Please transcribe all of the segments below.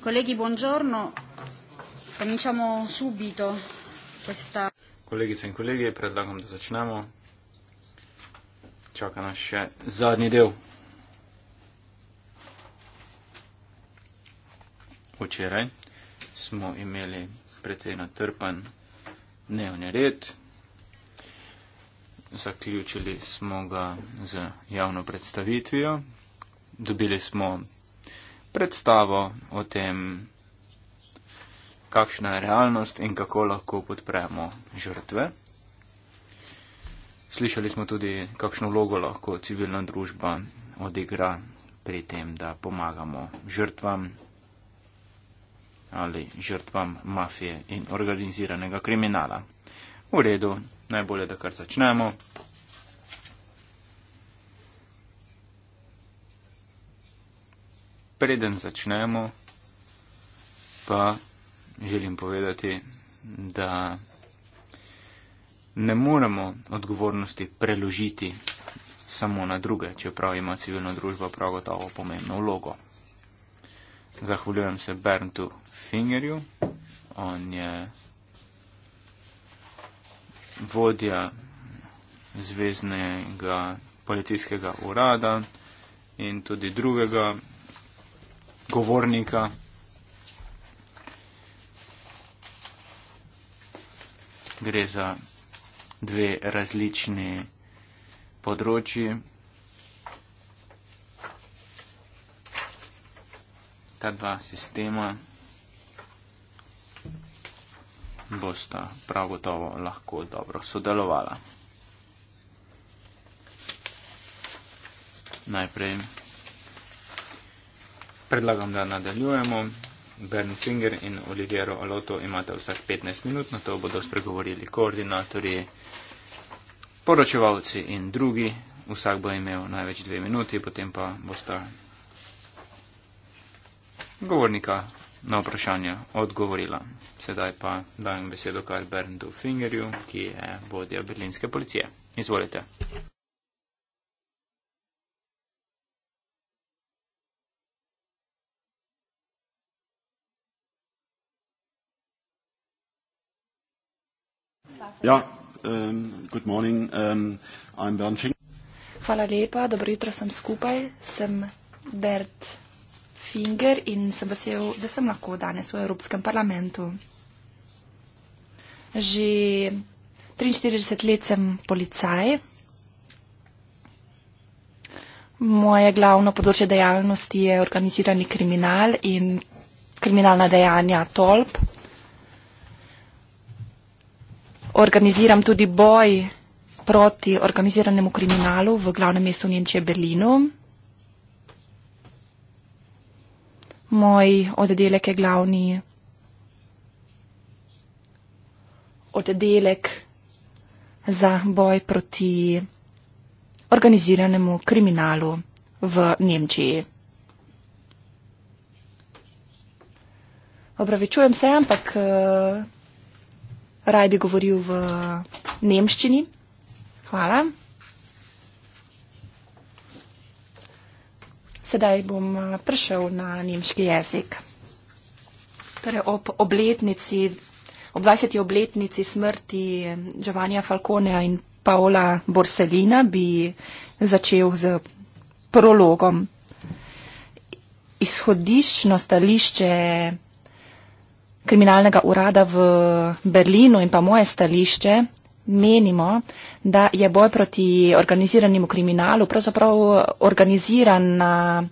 Colleghi, buongiorno. Cominciamo subito questa. Kolegice in kolegi, predlagam, da začnemo. Čaka nas še zadnji del. Včeraj smo imeli precej natrpen dnevni red. Zaključili smo ga z javno predstavitvijo. Dobili smo predstavo o tem, kakšna je realnost in kako lahko podpremo žrtve. Slišali smo tudi, kakšno vlogo lahko civilna družba odigra pri tem, da pomagamo žrtvam ali žrtvam mafije in organiziranega kriminala. V redu, najbolje, da kar začnemo. preden začnemo, pa želim povedati, da ne moremo odgovornosti preložiti samo na druge, čeprav ima civilna družba prav gotovo pomembno vlogo. Zahvaljujem se Berntu Fingerju, on je vodja zvezdnega policijskega urada in tudi drugega govornika. Gre za dve različni področji. Ta dva sistema bosta prav gotovo lahko dobro sodelovala. Najprej predlagam, da nadaljujemo. Bern Finger in Olivero Aloto imate vsak 15 minut, na to bodo spregovorili koordinatorji, poročevalci in drugi. Vsak bo imel največ dve minuti, potem pa bosta govornika na vprašanje odgovorila. Sedaj pa dajem besedo kar Bernu Fingerju, ki je vodja berlinske policije. Izvolite. Ja, um, good morning, um, I'm Bernd Fink. Hvala lepa, dobro jutro sem skupaj, sem Bert Finger in sem vesel, da sem lahko danes v Evropskem parlamentu. Že 43 let sem policaj. Moje glavno področje dejavnosti je organizirani kriminal in kriminalna dejanja tolp organiziram tudi boj proti organiziranemu kriminalu v glavnem mestu Nemčije Berlinu. Moj oddelek je glavni oddelek za boj proti organiziranemu kriminalu v Nemčiji. Opravičujem se, ampak. Uh, raj bi govoril v nemščini. Hvala. Sedaj bom eh, prišel na nemški jezik. Torej ob obletnici, ob 20. obletnici smrti eh, Giovanja Falconea in Paola Borsellina bi začel z prologom. Izhodiščno stališče kriminalnega urada v Berlinu in pa moje stališče, menimo, da je boj proti organiziranemu kriminalu pravzaprav eh, organizirana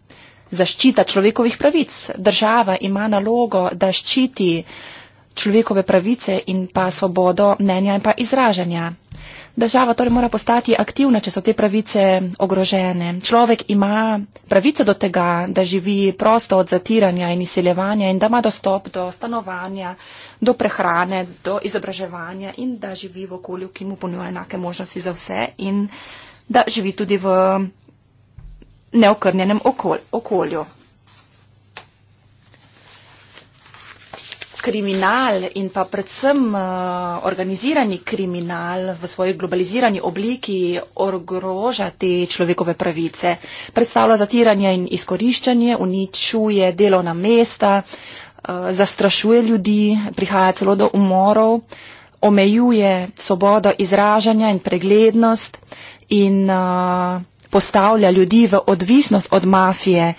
zaščita človekovih pravic. Država ima nalogo, da ščiti človekove pravice in pa svobodo mnenja in pa izražanja država torej mora postati aktivna, če so te pravice ogrožene. Človek ima pravico do tega, da živi prosto od zatiranja in izseljevanja in da ima dostop do stanovanja, do prehrane, do izobraževanja in da živi v okolju, ki mu ponuja enake možnosti za vse in da živi tudi v neokrnjenem okolju. kriminal in pa predvsem eh, organizirani kriminal v svoji globalizirani obliki ogroža te človekove pravice. Predstavlja zatiranje in izkoriščanje, uničuje delovna mesta, eh, zastrašuje ljudi, prihaja celo do umorov, omejuje svobodo izražanja in preglednost in eh, postavlja ljudi v odvisnost od mafije.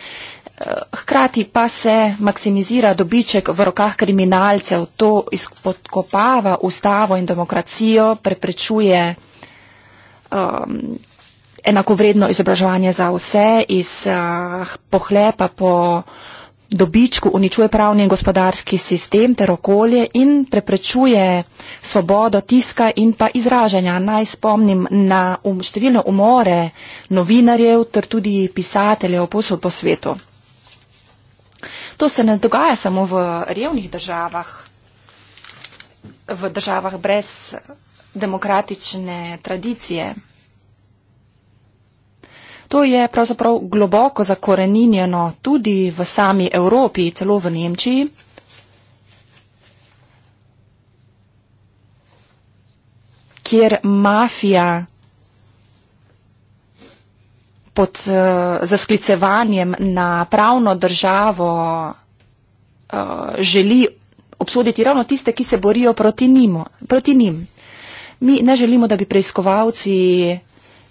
Eh, hkrati pa se maksimizira dobiček v rokah kriminalcev, to izpodkopava ustavo in demokracijo, preprečuje um, enakovredno izobraževanje za vse, iz uh, pohlepa po dobičku uničuje pravni in gospodarski sistem ter okolje in preprečuje svobodo tiska in pa izražanja. Naj spomnim na um, številne umore novinarjev ter tudi pisateljev posod po svetu. To se ne dogaja samo v revnih državah, v državah brez demokratične tradicije. To je pravzaprav globoko zakoreninjeno tudi v sami Evropi, celo v Nemčiji. kjer mafija pod uh, eh, zasklicevanjem na pravno državo uh, želi obsoditi ravno tiste, ki se borijo proti, nimo, proti njim. Mi ne želimo, da bi preiskovalci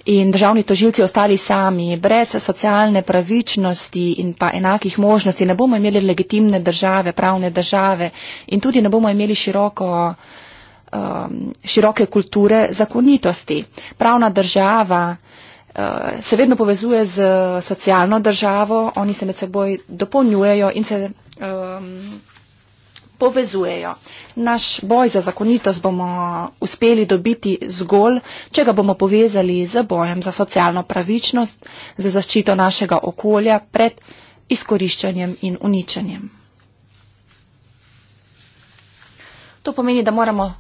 in državni tožilci ostali sami, brez socialne pravičnosti in pa enakih možnosti. Ne bomo imeli legitimne države, pravne države in tudi ne bomo imeli široko, um, široke kulture zakonitosti. Pravna država. Eh, se vedno povezuje z socialno državo, oni se med seboj dopolnjujejo in se um, povezujejo. Naš boj za zakonitost bomo uspeli dobiti zgolj, če ga bomo povezali z bojem za socialno pravičnost, za zaščito našega okolja pred izkoriščanjem in uničenjem. To pomeni, da moramo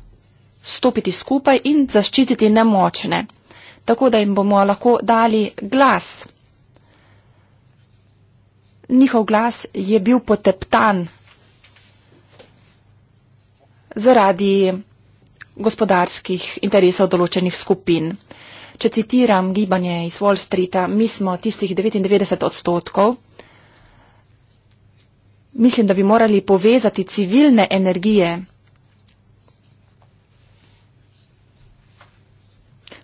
stopiti skupaj in zaščititi nemočne tako da jim bomo lahko dali glas. Njihov glas je bil poteptan zaradi gospodarskih interesov določenih skupin. Če citiram gibanje iz Wall Streeta, mi smo tistih 99 odstotkov. Mislim, da bi morali povezati civilne energije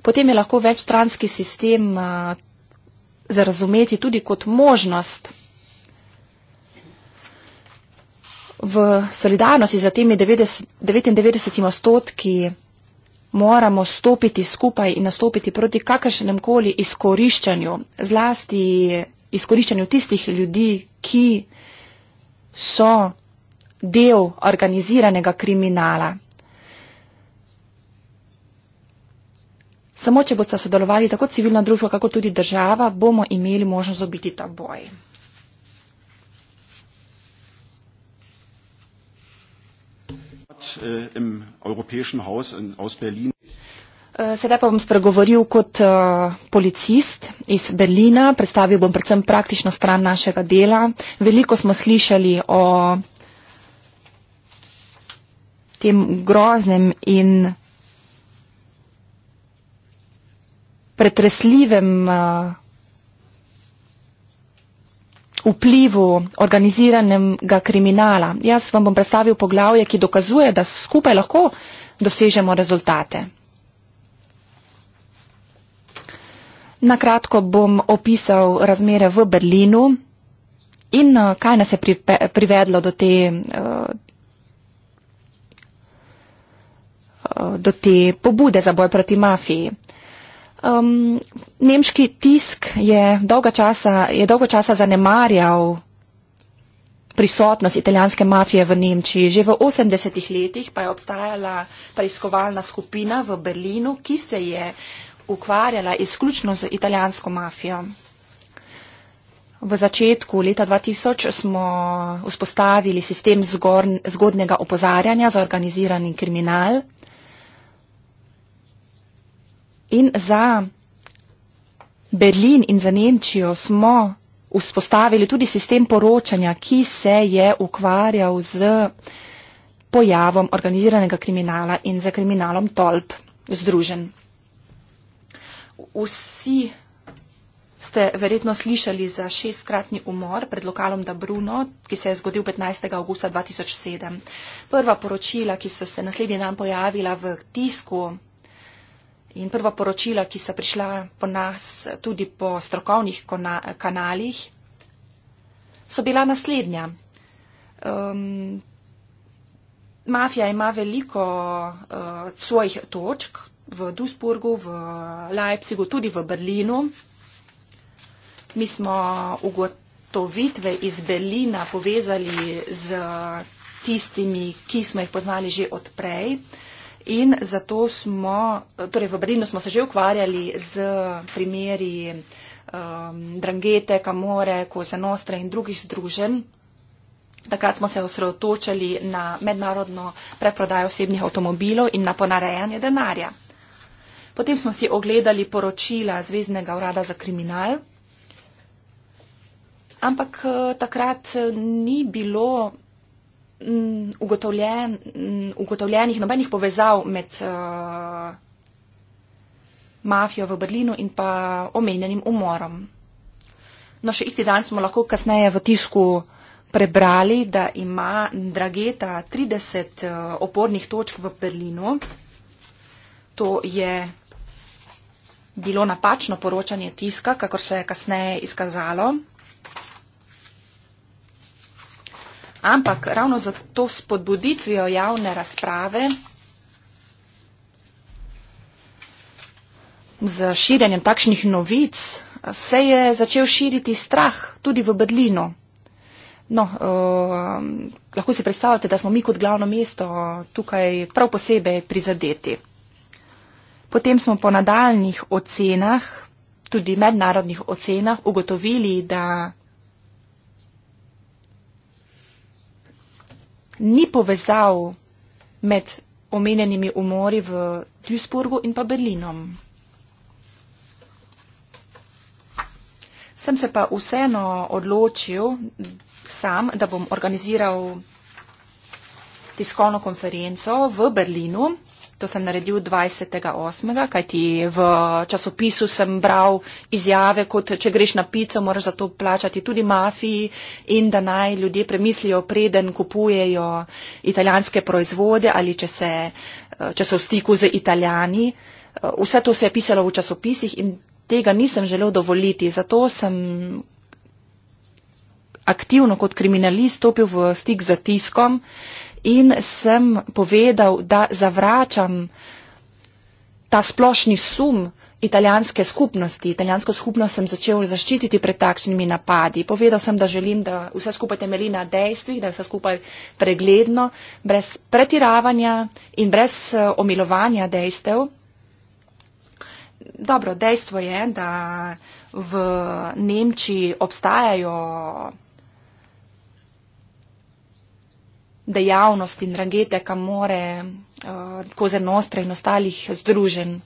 potem je lahko večstranski sistem eh, zarazumeti tudi kot možnost v solidarnosti za temi 99 odstotki moramo stopiti skupaj in nastopiti proti kakršnem koli izkoriščanju, zlasti izkoriščanju tistih ljudi, ki so del organiziranega kriminala. Samo, če boste sodelovali tako civilna družba, kako tudi država, bomo imeli možnost dobiti ta boj. Eh, eh, sedaj pa bom spregovoril kot eh, policist iz Berlina. Predstavil bom predvsem praktično stran našega dela. Veliko smo slišali o tem groznem in pretresljivem eh, vplivu organiziranega kriminala. Jaz vam bom predstavil poglavje, ki dokazuje, da skupaj lahko dosežemo rezultate. Nakratko bom opisal razmere v Berlinu in eh, kaj nas je privedlo do te, eh, do te pobude za boj proti mafiji. Um, nemški tisk je dolgo časa, je dolgo časa zanemarjal prisotnost italijanske mafije v Nemčiji. Že v 80-ih letih pa je obstajala preiskovalna skupina v Berlinu, ki se je ukvarjala izključno z italijansko mafijo. V začetku leta 2000 smo vzpostavili sistem zgor, zgodnega opozarjanja za organizirani kriminal, In za Berlin in za Nemčijo smo vzpostavili tudi sistem poročanja, ki se je ukvarjal z pojavom organiziranega kriminala in za kriminalom tolp združen. Vsi ste verjetno slišali za šestkratni umor pred lokalom Da Bruno, ki se je zgodil 15. augusta 2007. Prva poročila, ki so se naslednji dan pojavila v tisku In prva poročila, ki so prišla po nas tudi po strokovnih kanalih, so bila naslednja. Um, mafija ima veliko uh, svojih točk v Duisburgu, v Leipzigu, tudi v Berlinu. Mi smo ugotovitve iz Berlina povezali z tistimi, ki smo jih poznali že odprej. In zato smo, torej v Brinu smo se že ukvarjali z primeri um, Drangete, Kamore, Kozenostra in drugih združenj. Takrat smo se osredotočali na mednarodno preprodajo osebnih avtomobilov in na ponarejanje denarja. Potem smo si ogledali poročila Zvezdnega urada za kriminal. Ampak eh, takrat eh, ni bilo Mm, ugotovljen, mm, ugotovljenih nobenih povezav med uh, mafijo v Berlinu in pa omenjenim umorom. No, še isti dan smo lahko kasneje v tisku prebrali, da ima Drageta 30 eh, opornih točk v Berlinu. To je bilo napačno poročanje tiska, kakor se je kasneje izkazalo. ampak ravno za to spodbuditvijo javne razprave, z širjenjem takšnih novic, se je začel širiti strah tudi v Berlino. No, uh, lahko si predstavljate, da smo mi kot glavno mesto tukaj prav posebej prizadeti. Potem smo po nadaljnih ocenah, tudi mednarodnih ocenah, ugotovili, da ni povezav med omenjenimi umori v Duisburgu in pa Berlinom. Sem se pa vseeno odločil sam, da bom organiziral tiskovno konferenco v Berlinu To sem naredil 20.8., kajti v časopisu sem bral izjave, kot če greš na pico, moraš za to plačati tudi mafiji in da naj ljudje premislijo, preden kupujejo italijanske proizvode ali če, se, eh, če so v stiku z italijani. Eh, vse to se je pisalo v časopisih in tega nisem želel dovoliti. Zato sem aktivno kot kriminalist stopil v stik z tiskom in sem povedal, da zavračam ta splošni sum italijanske skupnosti. Italijansko skupnost sem začel zaščititi pred takšnimi napadi. Povedal sem, da želim, da vse skupaj temeli na dejstvih, da je vse skupaj pregledno, brez pretiravanja in brez eh, omilovanja dejstev. Dobro, dejstvo je, da v Nemčiji obstajajo dejavnosti in dragete, kam more uh, eh, koze nostre in ostalih združen.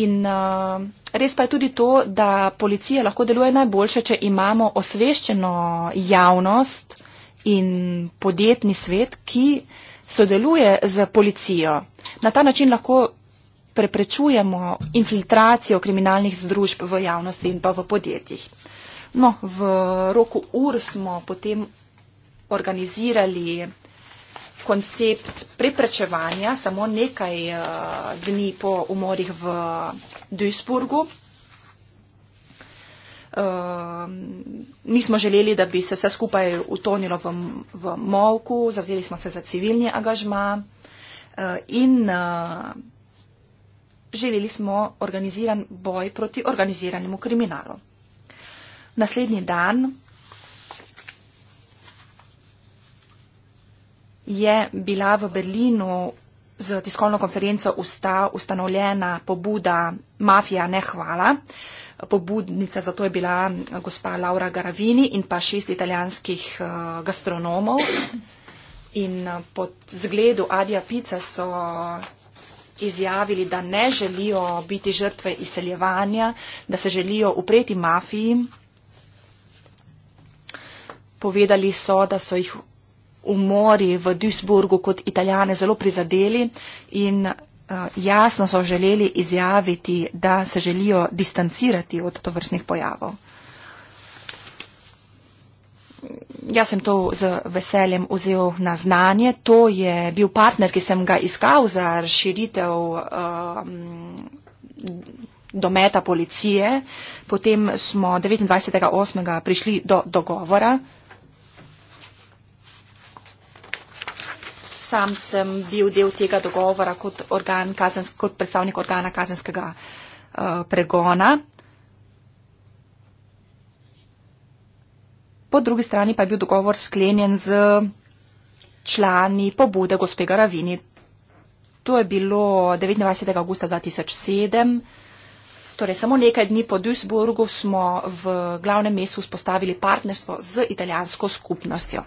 In uh, res pa je tudi to, da policija lahko deluje najboljše, če imamo osveščeno javnost in podjetni svet, ki sodeluje z policijo. Na ta način lahko preprečujemo infiltracijo kriminalnih združb v javnosti in pa v podjetjih. No, v roku ur smo potem organizirali koncept preprečevanja samo nekaj eh, dni po umorih v Duisburgu. Um, nismo želeli, da bi se vse skupaj utonilo v, v molku, zavzeli smo se za civilni angažma uh, in uh, želeli smo organiziran boj proti organiziranemu kriminalu. Naslednji dan je bila v Berlinu z tiskovno konferenco usta, ustanovljena pobuda Mafija ne hvala. Pobudnica za to je bila eh, gospa Laura Garavini in pa šest italijanskih eh, gastronomov. In eh, pod zgledu Adija Pica so izjavili, da ne želijo biti žrtve izseljevanja, da se želijo upreti mafiji. Povedali so, da so jih umori v Duisburgu kot italijane zelo prizadeli in eh, jasno so želeli izjaviti, da se želijo distancirati od tovrstnih pojavov. jaz sem to z veseljem vzel na znanje. To je bil partner, ki sem ga iskal za razširitev um, dometa policije. Potem smo 29.8. prišli do dogovora. Sam sem bil del tega dogovora kot, organ, kazensk, kot predstavnik organa kazenskega uh, pregona. Po drugi strani pa je bil dogovor sklenjen z člani pobude gospe Garavini. To je bilo 29. augusta 2007. Torej, samo nekaj dni po Duisburgu smo v glavnem mestu spostavili partnerstvo z italijansko skupnostjo.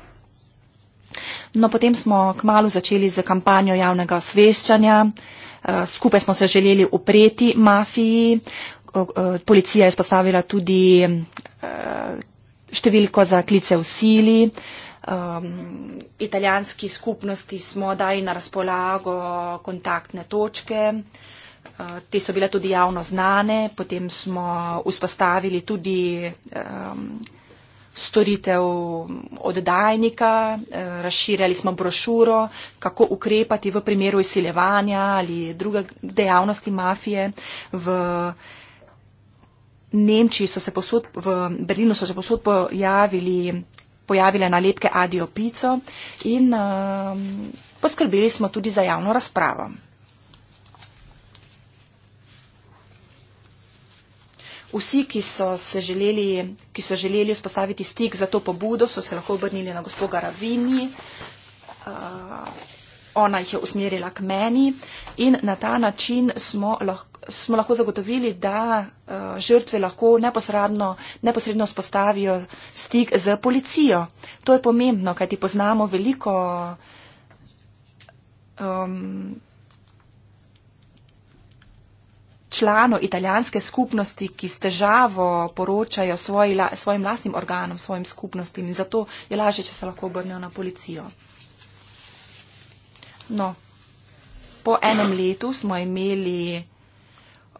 No, potem smo kmalo začeli z kampanjo javnega osveščanja. Eh, skupaj smo se želeli upreti mafiji. Eh, eh, policija je spostavila tudi številko za klice v sili. Um, italijanski skupnosti smo dali na razpolago kontaktne točke. Uh, te so bile tudi javno znane, potem smo vzpostavili tudi um, storitev oddajnika, uh, razširjali smo brošuro, kako ukrepati v primeru izsilevanja ali druge dejavnosti mafije v Nemčiji so se posod, v Berlinu so se posod pojavili, pojavile nalepke Adio Pico in uh, poskrbeli smo tudi za javno razpravo. Vsi, ki so, se želeli, ki so želeli vzpostaviti stik za to pobudo, so se lahko obrnili na gospoda Ravini. Uh, ona jih je usmerila k meni in na ta način smo lahko smo lahko zagotovili, da eh, žrtve lahko neposredno, neposredno spostavijo stik z policijo. To je pomembno, kajti poznamo veliko um, člano italijanske skupnosti, ki s težavo poročajo svoj, svojim lastnim organom, svojim skupnostim in zato je lažje, če se lahko obrnejo na policijo. No, po enem letu smo imeli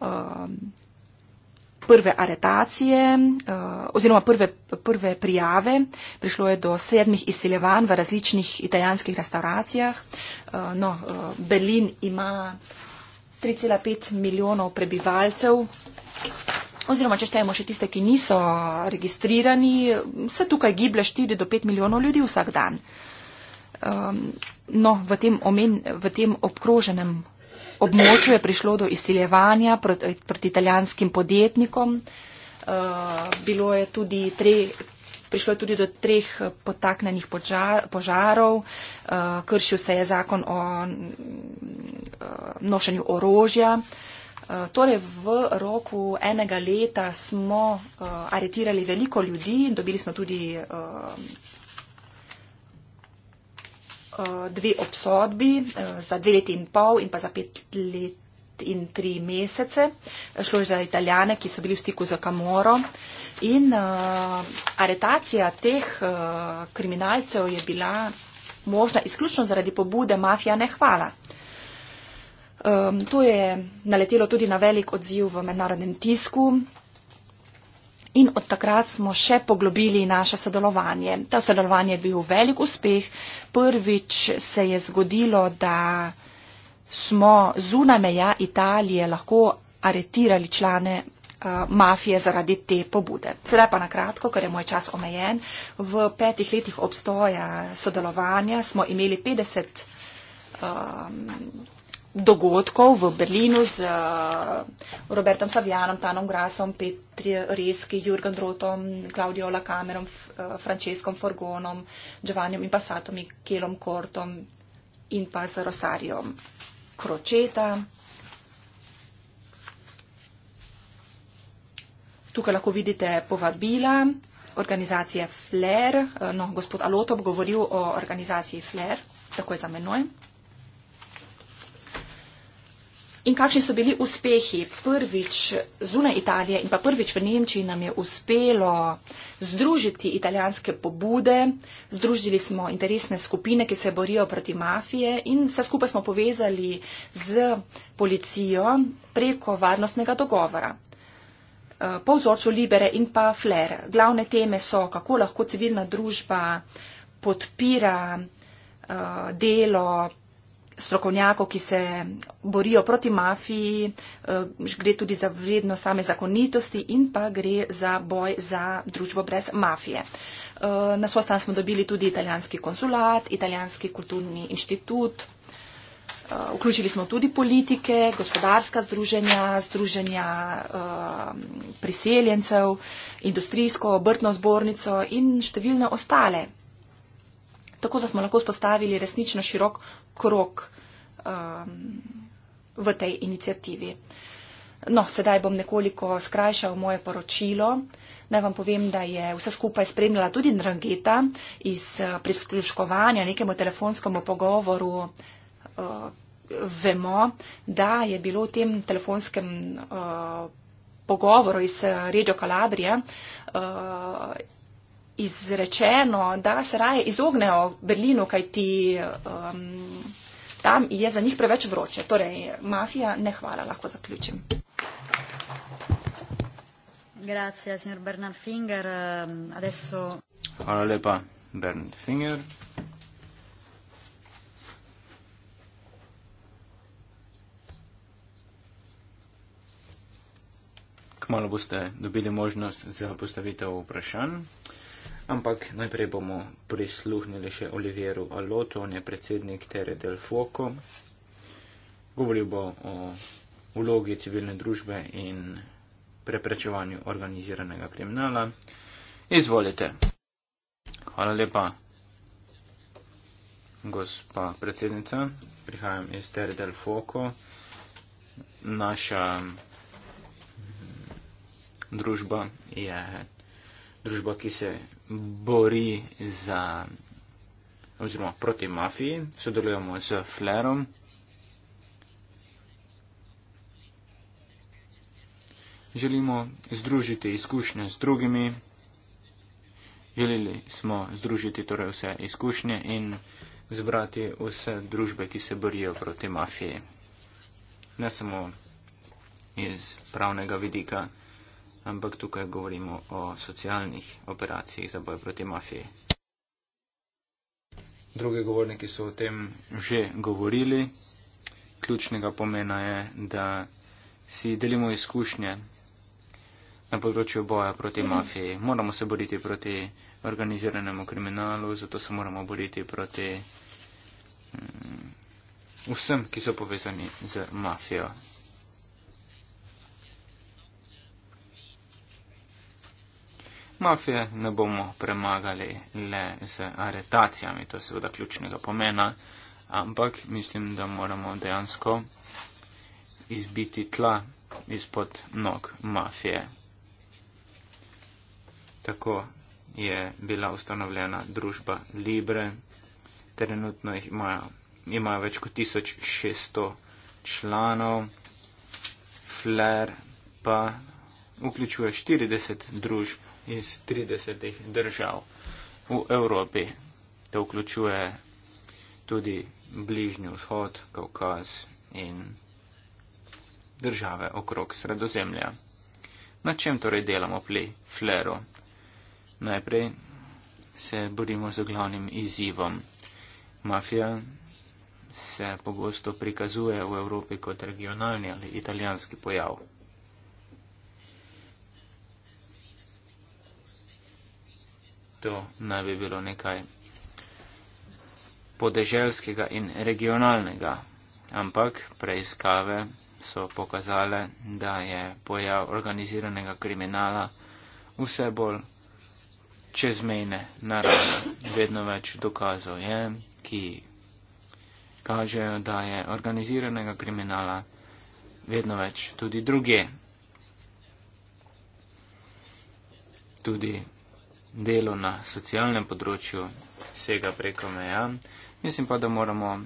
Um, prve aretacije uh, oziroma prve, prve prijave. Prišlo je do sedmih izsilevanj v različnih italijanskih restauracijah. Uh, no, uh, Berlin ima 3,5 milijonov prebivalcev. Oziroma, če štejemo še tiste, ki niso registrirani, se tukaj giblje 4 do 5 milijonov ljudi vsak dan. Um, no, v tem, omen, v tem obkroženem območju je prišlo do izsiljevanja proti, proti italijanskim podjetnikom. Eh, bilo je tudi tre. Prišlo je tudi do treh potaknenih požarov, eh, kršil se je zakon o eh, nošenju orožja. Torej, v roku enega leta smo aretirali veliko ljudi, dobili smo tudi Eh, dve obsodbi eh, za dve leti in pol in pa za pet let in tri mesece. Eh, šlo je za italijane, ki so bili v stiku za Kamoro. In uh, aretacija teh uh, kriminalcev je bila možna izključno zaradi pobude mafija Nehvala. Um, ehm, to je naletelo tudi na velik odziv v mednarodnem tisku in od takrat smo še poglobili naše sodelovanje. Ta sodelovanje je bil velik uspeh. Prvič se je zgodilo, da smo zunaj meja Italije lahko aretirali člane eh, mafije zaradi te pobude. Sedaj pa na kratko, ker je moj čas omejen. V petih letih obstoja sodelovanja smo imeli 50 um, eh, dogodkov v Berlinu z eh, Robertom Favijanom, Tanom Grasom, Petri Reski, Jurgen Drotom, Claudio Lakamerom, eh, Franceskom Forgonom, Giovannim in Passatom, Kelom Kortom in pa z Rosarijom Kročeta. Tukaj lahko vidite povabila organizacije FLER. Eh, no, gospod Alotop govoril o organizaciji FLER, tako je za menoj. In kakšni so bili uspehi prvič zunaj Italije in pa prvič v Nemčiji nam je uspelo združiti italijanske pobude, združili smo interesne skupine, ki se borijo proti mafije in vse skupaj smo povezali z policijo preko varnostnega dogovora. Eh, po vzorču Libere in pa Flair. Glavne teme so, kako lahko civilna družba podpira eh, delo strokovnjakov, ki se borijo proti mafiji, eh, gre tudi za vredno same zakonitosti in pa gre za boj za družbo brez mafije. Eh, na sostan smo dobili tudi italijanski konsulat, italijanski kulturni inštitut, eh, vključili smo tudi politike, gospodarska združenja, združenja priseljencev, industrijsko obrtno zbornico in številne ostale. Tako da smo lahko spostavili resnično širok krok um, v tej inicijativi. No, sedaj bom nekoliko skrajšal moje poročilo. Naj vam povem, da je vse skupaj spremljala tudi Drangeta iz eh, priskluškovanja nekemu telefonskemu pogovoru. Uh, vemo, da je bilo v tem telefonskem uh, pogovoru iz Regio Kalabrije uh, izrečeno, da se raje izognejo Berlinu, kaj ti um, tam je za njih preveč vroče. Torej, mafija, ne hvala, lahko zaključim. Grazie, signor Bernard Finger. Um, adesso... Hvala lepa, Bernard Finger. Kmalo boste dobili možnost za postavitev vprašanj ampak najprej bomo prisluhnili še Oliveru Aloto, on je predsednik Tere del Foco. Govoril bo o vlogi civilne družbe in preprečevanju organiziranega kriminala. Izvolite. Hvala lepa, gospa predsednica. Prihajam iz Tere del Foco. Naša družba je družba, ki se bori za oziroma proti mafiji, sodelujemo z Flerom. Želimo združiti izkušnje z drugimi. Želeli smo združiti torej vse izkušnje in zbrati vse družbe, ki se borijo proti mafiji. Ne samo iz pravnega vidika ampak tukaj govorimo o socialnih operacijah za boj proti mafiji. Drugi govorniki so o tem že govorili. Ključnega pomena je, da si delimo izkušnje na področju boja proti mafiji. Moramo se boriti proti organiziranemu kriminalu, zato se moramo boriti proti mm, vsem, ki so povezani z mafijo. Mafije ne bomo premagali le z aretacijami, to je seveda ključnega pomena, ampak mislim, da moramo dejansko izbiti tla izpod nog mafije. Tako je bila ustanovljena družba Libre, trenutno jih imajo, imajo več kot 1600 članov, Flair pa vključuje 40 družb iz 30 držav v Evropi. To vključuje tudi bližnji vzhod, Kaukaz in države okrog sredozemlja. Na čem torej delamo pri fleru? Najprej se borimo z glavnim izzivom. Mafija se pogosto prikazuje v Evropi kot regionalni ali italijanski pojav. to naj bi bilo nekaj podeželskega in regionalnega, ampak preiskave so pokazale, da je pojav organiziranega kriminala vse bolj čezmejne narave. Vedno več dokazov je, ki kažejo, da je organiziranega kriminala vedno več tudi druge. Tudi delo na socialnem področju vsega preko meja. Mislim pa, da moramo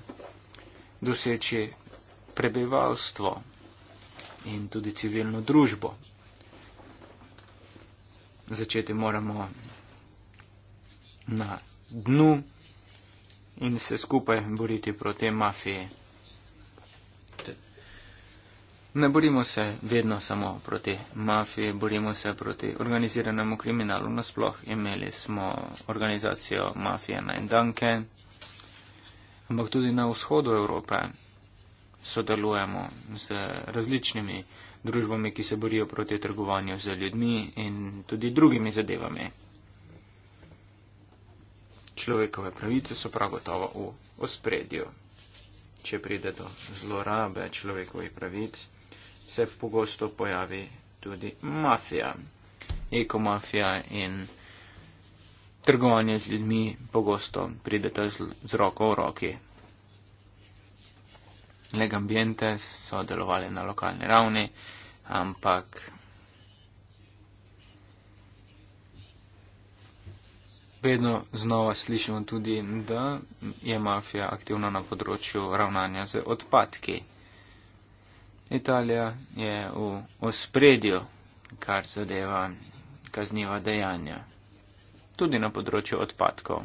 doseči prebivalstvo in tudi civilno družbo. Začeti moramo na dnu in se skupaj boriti proti mafiji ne borimo se vedno samo proti mafiji, borimo se proti organiziranemu kriminalu nasploh. Imeli smo organizacijo Mafija na Indanke, ampak tudi na vzhodu Evrope sodelujemo z različnimi družbami, ki se borijo proti trgovanju z ljudmi in tudi drugimi zadevami. Človekove pravice so prav gotovo v ospredju. Če pride do zlorabe človekovih pravic, se pogosto pojavi tudi mafija. Ekomafija in trgovanje z ljudmi pogosto prideta z roko v roki. Legambiente so delovali na lokalni ravni, ampak vedno znova slišimo tudi, da je mafija aktivna na področju ravnanja z odpadki. Italija je v ospredju, kar zadeva kazniva dejanja, tudi na področju odpadkov.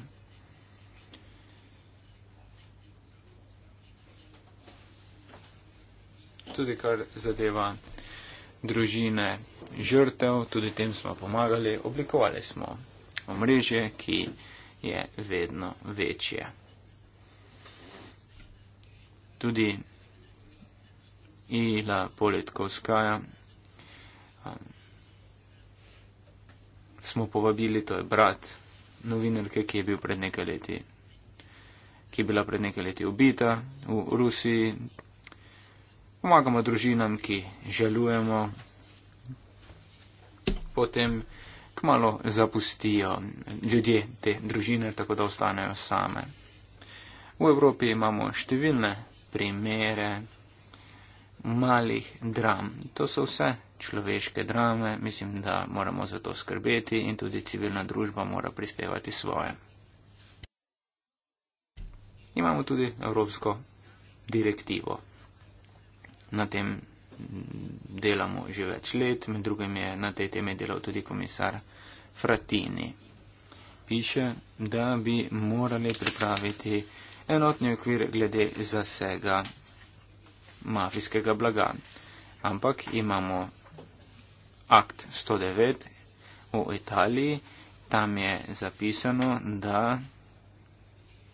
Tudi kar zadeva družine žrtev, tudi tem smo pomagali, oblikovali smo omrežje, ki je vedno večje. Tudi i la Politkovskaja. Smo povabili, to je brat novinarke, ki je bil pred nekaj leti, ki je bila pred nekaj leti ubita v Rusiji. Pomagamo družinam, ki žalujemo, potem kmalo zapustijo ljudje te družine, tako da ostanejo same. V Evropi imamo številne primere malih dram. To so vse človeške drame, mislim, da moramo za to skrbeti in tudi civilna družba mora prispevati svoje. Imamo tudi evropsko direktivo. Na tem delamo že več let, med drugim je na tej temi delal tudi komisar Fratini. Piše, da bi morali pripraviti enotni okvir glede zasega mafijskega blaga. Ampak imamo akt 109 v Italiji, tam je zapisano, da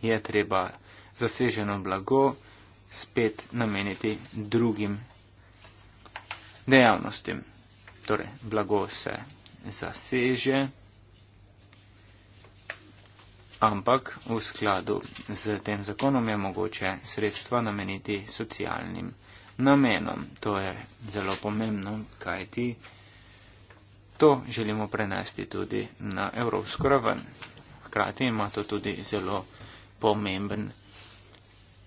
je treba zaseženo blago spet nameniti drugim dejavnostim. Torej, blago se zaseže ampak v skladu z tem zakonom je mogoče sredstva nameniti socialnim namenom. To je zelo pomembno, kaj ti to želimo prenesti tudi na evropsko raven. Hkrati ima to tudi zelo pomemben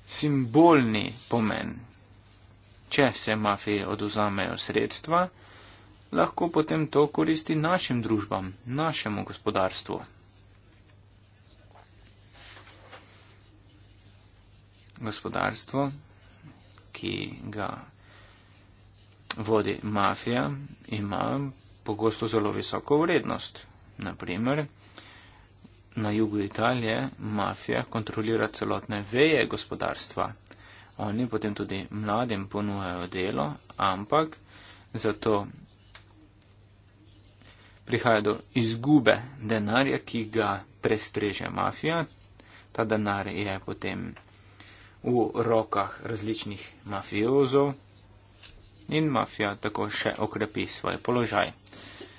simbolni pomen. Če se mafiji oduzamejo sredstva, lahko potem to koristi našim družbam, našemu gospodarstvu. gospodarstvo, ki ga vodi mafija, ima pogosto zelo visoko vrednost. Naprimer, na jugu Italije mafija kontrolira celotne veje gospodarstva. Oni potem tudi mladim ponujajo delo, ampak zato prihaja do izgube denarja, ki ga prestreže mafija. Ta denar je potem v rokah različnih mafiozov in mafija tako še okrepi svoj položaj.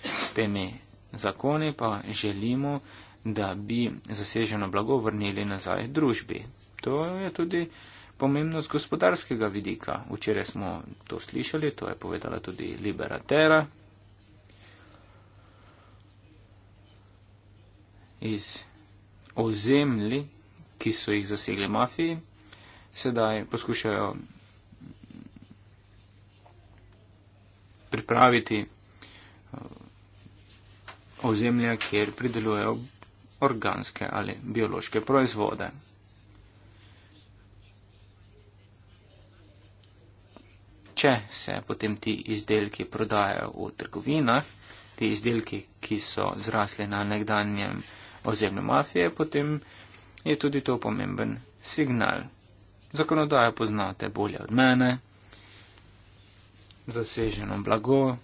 S temi zakoni pa želimo, da bi zaseženo blago vrnili nazaj družbi. To je tudi pomembno z gospodarskega vidika. Včeraj smo to slišali, to je povedala tudi Liberatera iz ozemlji, ki so jih zasegli mafiji sedaj poskušajo pripraviti eh, ozemlja, kjer pridelujejo organske ali biološke proizvode. Če se potem ti izdelki prodajajo v trgovinah, ti izdelki, ki so zrasli na nekdanjem ozemlju mafije, potem je tudi to pomemben signal zakonodajo poznate bolje od mene, zaseženo blago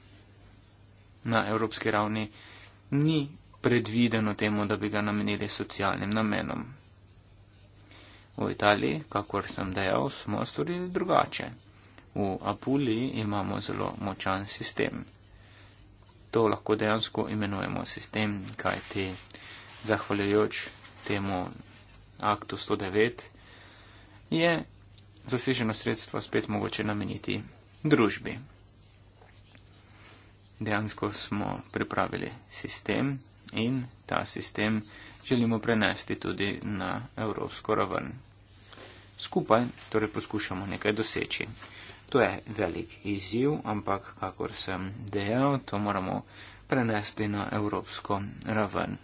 na evropski ravni ni predvideno temu, da bi ga namenili socialnim namenom. V Italiji, kakor sem dejal, smo storili drugače. V Apuliji imamo zelo močan sistem. To lahko dejansko imenujemo sistem, kajti zahvaljujoč temu aktu 109 je zaseženo sredstvo spet mogoče nameniti družbi. Dejansko smo pripravili sistem in ta sistem želimo prenesti tudi na evropsko raven. Skupaj torej poskušamo nekaj doseči. To je velik izziv, ampak kakor sem dejal, to moramo prenesti na evropsko raven.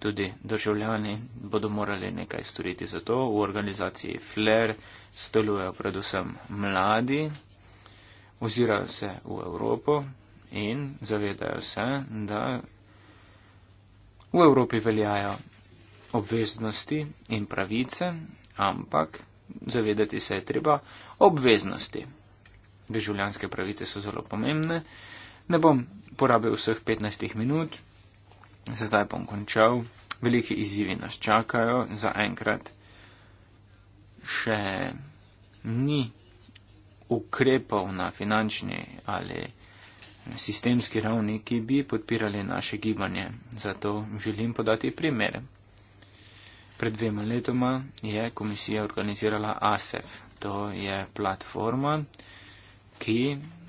tudi državljani bodo morali nekaj storiti za to. V organizaciji FLER stolujejo predvsem mladi, ozirajo se v Evropo in zavedajo se, da v Evropi veljajo obveznosti in pravice, ampak zavedati se je treba obveznosti. Državljanske pravice so zelo pomembne. Ne bom porabil vseh 15 minut, Zdaj bom končal. Veliki izzivi nas čakajo za enkrat. Še ni ukrepov na finančni ali sistemski ravni, ki bi podpirali naše gibanje. Zato želim podati primer. Pred dvema letoma je komisija organizirala ASEF. To je platforma, ki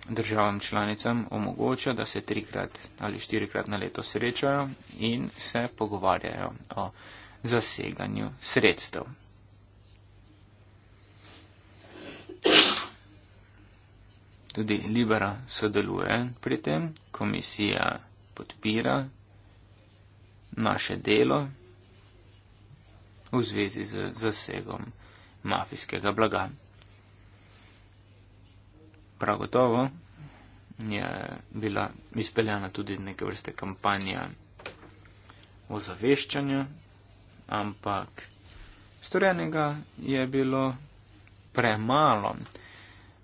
državam članicam omogoča, da se trikrat ali štirikrat na leto srečajo in se pogovarjajo o zaseganju sredstev. Tudi Libera sodeluje pri tem, komisija podpira naše delo v zvezi z zasegom mafijskega blaga prav gotovo je bila izpeljana tudi neke vrste kampanja o zaveščanju, ampak storjenega je bilo premalo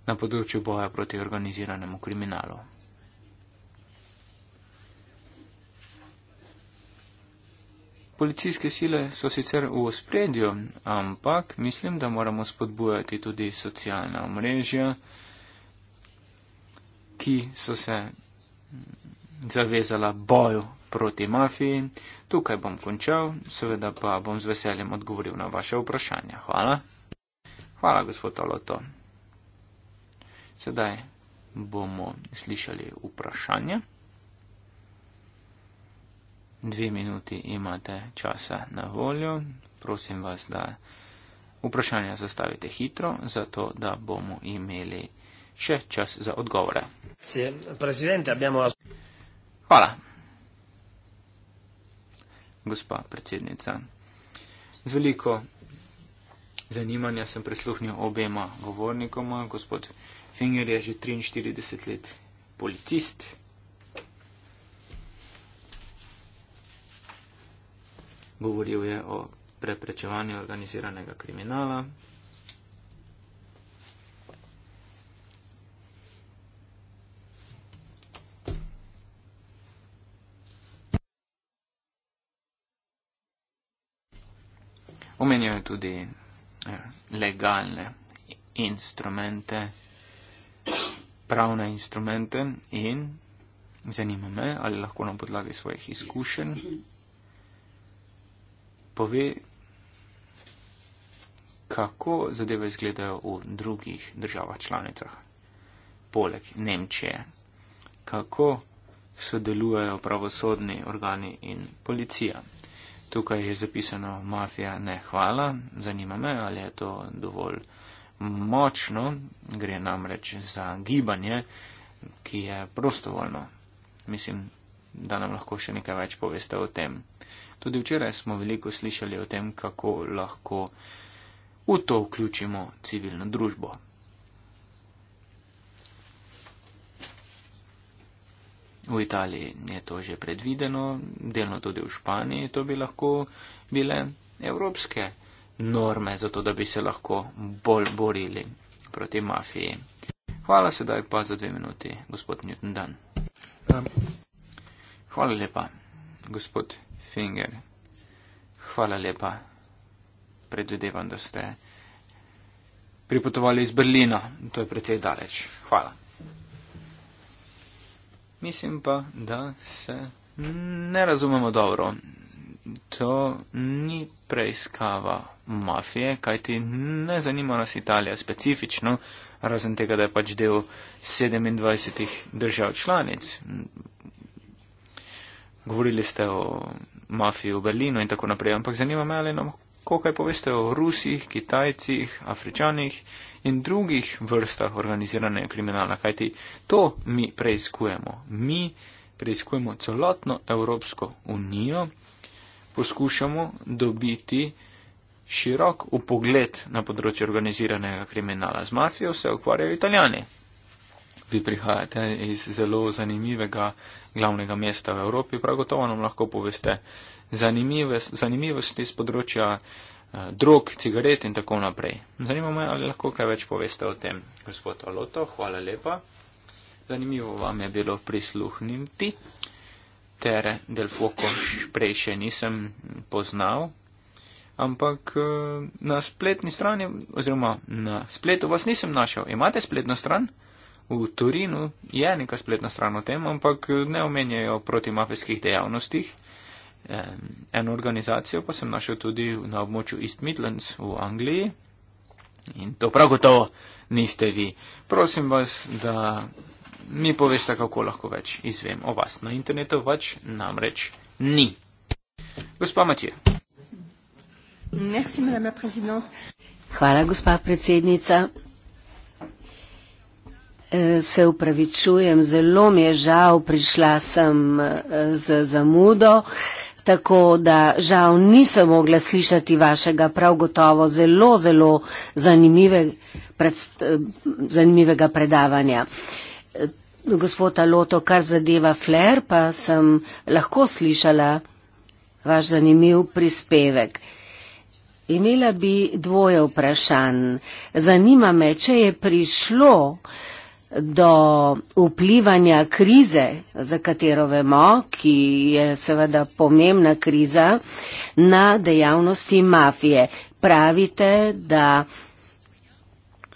na področju boja proti organiziranemu kriminalu. Policijske sile so sicer v ospredju, ampak mislim, da moramo spodbujati tudi socialna omrežja, ki so se zavezala boju proti mafiji. Tukaj bom končal, seveda pa bom z veseljem odgovoril na vaše vprašanja. Hvala. Hvala, gospod Aloto. Sedaj bomo slišali vprašanje. Dve minuti imate časa na voljo. Prosim vas, da vprašanja zastavite hitro, zato da bomo imeli še čas za odgovore. Hvala. Gospa predsednica, z veliko zanimanja sem prisluhnil obema govornikoma. Gospod Finger je že 43 let policist. Govoril je o preprečevanju organiziranega kriminala. Omenijo je tudi eh, legalne instrumente, pravne instrumente in zanima me, ali lahko na podlagi svojih izkušenj pove, kako zadeve izgledajo v drugih državah članicah, poleg Nemčije, kako sodelujejo pravosodni organi in policija. Tukaj je zapisano mafija ne hvala. Zanima me, ali je to dovolj močno. Gre namreč za gibanje, ki je prostovoljno. Mislim, da nam lahko še nekaj več poveste o tem. Tudi včeraj smo veliko slišali o tem, kako lahko v to vključimo civilno družbo. V Italiji je to že predvideno, delno tudi v Španiji to bi lahko bile evropske norme, zato da bi se lahko bolj borili proti mafiji. Hvala sedaj pa za dve minuti, gospod Newton Dan. Um. Hvala lepa, gospod Finger. Hvala lepa. Predvidevam, da ste pripotovali iz Berlina. To je precej daleč. Hvala. Mislim pa, da se ne razumemo dobro. To ni preiskava mafije, kaj ti ne zanima nas Italija specifično, razen tega, da je pač del 27 držav članic. Govorili ste o mafiji v Berlinu in tako naprej, ampak zanima me, ali nam kaj poveste o Rusih, Kitajcih, Afričanih in drugih vrstah organiziranega kriminala, kajti to mi preizkujemo. Mi preizkujemo celotno Evropsko unijo, poskušamo dobiti širok upogled na področje organiziranega kriminala. Z mafijo se ukvarjajo italijani. Vi prihajate iz zelo zanimivega glavnega mesta v Evropi, prav gotovo nam lahko poveste zanimivosti z področja Eh, drog, cigaret in tako naprej. Zanima me, ali lahko kaj več poveste o tem, gospod Aloto. Hvala lepa. Zanimivo vam je bilo prisluhniti, ter del fokoš prej še nisem poznal, ampak eh, na spletni strani oziroma na spletu vas nisem našel. Imate spletno stran? V Turinu je neka spletna stran o tem, ampak eh, ne omenjajo proti mafijskih dejavnostih eno organizacijo pa sem našel tudi na območju East Midlands v Angliji. In to prav gotovo niste vi. Prosim vas, da mi poveste, kako lahko več izvem o vas. Na internetu več namreč ni. Gospa Matija. Hvala, gospa predsednica. E, se upravičujem, zelo mi je žal, prišla sem e, z zamudo tako da žal nisem mogla slišati vašega prav gotovo zelo, zelo zanimive, pred, eh, zanimivega predavanja. Eh, Gospod Aloto, kar zadeva flair, pa sem lahko slišala vaš zanimiv prispevek. Imela bi dvoje vprašanj. Zanima me, če je prišlo do vplivanja krize, za katero vemo, ki je seveda pomembna kriza, na dejavnosti mafije. Pravite, da,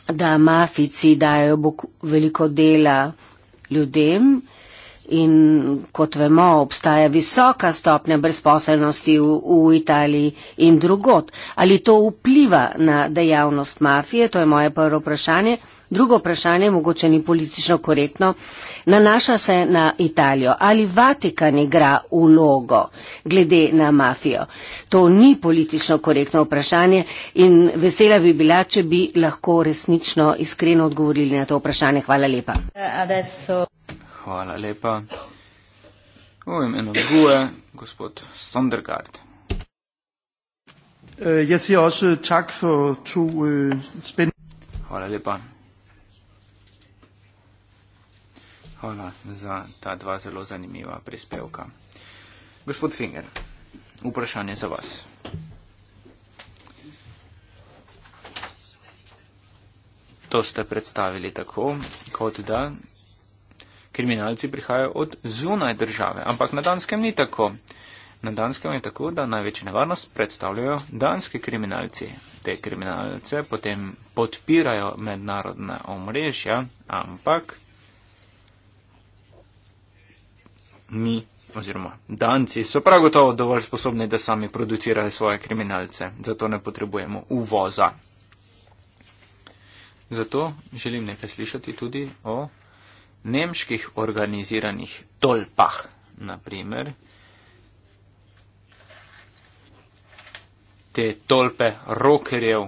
da mafici dajo veliko dela ljudem in kot vemo, obstaja visoka stopnja brezposelnosti v, v Italiji in drugot. Ali to vpliva na dejavnost mafije? To je moje prvo vprašanje. Drugo vprašanje, mogoče ni politično korektno, nanaša se na Italijo. Ali Vatikan igra ulogo glede na mafijo? To ni politično korektno vprašanje in vesela bi bila, če bi lahko resnično iskreno odgovorili na to vprašanje. Hvala lepa. Adesso. Hvala lepa. V imenu druge, gospod Sondergaard. Uh, jaz si tudi čak za to uh, øh, spenjanje. Hvala lepa. Hvala za ta dva zelo zanimiva prispevka. Gospod Finger, vprašanje za vas. To ste predstavili tako, kot da kriminalci prihajajo od zunaj države, ampak na danskem ni tako. Na danskem je tako, da največjo nevarnost predstavljajo danske kriminalci. Te kriminalce potem podpirajo mednarodna omrežja, ampak mi oziroma danci so prav gotovo dovolj sposobni, da sami producirajo svoje kriminalce, zato ne potrebujemo uvoza. Zato želim nekaj slišati tudi o nemških organiziranih tolpah, naprimer. Te tolpe rockerjev,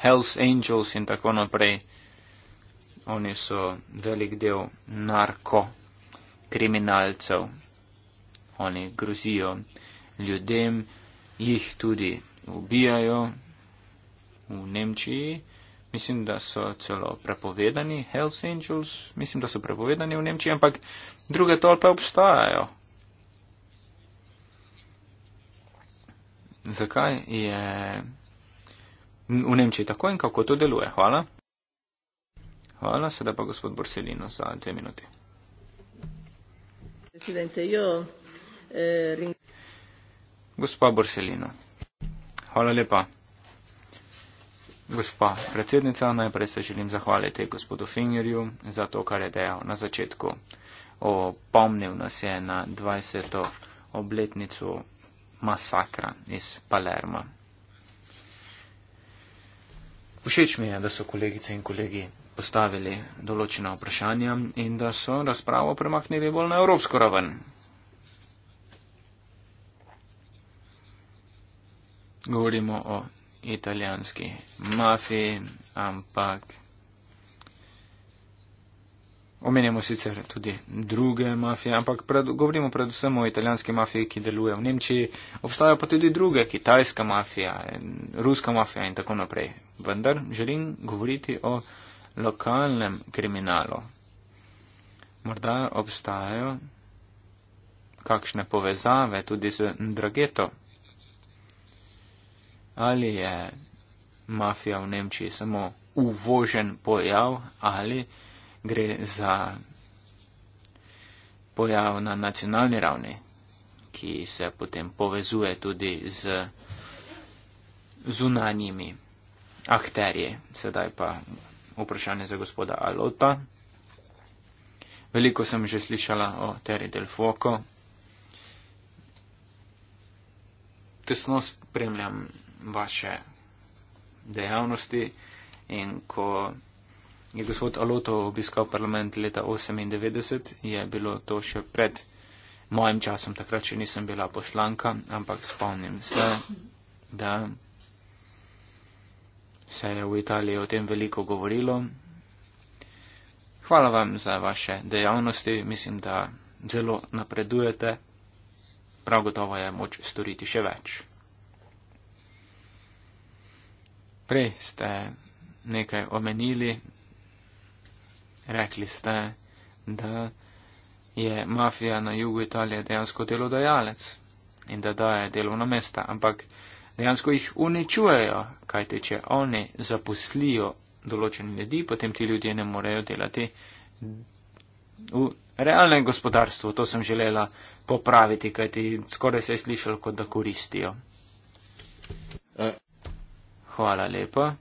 Hells Angels in tako naprej. Oni so velik del narko kriminalcev. Oni grozijo ljudem, jih tudi ubijajo v Nemčiji. Mislim, da so celo prepovedani, Hells Angels, mislim, da so prepovedani v Nemčiji, ampak druge tolpe obstajajo. Zakaj je v Nemčiji tako in kako to deluje? Hvala. Hvala, sedaj pa gospod Borselino za dve minuti. Presidente, io eh, ringrazio. Gospa Borsellino, hvala lepa. Gospa predsednica, najprej se želim zahvaliti gospodu Fingerju za to, kar je dejal na začetku. Opomnil nas je na 20. obletnico masakra iz Palerma. Všeč mi je, da so kolegice in kolegi postavili določena vprašanja in da so razpravo premaknili bolj na evropsko raven. Govorimo o italijanski mafiji, ampak omenjamo sicer tudi druge mafije, ampak pred, govorimo predvsem o italijanski mafiji, ki deluje v Nemčiji. Obstajajo pa tudi druge, kitajska mafija, ruska mafija in tako naprej. Vendar želim govoriti o lokalnem kriminalu. Morda obstajajo kakšne povezave tudi z drageto. Ali je mafija v Nemčiji samo uvožen pojav ali gre za pojav na nacionalni ravni, ki se potem povezuje tudi z zunanjimi akterji. Sedaj pa vprašanje za gospoda Alota. Veliko sem že slišala o Terry del Foco. Tesno spremljam vaše dejavnosti in ko je gospod Aloto obiskal parlament leta 1998, je bilo to še pred mojim časom, takrat še nisem bila poslanka, ampak spomnim se, da se je v Italiji o tem veliko govorilo. Hvala vam za vaše dejavnosti, mislim, da zelo napredujete. Prav gotovo je moč storiti še več. Prej ste nekaj omenili, rekli ste, da je mafija na jugu Italije dejansko delodajalec in da daje delovna mesta, ampak dejansko jih uničujejo, kajte če oni zaposlijo določene ljudi, potem ti ljudje ne morejo delati v realnem gospodarstvu. To sem želela popraviti, kajte skoraj se je slišalo, kot da koristijo. Hvala lepa.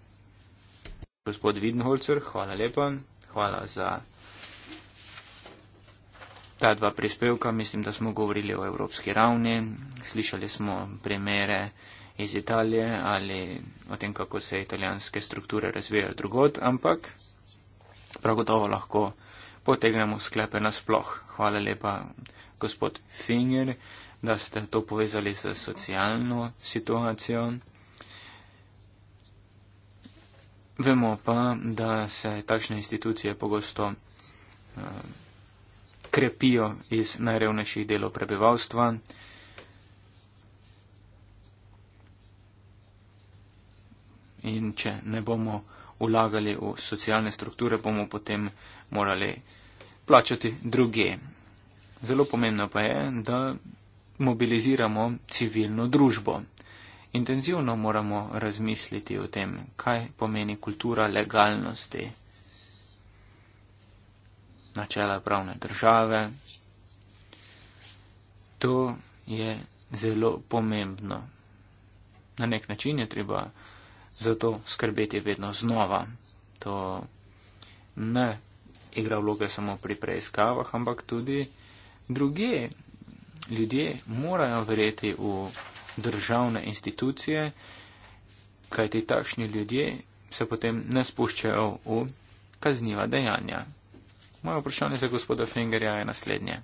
Gospod Widenholzer, hvala lepa. Hvala za ta dva prispevka. Mislim, da smo govorili o evropski ravni. Slišali smo primere iz Italije ali o tem, kako se italijanske strukture razvijajo drugod, ampak prav gotovo lahko potegnemo sklepe nasploh. Hvala lepa, gospod Finger, da ste to povezali z socialno situacijo. Vemo pa, da se takšne institucije pogosto uh, krepijo iz najrevnejših delov prebivalstva. Uh, in če ne bomo vlagali v socialne strukture, bomo potem morali plačati druge. Zelo pomembno pa je, da mobiliziramo civilno družbo. Intenzivno moramo razmisliti o tem, kaj pomeni kultura legalnosti, načela pravne države. To je zelo pomembno. Na nek način je treba za to skrbeti vedno znova. To ne igra vloge samo pri preiskavah, ampak tudi druge. Ljudje morajo verjeti v državne institucije, kajti takšni ljudje se potem ne spuščajo v kazniva dejanja. Moje vprašanje za gospoda Fingerja je naslednje.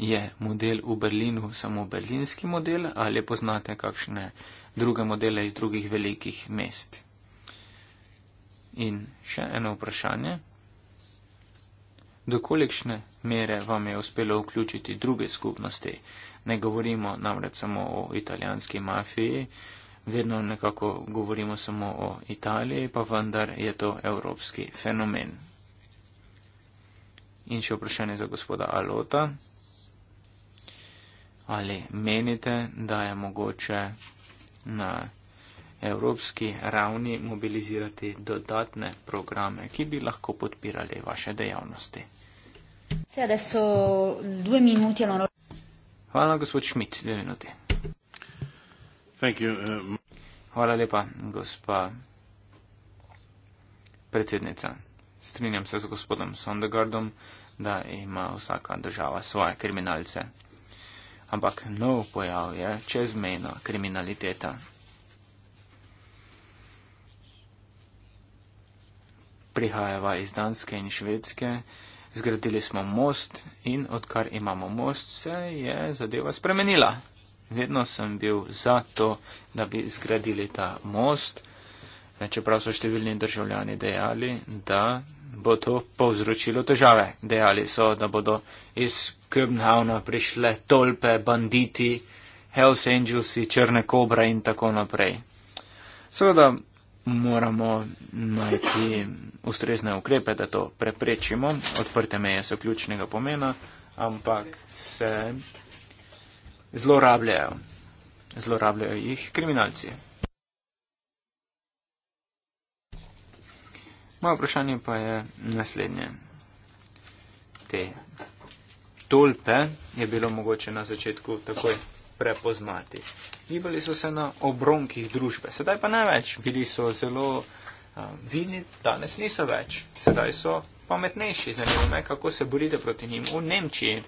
je model v Berlinu samo berlinski model ali poznate kakšne druge modele iz drugih velikih mest. In še eno vprašanje. Dokolikšne mere vam je uspelo vključiti druge skupnosti? Ne govorimo namreč samo o italijanski mafiji, vedno nekako govorimo samo o Italiji, pa vendar je to evropski fenomen. In še vprašanje za gospoda Alota ali menite, da je mogoče na evropski ravni mobilizirati dodatne programe, ki bi lahko podpirali vaše dejavnosti. Hvala, gospod Šmit, dve minuti. Uh, Hvala lepa, gospa predsednica. Strinjam se z gospodom Sondegardom, da ima vsaka država svoje kriminalce ampak nov pojav je čezmejna kriminaliteta. Prihajava iz Danske in Švedske, zgradili smo most in odkar imamo most, se je zadeva spremenila. Vedno sem bil za to, da bi zgradili ta most, čeprav so številni državljani dejali, da bo to povzročilo težave. Dejali so, da bodo iz Köbenhavna prišle tolpe, banditi, Hells Angels, črne kobra in tako naprej. Seveda moramo najti ustrezne ukrepe, da to preprečimo. Odprte meje so ključnega pomena, ampak se zlorabljajo. Zlorabljajo jih kriminalci. Moje vprašanje pa je naslednje. Te tulpe je bilo mogoče na začetku takoj prepoznati. Gibali so se na obronkih družbe, sedaj pa ne več. Bili so zelo uh, vidni, danes niso več. Sedaj so pametnejši. Zanima me, kako se borite proti njim v Nemčiji.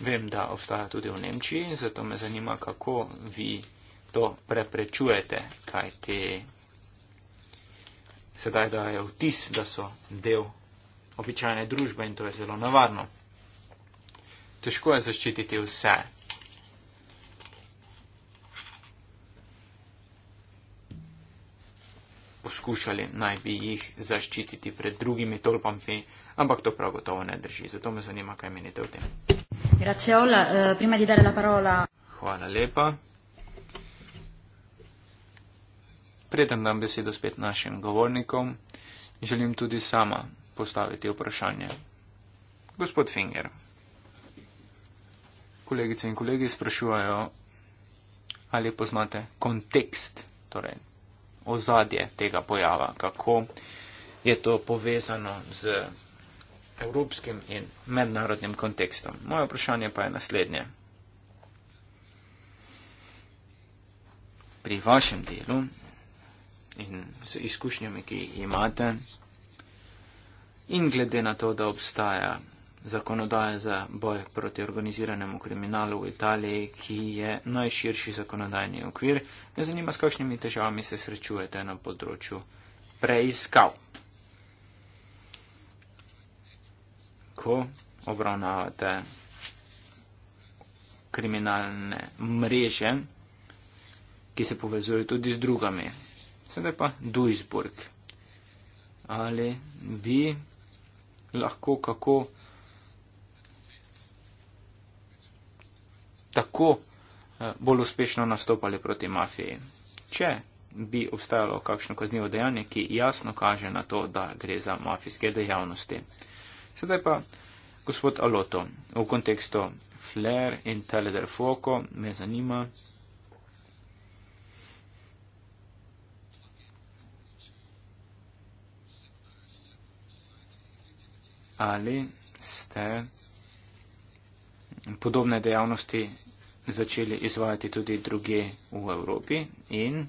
Vem, da obstaja tudi v Nemčiji, zato me zanima, kako vi to preprečujete, kaj te sedaj dajo vtis, da so del običajne družbe in to je zelo nevarno težko je zaščititi vse. Poskušali naj bi jih zaščititi pred drugimi tolpami, ampak to prav gotovo ne drži. Zato me zanima, kaj menite o tem. Grazie, Ola. Eh, prima di dare la parola. Hvala lepa. Preden dam besedo spet našim govornikom, želim tudi sama postaviti vprašanje. Gospod Finger kolegice in kolegi sprašujejo, ali poznate kontekst, torej ozadje tega pojava, kako je to povezano z evropskim in mednarodnim kontekstom. Moje vprašanje pa je naslednje. Pri vašem delu in z izkušnjami, ki jih imate, in glede na to, da obstaja zakonodaje za boj proti organiziranemu kriminalu v Italiji, ki je najširši zakonodajni okvir. Me zanima, s kakšnimi težavami se srečujete na področju preiskav, ko obravnavate kriminalne mreže, ki se povezujejo tudi z drugami. Sedaj pa Duisburg. Ali bi lahko kako tako eh, bolj uspešno nastopali proti mafiji. Če bi obstajalo kakšno kaznivo dejanje, ki jasno kaže na to, da gre za mafijske dejavnosti. Sedaj pa, gospod Aloto, v kontekstu Flair in Teleder Foco me zanima. Ali ste podobne dejavnosti začeli izvajati tudi druge v Evropi in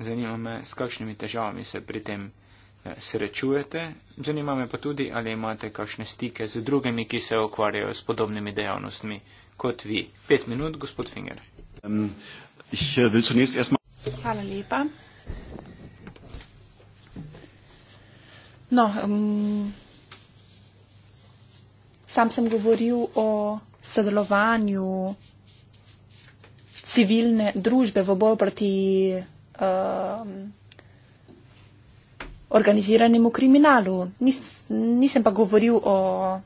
zanima me, s kakšnimi težavami se pri tem eh, srečujete. Zanima me pa tudi, ali imate kakšne stike z drugimi, ki se ukvarjajo s podobnimi dejavnostmi kot vi. Pet minut, gospod Finger. Äh, Hvala lepa. No, um, sam sem govoril o sodelovanju civilne družbe v boju proti um, organiziranemu kriminalu. Nis, nisem pa govoril o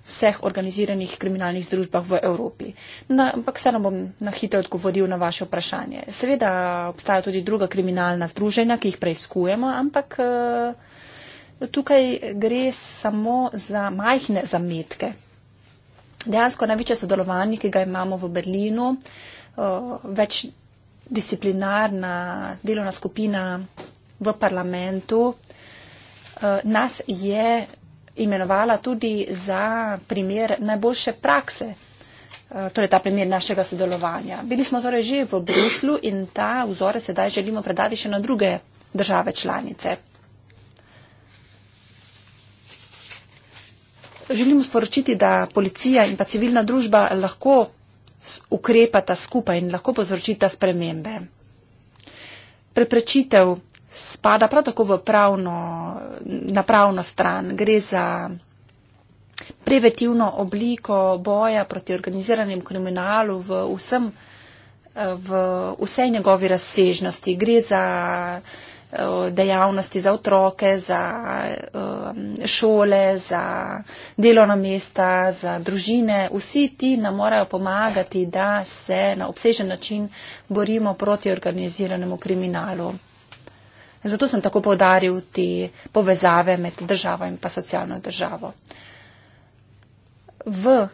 vseh organiziranih kriminalnih združbah v Evropi. Na, ampak se nam bom na hitro odgovoril na vaše vprašanje. Seveda obstajajo tudi druga kriminalna združenja, ki jih preizkujemo, ampak uh, tukaj gre samo za majhne zametke dejansko največje sodelovanje, ki ga imamo v Berlinu, več disciplinarna delovna skupina v parlamentu, nas je imenovala tudi za primer najboljše prakse, torej ta primer našega sodelovanja. Bili smo torej že v Bruslu in ta vzore sedaj želimo predati še na druge države članice. želimo sporočiti, da policija in pa civilna družba lahko ukrepata skupaj in lahko povzročita spremembe. Preprečitev spada prav tako pravno, na pravno stran. Gre za preventivno obliko boja proti organiziranem kriminalu v, vsem, v vsej njegovi razsežnosti. Gre za Eh, dejavnosti za otroke, za eh, šole, za delovna mesta, za družine. Vsi ti nam morajo pomagati, da se na obsežen način borimo proti organiziranemu kriminalu. Zato sem tako povdaril te povezave med državo in pa socialno državo. V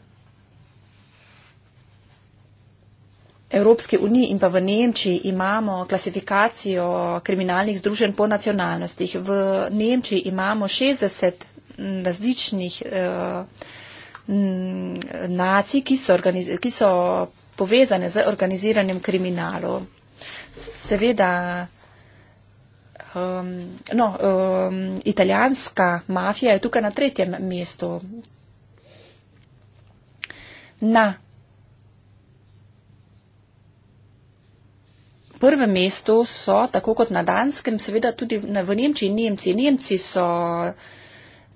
Evropski uniji in pa v Nemčiji imamo klasifikacijo kriminalnih združenj po nacionalnostih. V Nemčiji imamo 60 različnih uh, nacij, ki so, ki so povezane z organiziranjem kriminalov. Seveda, um, no, um, italijanska mafija je tukaj na tretjem mestu. Na prvem mestu so, tako kot na Danskem, seveda tudi v Nemčiji Nemci. Nemci so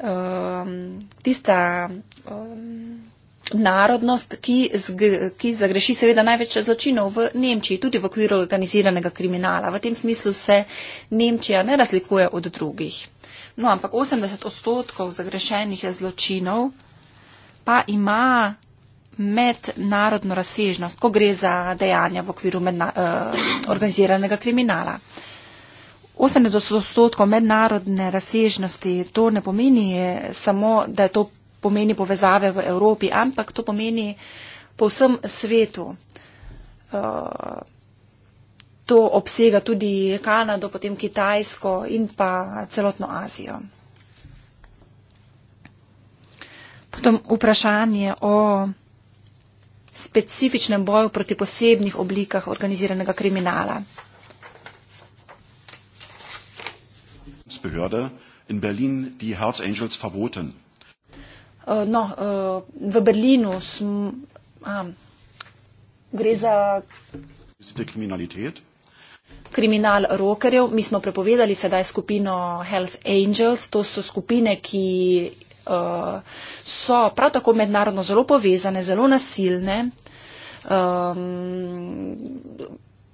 um, tista um, narodnost, ki, zgr, ki zagreši seveda največ zločinov v Nemčiji, tudi v okviru organiziranega kriminala. V tem smislu se Nemčija ne razlikuje od drugih. No, ampak 80 odstotkov zagrešenih zločinov pa ima mednarodno razsežnost, ko gre za dejanja v okviru medna, uh, organiziranega kriminala. 80 odstotkov mednarodne razsežnosti to ne pomeni samo, da to pomeni povezave v Evropi, ampak to pomeni po vsem svetu. Uh, to obsega tudi Kanado, potem Kitajsko in pa celotno Azijo. Potem vprašanje o specifičnem boju proti posebnih oblikah organiziranega kriminala. In Berlin, die Herz Angels verboten. Uh, no, uh, v Berlinu sm, um, gre za kriminalitet. Kriminal rokerjev. Mi smo prepovedali sedaj skupino Hells Angels. To so skupine, ki uh, so prav tako mednarodno zelo povezane, zelo nasilne um,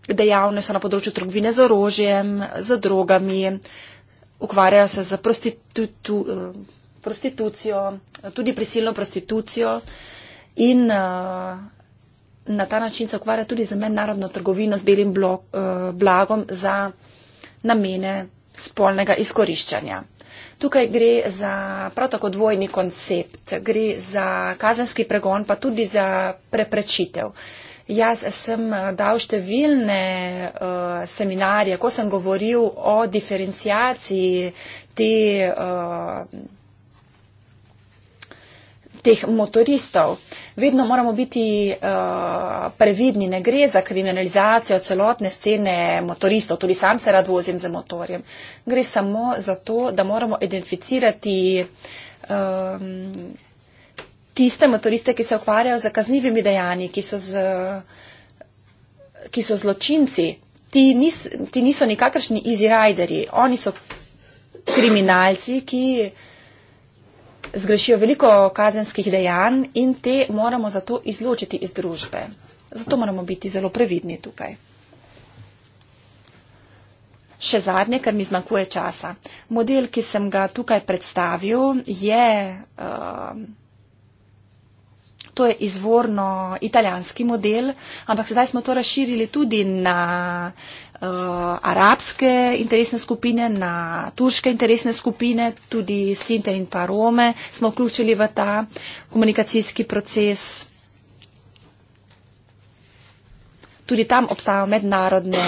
dejavne so na področju trgovine z orožjem, z drogami, ukvarjajo se z prostitu, prostitucijo, tudi prisilno prostitucijo in uh, na ta način se ukvarjajo tudi z mednarodno trgovino z belim blok, uh, blagom za namene spolnega izkoriščanja. Tukaj gre za prav tako dvojni koncept, gre za kazenski pregon, pa tudi za preprečitev. Jaz sem eh, dal številne uh, seminarje, ko sem govoril o diferencijaciji te. Uh, teh motoristov. Vedno moramo biti uh, previdni, ne gre za kriminalizacijo celotne scene motoristov, tudi sam se rad vozim z motorjem. Gre samo za to, da moramo identificirati um, tiste motoriste, ki se ukvarjajo z kaznivimi dejanji, ki so, z, ki so zločinci. Ti, nis, ti niso nikakršni easy riderji, oni so kriminalci, ki zgrešijo veliko kazenskih dejanj in te moramo zato izločiti iz družbe. Zato moramo biti zelo previdni tukaj. Še zadnje, ker mi zmanjkuje časa. Model, ki sem ga tukaj predstavil, je. Uh, To je izvorno italijanski model, ampak sedaj smo to razširili tudi na uh, arabske interesne skupine, na turške interesne skupine, tudi Sinte in pa Rome smo vključili v ta komunikacijski proces. Tudi tam obstajajo mednarodne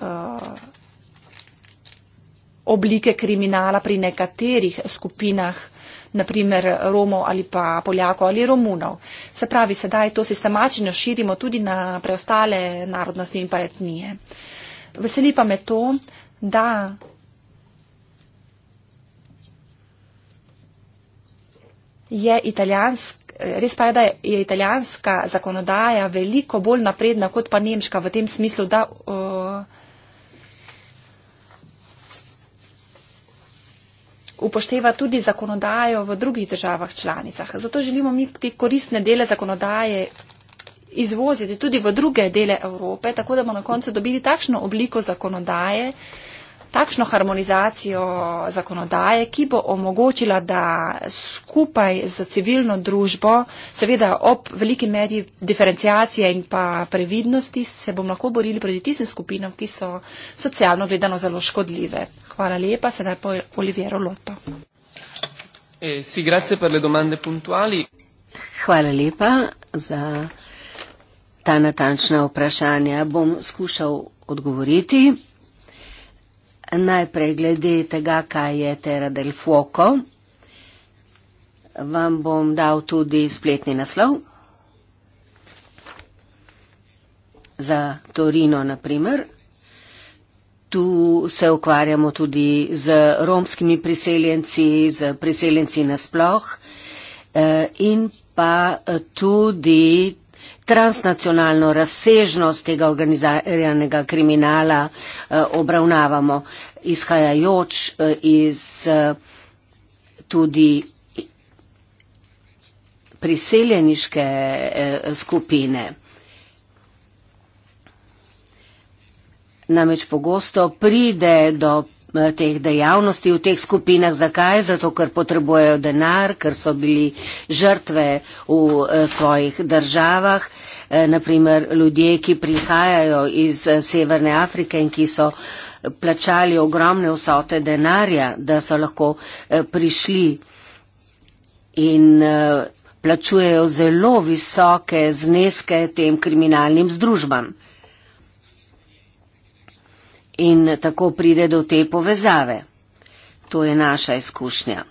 uh, oblike kriminala pri nekaterih skupinah naprimer Romov ali pa Poljakov ali Romunov. Se pravi, sedaj to sistematično širimo tudi na preostale narodnosti in pa etnije. Veseli pa me to, da je italijanska. Res pa je, da je italijanska zakonodaja veliko bolj napredna kot pa nemška v tem smislu, da uh, upošteva tudi zakonodajo v drugih državah članicah. Zato želimo mi te koristne dele zakonodaje izvoziti tudi v druge dele Evrope, tako da bomo na koncu dobili takšno obliko zakonodaje, takšno harmonizacijo zakonodaje, ki bo omogočila, da skupaj z civilno družbo, seveda ob veliki medij diferencijacije in pa previdnosti, se bomo lahko borili proti tistim skupinam, ki so socialno gledano zelo škodljive. Hvala lepa, sedaj pa Olivero Loto. Eh, Hvala lepa za ta natančna vprašanja. Bom skušal odgovoriti. Najprej glede tega, kaj je Terra del Fuoco, vam bom dal tudi spletni naslov. Za Torino, naprimer. Tu se ukvarjamo tudi z romskimi priseljenci, z priseljenci nasploh eh, in pa tudi transnacionalno razsežnost tega organiziranega kriminala eh, obravnavamo, izhajajoč eh, iz eh, tudi priseljeniške skupine. Namreč pogosto pride do Eh, teh dejavnosti v teh skupinah. Zakaj? Zato, ker potrebujejo denar, ker so bili žrtve v eh, svojih državah. Eh, Naprimer, ljudje, ki prihajajo iz Severne Afrike in ki so plačali ogromne vsote denarja, da so lahko prišli in plačujejo zelo visoke zneske tem kriminalnim združbam in tako pride do te povezave. To je naša izkušnja.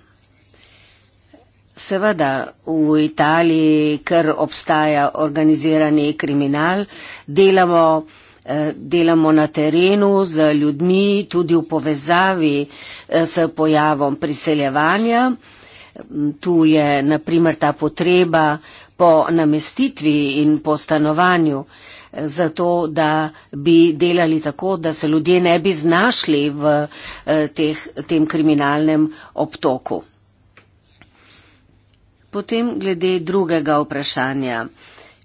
Seveda v Italiji, ker obstaja organizirani kriminal, delamo, eh, delamo na terenu z ljudmi, tudi v povezavi eh, s pojavom priseljevanja. Tu je naprimer ta potreba po namestitvi in po stanovanju za to, da bi delali tako, da se ljudje ne bi znašli v eh, teh, tem kriminalnem obtoku. Potem glede drugega vprašanja.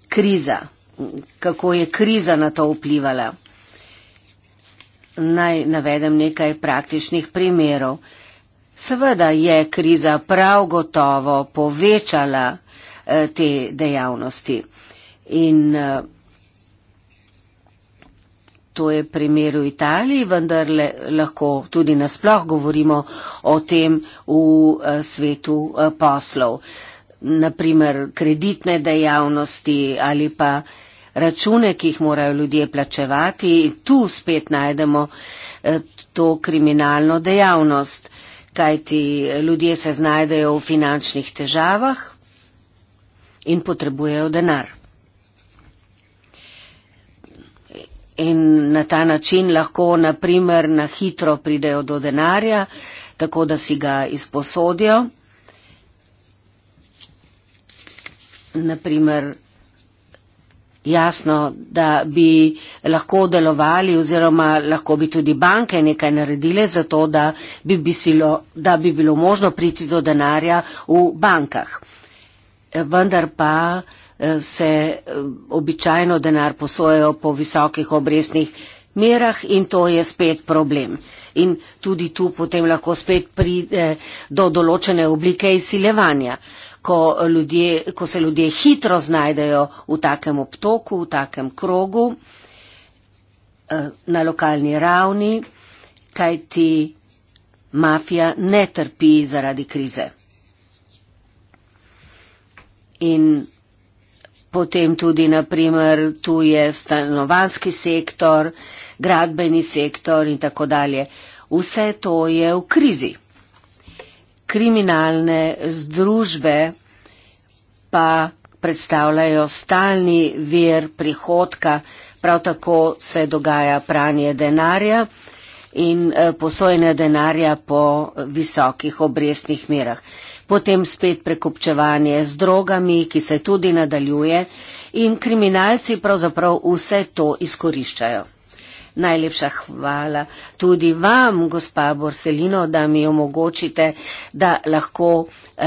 Kriza. Kako je kriza na to vplivala? Naj navedem nekaj praktičnih primerov. Seveda je kriza prav gotovo povečala eh, te dejavnosti. In eh, To je primer v Italiji, vendar le, lahko tudi nasploh govorimo o tem v eh, svetu eh, poslov. Naprimer kreditne dejavnosti ali pa račune, ki jih morajo ljudje plačevati. Tu spet najdemo eh, to kriminalno dejavnost, kajti ljudje se znajdejo v finančnih težavah in potrebujejo denar. in na ta način lahko naprimer na hitro pridejo do denarja, tako da si ga izposodijo. Naprimer, jasno, da bi lahko delovali oziroma lahko bi tudi banke nekaj naredile za to, da bi, bisilo, da bi bilo možno priti do denarja v bankah. Vendar pa se eh, običajno denar posojajo po visokih obresnih merah in to je spet problem. In tudi tu potem lahko spet pride eh, do določene oblike izsilevanja, ko, ljudje, ko se ljudje hitro znajdejo v takem obtoku, v takem krogu eh, na lokalni ravni, kaj ti mafija ne trpi zaradi krize. In potem tudi naprimer tu je stanovanski sektor, gradbeni sektor in tako dalje. Vse to je v krizi. Kriminalne združbe pa predstavljajo stalni vir prihodka, prav tako se dogaja pranje denarja in eh, posojene denarja po visokih obrestnih merah potem spet prekupčevanje z drogami, ki se tudi nadaljuje in kriminalci pravzaprav vse to izkoriščajo. Najlepša hvala tudi vam, gospa Borselino, da mi omogočite, da lahko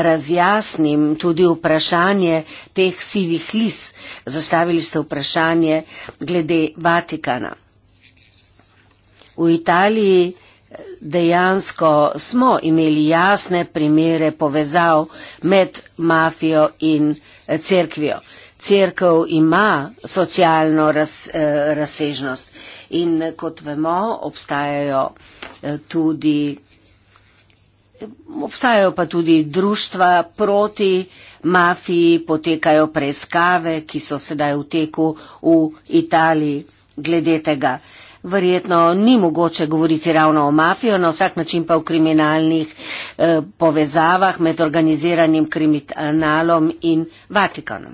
razjasnim tudi vprašanje teh sivih lis. Zastavili ste vprašanje glede Vatikana. V Italiji dejansko smo imeli jasne primere povezav med mafijo in eh, cerkvijo. Cerkev ima socialno raz, eh, razsežnost in eh, kot vemo, obstajajo tudi, obstajajo pa tudi društva proti mafiji, potekajo preiskave, ki so sedaj v teku v Italiji glede tega. Verjetno ni mogoče govoriti ravno o mafiji, na vsak način pa o kriminalnih eh, povezavah med organiziranim kriminalom in Vatikanom.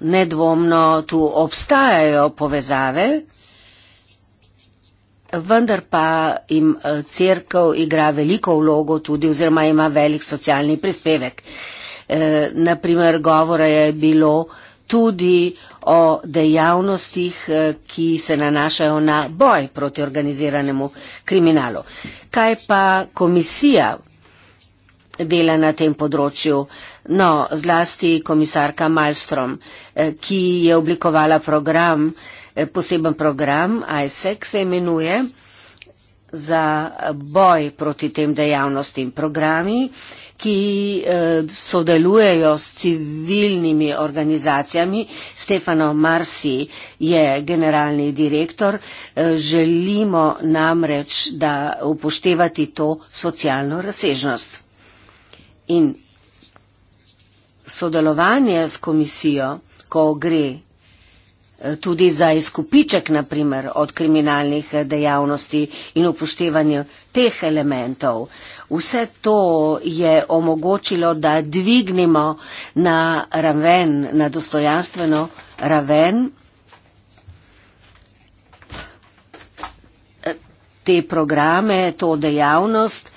Nedvomno tu obstajajo povezave, vendar pa jim eh, crkv igra veliko vlogo tudi oziroma ima velik socialni prispevek. E, eh, naprimer, govora je bilo, tudi o dejavnostih, eh, ki se nanašajo na boj proti organiziranemu kriminalu. Kaj pa komisija dela na tem področju? No, zlasti komisarka Malmström, eh, ki je oblikovala program, eh, poseben program ISEC se imenuje za boj proti tem dejavnostim programi, ki eh, sodelujejo s civilnimi organizacijami. Stefano Marsi je generalni direktor. Eh, želimo namreč, da upoštevati to socialno razsežnost. In sodelovanje s komisijo, ko gre tudi za izkupiček, naprimer, od kriminalnih eh, dejavnosti in upoštevanju teh elementov. Vse to je omogočilo, da dvignimo na raven, na dostojanstveno raven eh, te programe, to dejavnost.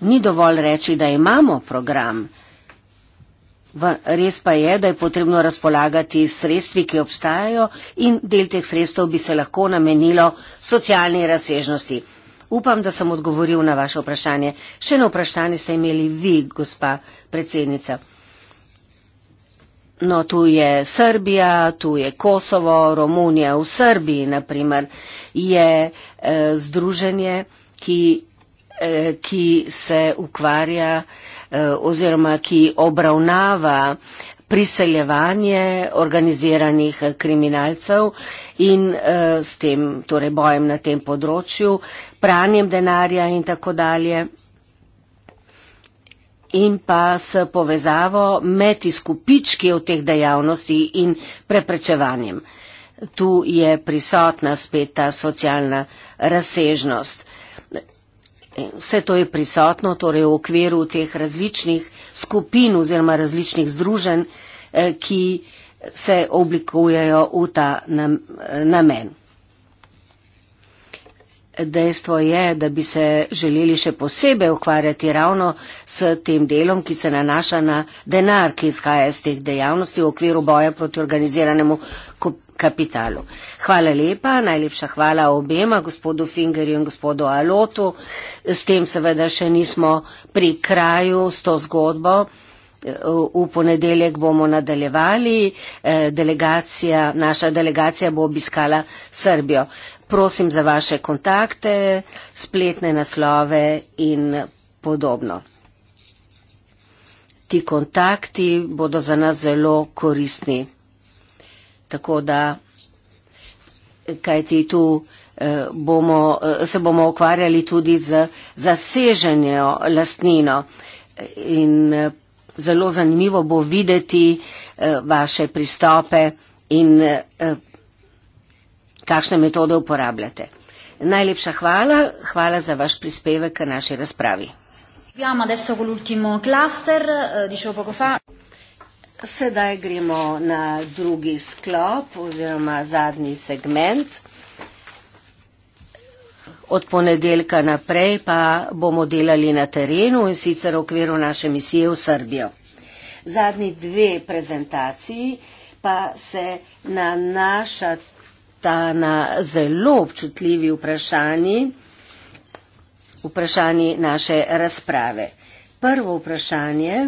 Ni dovolj reči, da imamo program, Res pa je, da je potrebno razpolagati s sredstvi, ki obstajajo in del teh sredstev bi se lahko namenilo socialni razsežnosti. Upam, da sem odgovoril na vaše vprašanje. Še eno vprašanje ste imeli vi, gospa predsednica. No, tu je Srbija, tu je Kosovo, Romunija. V Srbiji, na primer, je eh, združenje, ki, eh, ki se ukvarja eh, Eh, oziroma ki obravnava priseljevanje organiziranih eh, kriminalcev in uh, s tem torej bojem na tem področju, pranjem denarja in tako dalje in pa s povezavo med izkupički v teh dejavnosti in preprečevanjem. Tu je prisotna spet ta socialna razsežnost. Uh, Vse to je prisotno torej v okviru teh različnih skupin oziroma različnih združenj, eh, ki se oblikujejo v ta namen. Dejstvo je, da bi se želeli še posebej ukvarjati ravno s tem delom, ki se nanaša na denar, ki izhaja iz teh dejavnosti v okviru boja proti organiziranemu kapitalu. Hvala lepa, najlepša hvala obema, gospodu Fingerju in gospodu Alotu. S tem seveda še nismo pri kraju s to zgodbo. V ponedeljek bomo nadaljevali, eh, delegacija, naša delegacija bo obiskala Srbijo. Prosim za vaše kontakte, spletne naslove in podobno. Ti kontakti bodo za nas zelo koristni tako da kaj ti tu eh, bomo, eh, se bomo ukvarjali tudi z zaseženjo lastnino in eh, zelo zanimivo bo videti vaše pristope in kakšne metode uporabljate. Najlepša hvala, hvala za vaš prispevek k naši razpravi. Abbiamo adesso con l'ultimo cluster, dicevo poco fa. Sedaj gremo na drugi sklop oziroma zadnji segment. Od ponedeljka naprej pa bomo delali na terenu in sicer v okviru naše misije v Srbijo. Zadnji dve prezentaciji pa se nanašata na zelo občutljivi vprašanji, vprašanji naše razprave. Prvo vprašanje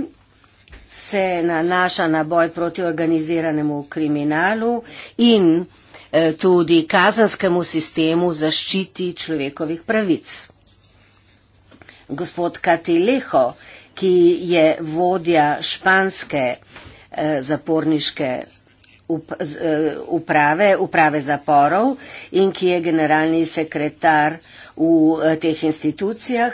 se nanaša na boj proti organiziranemu kriminalu in eh, tudi kazanskemu sistemu zaščiti človekovih pravic. Gospod Katilejo, ki je vodja španske eh, zaporniške eh, uprave, uprave zaporov in ki je generalni sekretar v teh institucijah,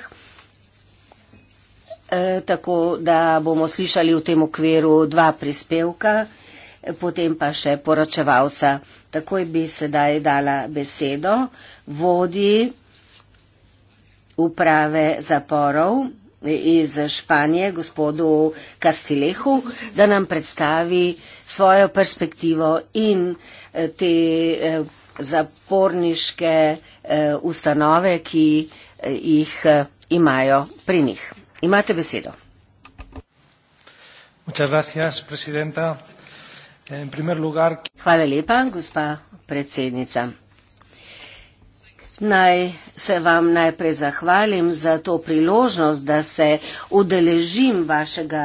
E, tako da bomo slišali v tem okviru dva prispevka, potem pa še poročevalca. Takoj bi sedaj dala besedo vodi uprave zaporov iz Španije, gospodu Kastilehu, da nam predstavi svojo perspektivo in e, te e, zaporniške ustanove, ki jih imajo pri njih. Imate besedo. Hvala lepa, gospa predsednica. Naj se vam najprej zahvalim za to priložnost, da se udeležim vašega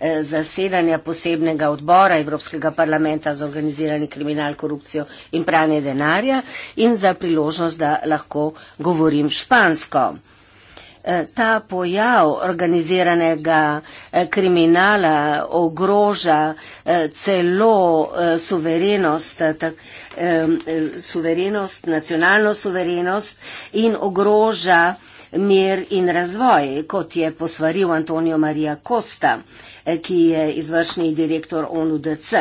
eh, zasedanja posebnega odbora Evropskega parlamenta za organizirani kriminal, korupcijo in pranje denarja in za priložnost, da lahko govorim špansko. Eh, ta pojav organiziranega eh, kriminala ogroža eh, celo suverenost, tak, suverenost, nacionalno suverenost in ogroža mir in razvoj, kot je posvaril Antonio Maria Costa, ki je izvršni direktor ONUDC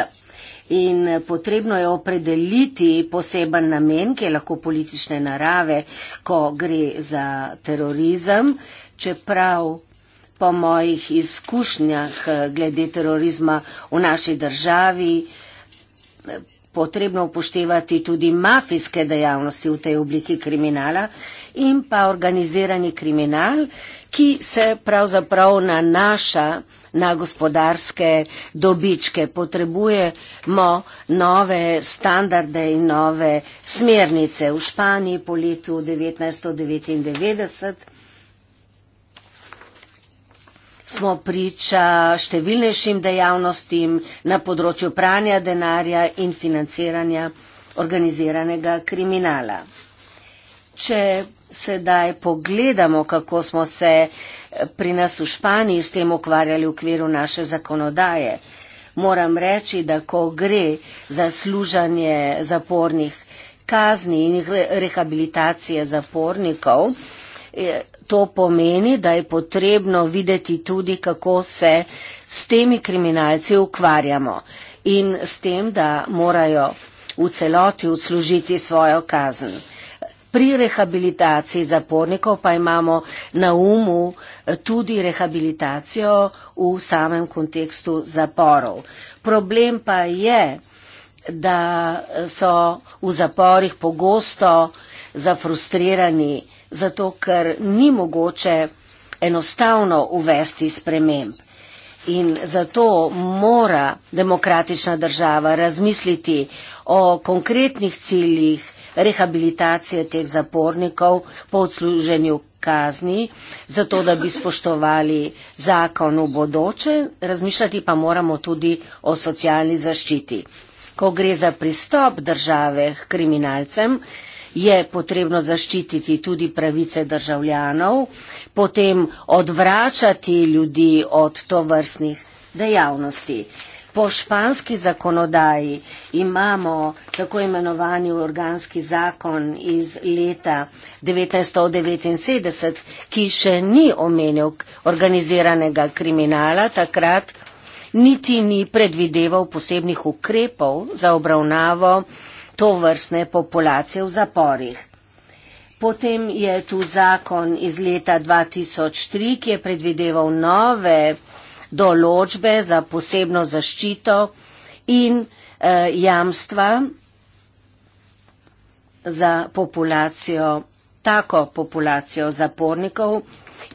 in eh, potrebno je opredeliti poseben namen, ki je lahko politične narave, ko gre za terorizem, čeprav po mojih izkušnjah eh, glede terorizma v naši državi eh, potrebno upoštevati tudi mafijske dejavnosti v tej obliki kriminala in pa organizirani kriminal, ki se pravzaprav nanaša na gospodarske dobičke. Potrebujemo nove standarde in nove smernice. V Španiji po letu 1999 smo priča številnejšim dejavnostim na področju pranja denarja in financiranja organiziranega kriminala. Če sedaj pogledamo, kako smo se pri nas v Španiji s tem ukvarjali v okviru naše zakonodaje. Moram reči, da ko gre za služanje zapornih kazni in rehabilitacije zapornikov, to pomeni, da je potrebno videti tudi, kako se s temi kriminalci ukvarjamo in s tem, da morajo v celoti odslužiti svojo kazen. Pri rehabilitaciji zapornikov pa imamo na umu eh, tudi rehabilitacijo v samem kontekstu zaporov. Problem pa je, da so v zaporih pogosto zafrustrirani, zato ker ni mogoče enostavno uvesti sprememb. In zato mora demokratična država razmisliti o konkretnih ciljih rehabilitacije teh zapornikov po odsluženju kazni, zato da bi spoštovali zakon v bodoče, razmišljati pa moramo tudi o socialni zaščiti. Ko gre za pristop države k kriminalcem, je potrebno zaščititi tudi pravice državljanov, potem odvračati ljudi od tovrstnih dejavnosti po španski zakonodaji imamo tako imenovani organski zakon iz leta 1979, ki še ni omenil organiziranega kriminala takrat, niti ni predvideval posebnih ukrepov za obravnavo to vrstne populacije v zaporih. Potem je tu zakon iz leta 2003, ki je predvideval nove določbe za posebno zaščito in eh, jamstva za populacijo, tako populacijo zapornikov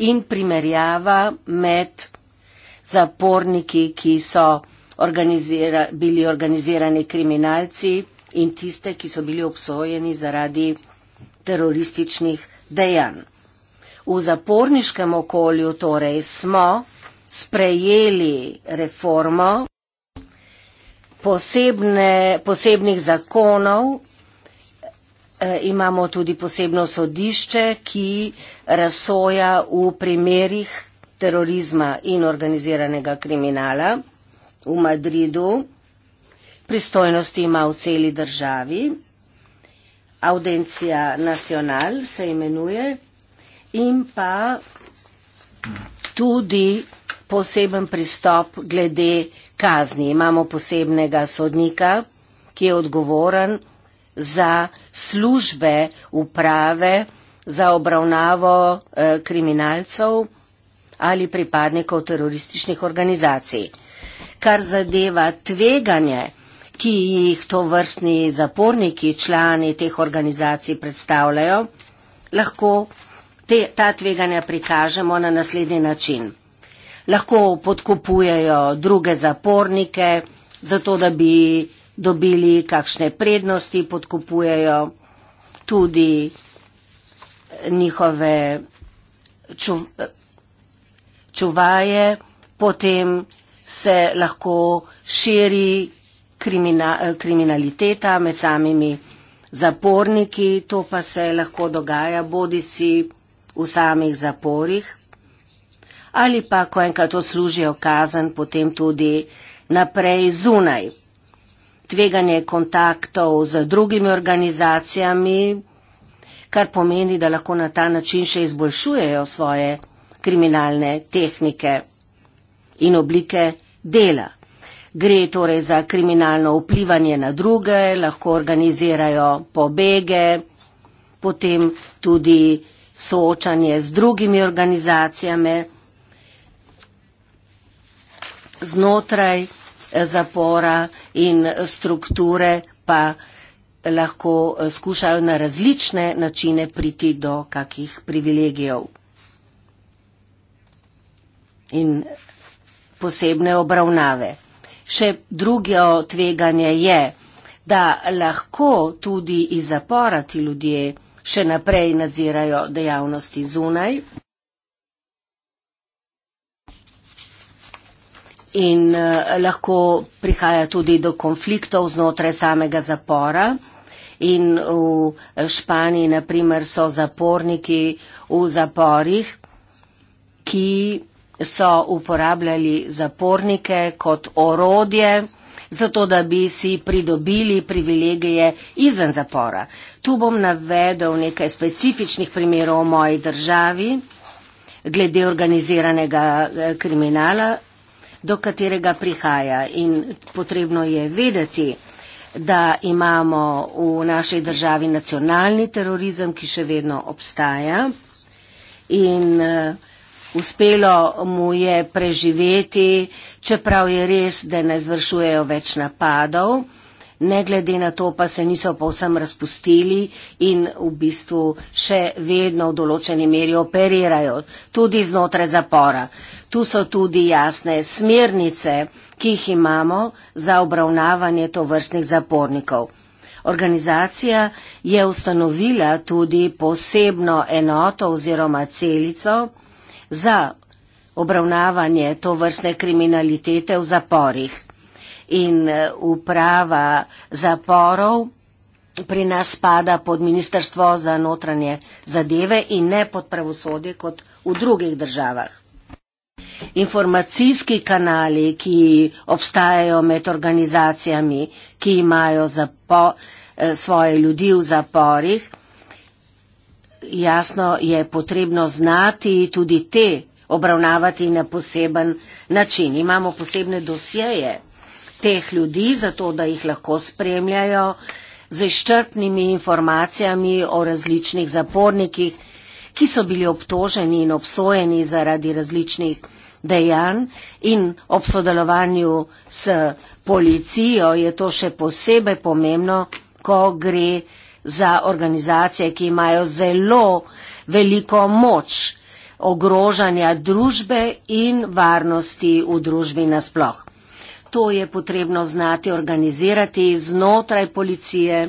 in primerjava med zaporniki, ki so organizira, bili organizirani kriminalci in tiste, ki so bili obsojeni zaradi terorističnih dejanj. V zaporniškem okolju torej smo, sprejeli reformo posebne, posebnih zakonov, e, imamo tudi posebno sodišče, ki razsoja v primerih terorizma in organiziranega kriminala v Madridu. Pristojnosti ima v celi državi. Audencija Nacional se imenuje in pa tudi poseben pristop glede kazni. Imamo posebnega sodnika, ki je odgovoren za službe uprave za obravnavo eh, kriminalcev ali pripadnikov terorističnih organizacij. Kar zadeva tveganje, ki jih to vrstni zaporniki, člani teh organizacij predstavljajo, lahko te, ta tveganja prikažemo na naslednji način lahko podkupujejo druge zapornike, zato da bi dobili kakšne prednosti, podkupujejo tudi njihove ču, čuvaje, potem se lahko širi krimina, kriminaliteta med samimi zaporniki, to pa se lahko dogaja bodi si v samih zaporih ali pa, ko enkrat oslužijo kazen, potem tudi naprej zunaj. Tveganje kontaktov z drugimi organizacijami, kar pomeni, da lahko na ta način še izboljšujejo svoje kriminalne tehnike in oblike dela. Gre torej za kriminalno vplivanje na druge, lahko organizirajo pobege, potem tudi soočanje z drugimi organizacijami znotraj eh, zapora in strukture pa lahko eh, skušajo na različne načine priti do kakih privilegijev in posebne obravnave. Še drugo tveganje je, da lahko tudi iz zapora ti ljudje še naprej nadzirajo dejavnosti zunaj. in eh, lahko prihaja tudi do konfliktov znotraj samega zapora. In v eh, Španiji, naprimer, so zaporniki v zaporih, ki so uporabljali zapornike kot orodje, zato da bi si pridobili privilegije izven zapora. Tu bom navedel nekaj specifičnih primerov v moji državi glede organiziranega eh, kriminala, do katerega prihaja. In potrebno je vedeti, da imamo v naši državi nacionalni terorizem, ki še vedno obstaja in eh, uspelo mu je preživeti, čeprav je res, da ne zvršujejo več napadov. Ne glede na to pa se niso povsem razpustili in v bistvu še vedno v določeni meri operirajo, tudi znotraj zapora. Tu so tudi jasne smernice, ki jih imamo za obravnavanje tovrstnih zapornikov. Organizacija je ustanovila tudi posebno enoto oziroma celico za obravnavanje tovrstne kriminalitete v zaporih. In e, uprava zaporov pri nas spada pod Ministrstvo za notranje zadeve in ne pod pravosodje kot v drugih državah informacijski kanali, ki obstajajo med organizacijami, ki imajo zapo, eh, svoje ljudi v zaporih, jasno je potrebno znati tudi te obravnavati na poseben način. Imamo posebne dosjeje teh ljudi, zato da jih lahko spremljajo z izčrpnimi informacijami o različnih zapornikih, ki so bili obtoženi in obsojeni zaradi različnih dejanj in ob sodelovanju s policijo je to še posebej pomembno, ko gre za organizacije, ki imajo zelo veliko moč ogrožanja družbe in varnosti v družbi nasploh. To je potrebno znati organizirati znotraj policije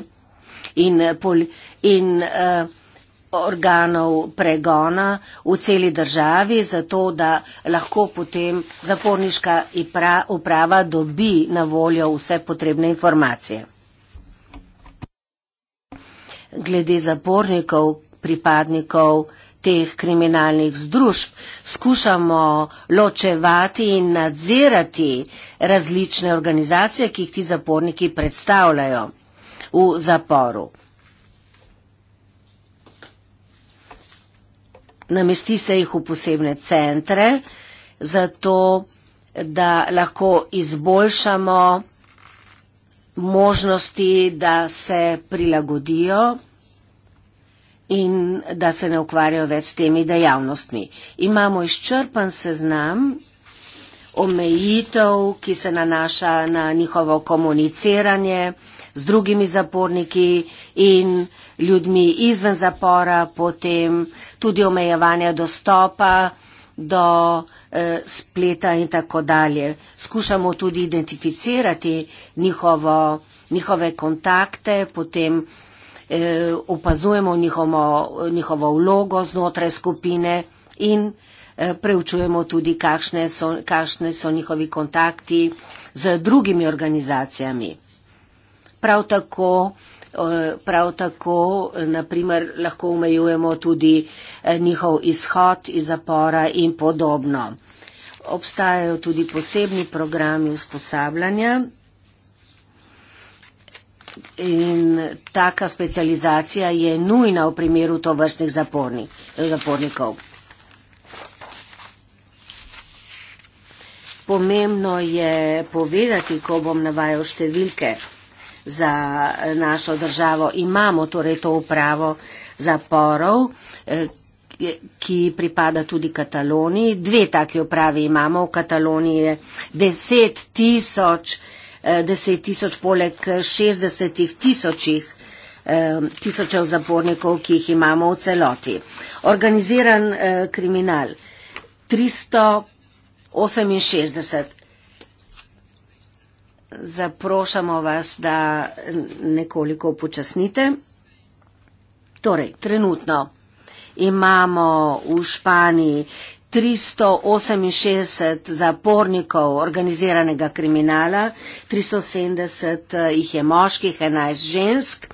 in, pol, in uh, organov pregona v celi državi, zato da lahko potem zaporniška uprava dobi na voljo vse potrebne informacije. Glede zapornikov, pripadnikov teh kriminalnih združb, skušamo ločevati in nadzirati različne organizacije, ki jih ti zaporniki predstavljajo v zaporu. namesti se jih v posebne centre, zato da lahko izboljšamo možnosti, da se prilagodijo in da se ne ukvarjajo več s temi dejavnostmi. Imamo izčrpan seznam omejitev, ki se nanaša na njihovo komuniciranje z drugimi zaporniki in ljudmi izven zapora, potem tudi omejevanja dostopa do eh, spleta in tako dalje. Skušamo tudi identificirati njihovo, njihove kontakte, potem eh, opazujemo njihovo, njihovo vlogo znotraj skupine in eh, preučujemo tudi, kakšne so, kakšne so njihovi kontakti z drugimi organizacijami. Prav tako Prav tako naprimer, lahko omejujemo tudi eh, njihov izhod iz zapora in podobno. Obstajajo tudi posebni programi usposabljanja in taka specializacija je nujna v primeru tovrstnih zapornikov. Pomembno je povedati, ko bom navajal številke za našo državo. Imamo torej to upravo zaporov, eh, ki pripada tudi Kataloniji. Dve take upravi imamo v Kataloniji, deset tisoč, eh, deset tisoč poleg šestdesetih tisočih eh, tisočev zapornikov, ki jih imamo v celoti. Organiziran eh, kriminal 368, zaprošamo vas, da nekoliko upočasnite. Torej, trenutno imamo v Španiji 368 zapornikov organiziranega kriminala, 370 eh, jih je moških, 11 žensk,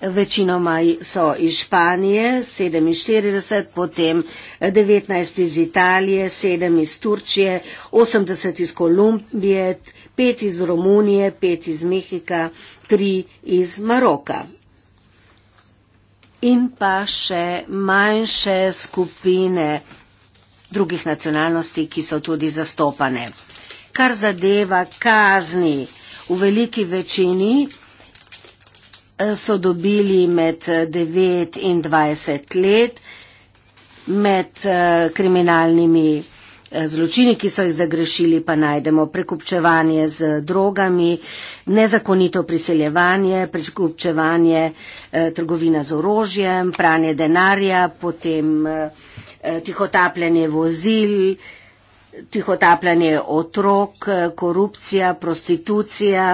večinoma so iz Španije, 47, potem 19 eh, iz Italije, 7 iz Turčije, 80 iz Kolumbije, pet iz Romunije, pet iz Mehika, tri iz Maroka. In pa še manjše skupine drugih nacionalnosti, ki so tudi zastopane. Kar zadeva kazni, v veliki večini eh, so dobili med 9 eh, in 20 let med eh, kriminalnimi Eh, zločini, ki so jih zagrešili, pa najdemo prekupčevanje z drogami, nezakonito priseljevanje, prekupčevanje, eh, trgovina z orožjem, pranje denarja, potem eh, tihotapljanje vozil, tihotapljanje otrok, korupcija, prostitucija,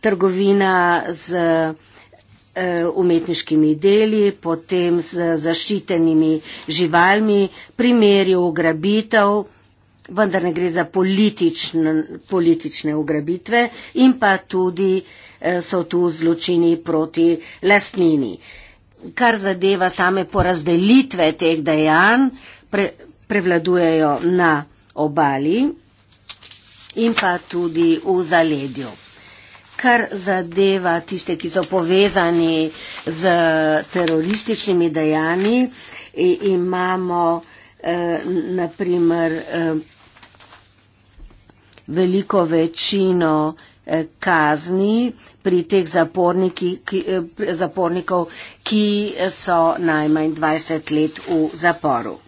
trgovina z. Eh, umetniškimi deli, potem z zaščitenimi živalmi, primeri ugrabitev, vendar ne gre za politične, politične ugrabitve in pa tudi eh, so tu zločini proti lastnini. Kar zadeva same porazdelitve teh dejanj, pre, prevladujejo na obali in pa tudi v zaledju kar zadeva tiste, ki so povezani z terorističnimi dejanji. I, imamo eh, naprimer eh, veliko večino eh, kazni pri teh ki, eh, zapornikov, ki so najmanj 20 let v zaporu.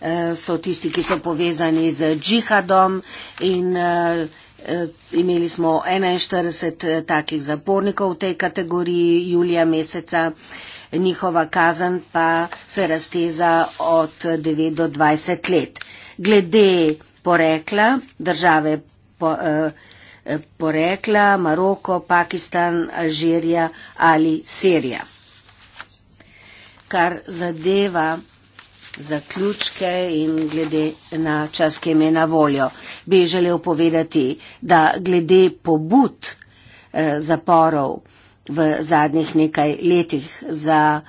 Eh, so tisti, ki so povezani z džihadom in eh, eh, imeli smo 41 takih zapornikov v tej kategoriji julija meseca. Njihova kazen pa se razteza od 9 do 20 let. Glede porekla, države po, eh, porekla, Maroko, Pakistan, Alžirija ali Sirija. Kar zadeva zaključke in glede na čas, ki mi je na voljo, bi želel povedati, da glede pobud eh, zaporov v zadnjih nekaj letih za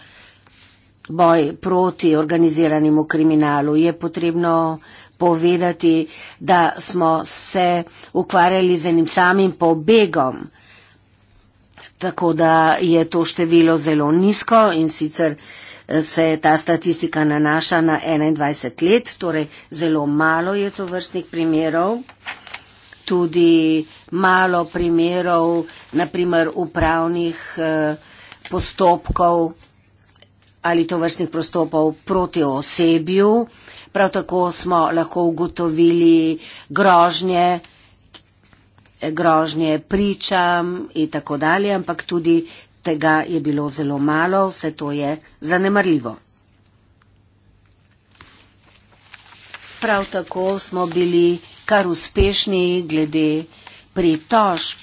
boj proti organiziranemu kriminalu je potrebno povedati, da smo se ukvarjali z enim samim pobegom. Tako da je to število zelo nizko in sicer se ta statistika nanaša na 21 let, torej zelo malo je to vrstnih primerov. Tudi malo primerov, naprimer upravnih eh, postopkov ali to vrstnih postopkov proti osebju. Prav tako smo lahko ugotovili grožnje, grožnje pričam in tako dalje, ampak tudi tega je bilo zelo malo, vse to je zanemarljivo. Prav tako smo bili kar uspešni glede pritožb,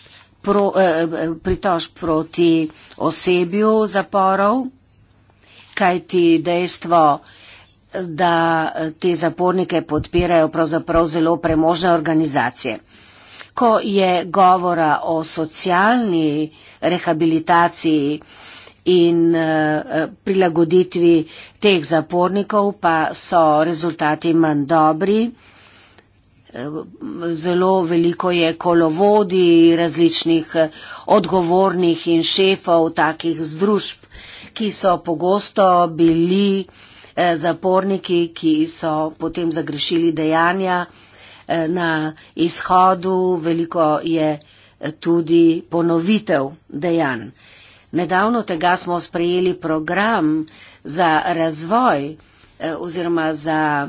pro, eh, pritožb proti osebju zaporov, kajti dejstvo, da te zapornike podpirajo pravzaprav zelo premožne organizacije ko je govora o socialni rehabilitaciji in eh, prilagoditvi teh zapornikov, pa so rezultati manj dobri. Eh, zelo veliko je kolovodi različnih eh, odgovornih in šefov takih združb, ki so pogosto bili zaporniki, ki so potem zagrešili dejanja. Eh, na izhodu, veliko je eh, tudi ponovitev dejanj. Nedavno tega smo sprejeli program za razvoj eh, oziroma za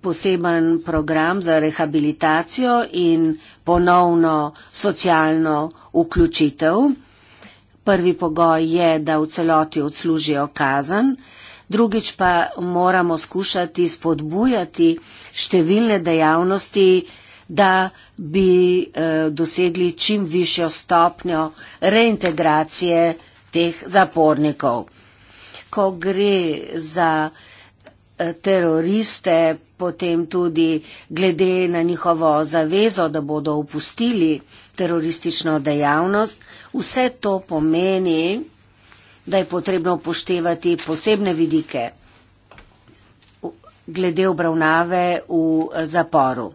poseben program za rehabilitacijo in ponovno socialno vključitev. Prvi pogoj je, da v celoti odslužijo kazen drugič pa moramo skušati spodbujati številne dejavnosti, da bi eh, dosegli čim višjo stopnjo reintegracije teh zapornikov. Ko gre za eh, teroriste, potem tudi glede na njihovo zavezo, da bodo upustili teroristično dejavnost, vse to pomeni, da je potrebno upoštevati posebne vidike glede obravnave v eh, zaporu.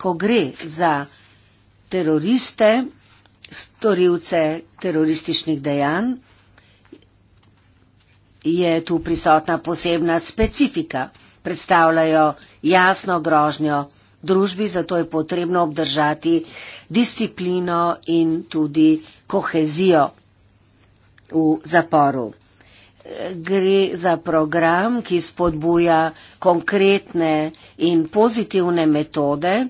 Ko gre za teroriste, storilce terorističnih dejanj, je tu prisotna posebna specifika. Predstavljajo jasno grožnjo družbi, zato je potrebno obdržati disciplino in tudi kohezijo v zaporu. Gre za program, ki spodbuja konkretne in pozitivne metode,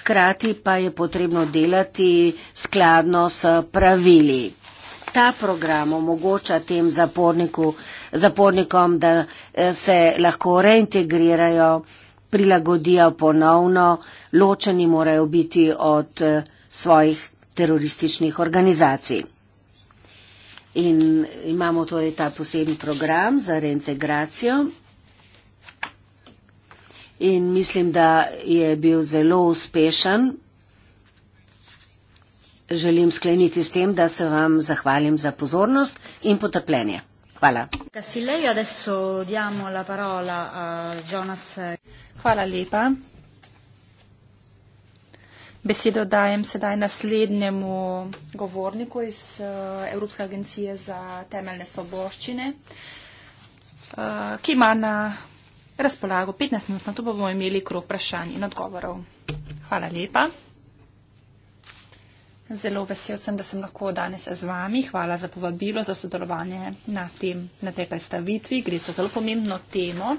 hkrati pa je potrebno delati skladno s pravili. Ta program omogoča tem zapornikom, da eh, se lahko reintegrirajo, prilagodijo ponovno, ločeni morajo biti od eh, svojih terorističnih organizacij. In imamo torej ta poseben program za reintegracijo. In mislim, da je bil zelo uspešen. Želim skleniti s tem, da se vam zahvalim za pozornost in potrpljenje. Hvala. Kasilej, Hvala lepa. Besedo dajem sedaj naslednjemu govorniku iz uh, Evropske agencije za temeljne svoboščine, uh, ki ima na razpolago 15 minut, na to bomo imeli krok vprašanj in odgovorov. Hvala lepa. Zelo vesel sem, da sem lahko danes z vami. Hvala za povabilo, za sodelovanje na, tem, na tej predstavitvi. Gre za zelo pomembno temo.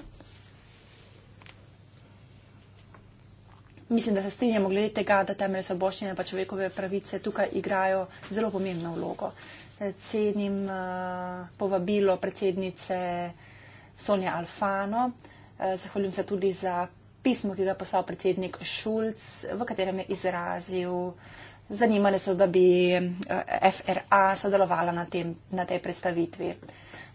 mislim, da se strinjamo glede tega, da temelj svoboščine in človekove pravice tukaj igrajo zelo pomembno vlogo. Cenim eh, povabilo predsednice Sonja Alfano, eh, zahvaljujem se tudi za pismo, ki ga je poslal predsednik Šulc, v katerem je izrazil zanimale so, da bi eh, FRA sodelovala na, tem, na tej predstavitvi.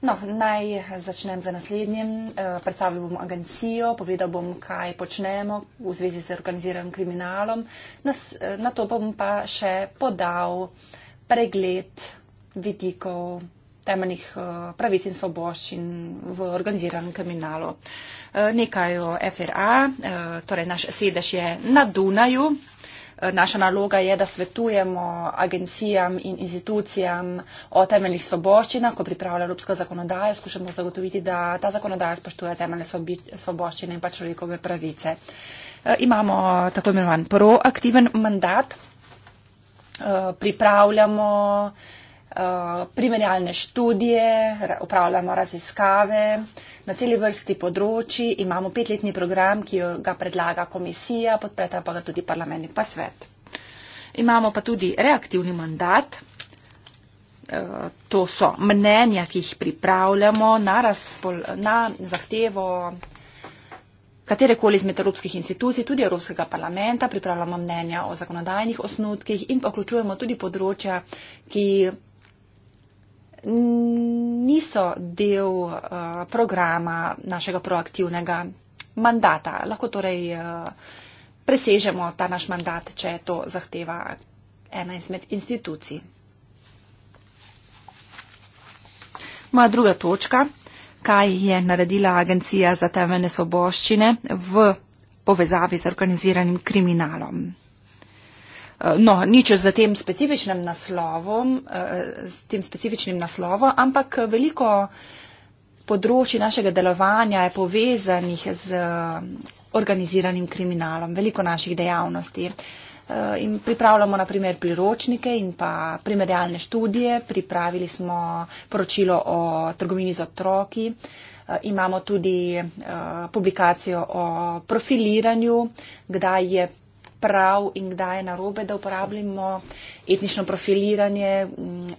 No, naj začnem za naslednjem. Eh, predstavil bom agencijo, povedal bom, kaj počnemo v zvezi z organiziranim kriminalom. Nas, eh, na to bom pa še podal pregled vidikov temeljnih pravic in svoboščin v organiziranem kriminalu. Nekaj o FRA, torej naš sedež je na Dunaju, naša naloga je, da svetujemo agencijam in institucijam o temeljnih svoboščinah, ko pripravlja evropska zakonodaja, skušamo zagotoviti, da ta zakonodaja spoštuje temeljne svoboščine in pa človekove pravice. E, imamo tako imenovan proaktiven mandat, e, pripravljamo Eh, primerjalne študije, upravljamo raziskave na celi vrsti področji, imamo petletni program, ki ga predlaga komisija, podpreta pa ga tudi parlament in pa svet. Imamo pa tudi reaktivni mandat. Eh, to so mnenja, ki jih pripravljamo na, razpol, na zahtevo katerekoli izmed evropskih institucij, tudi Evropskega parlamenta, pripravljamo mnenja o zakonodajnih osnutkih in pa vključujemo tudi področja, ki niso del uh, programa našega proaktivnega mandata. Lahko torej uh, presežemo ta naš mandat, če to zahteva ena izmed institucij. Moja druga točka, kaj je naredila Agencija za temeljne svoboščine v povezavi z organiziranim kriminalom. Eh, no, nič z tem specifičnim naslovom, z eh, tem specifičnim naslovom, ampak veliko področji našega delovanja je povezanih z organiziranim kriminalom, veliko naših dejavnosti. Eh, in pripravljamo naprimer priročnike in pa primerjalne študije, pripravili smo poročilo o trgovini z otroki, imamo tudi publikacijo o profiliranju, kdaj je prav in kdaj je narobe, da uporabljamo etnično profiliranje. Mm,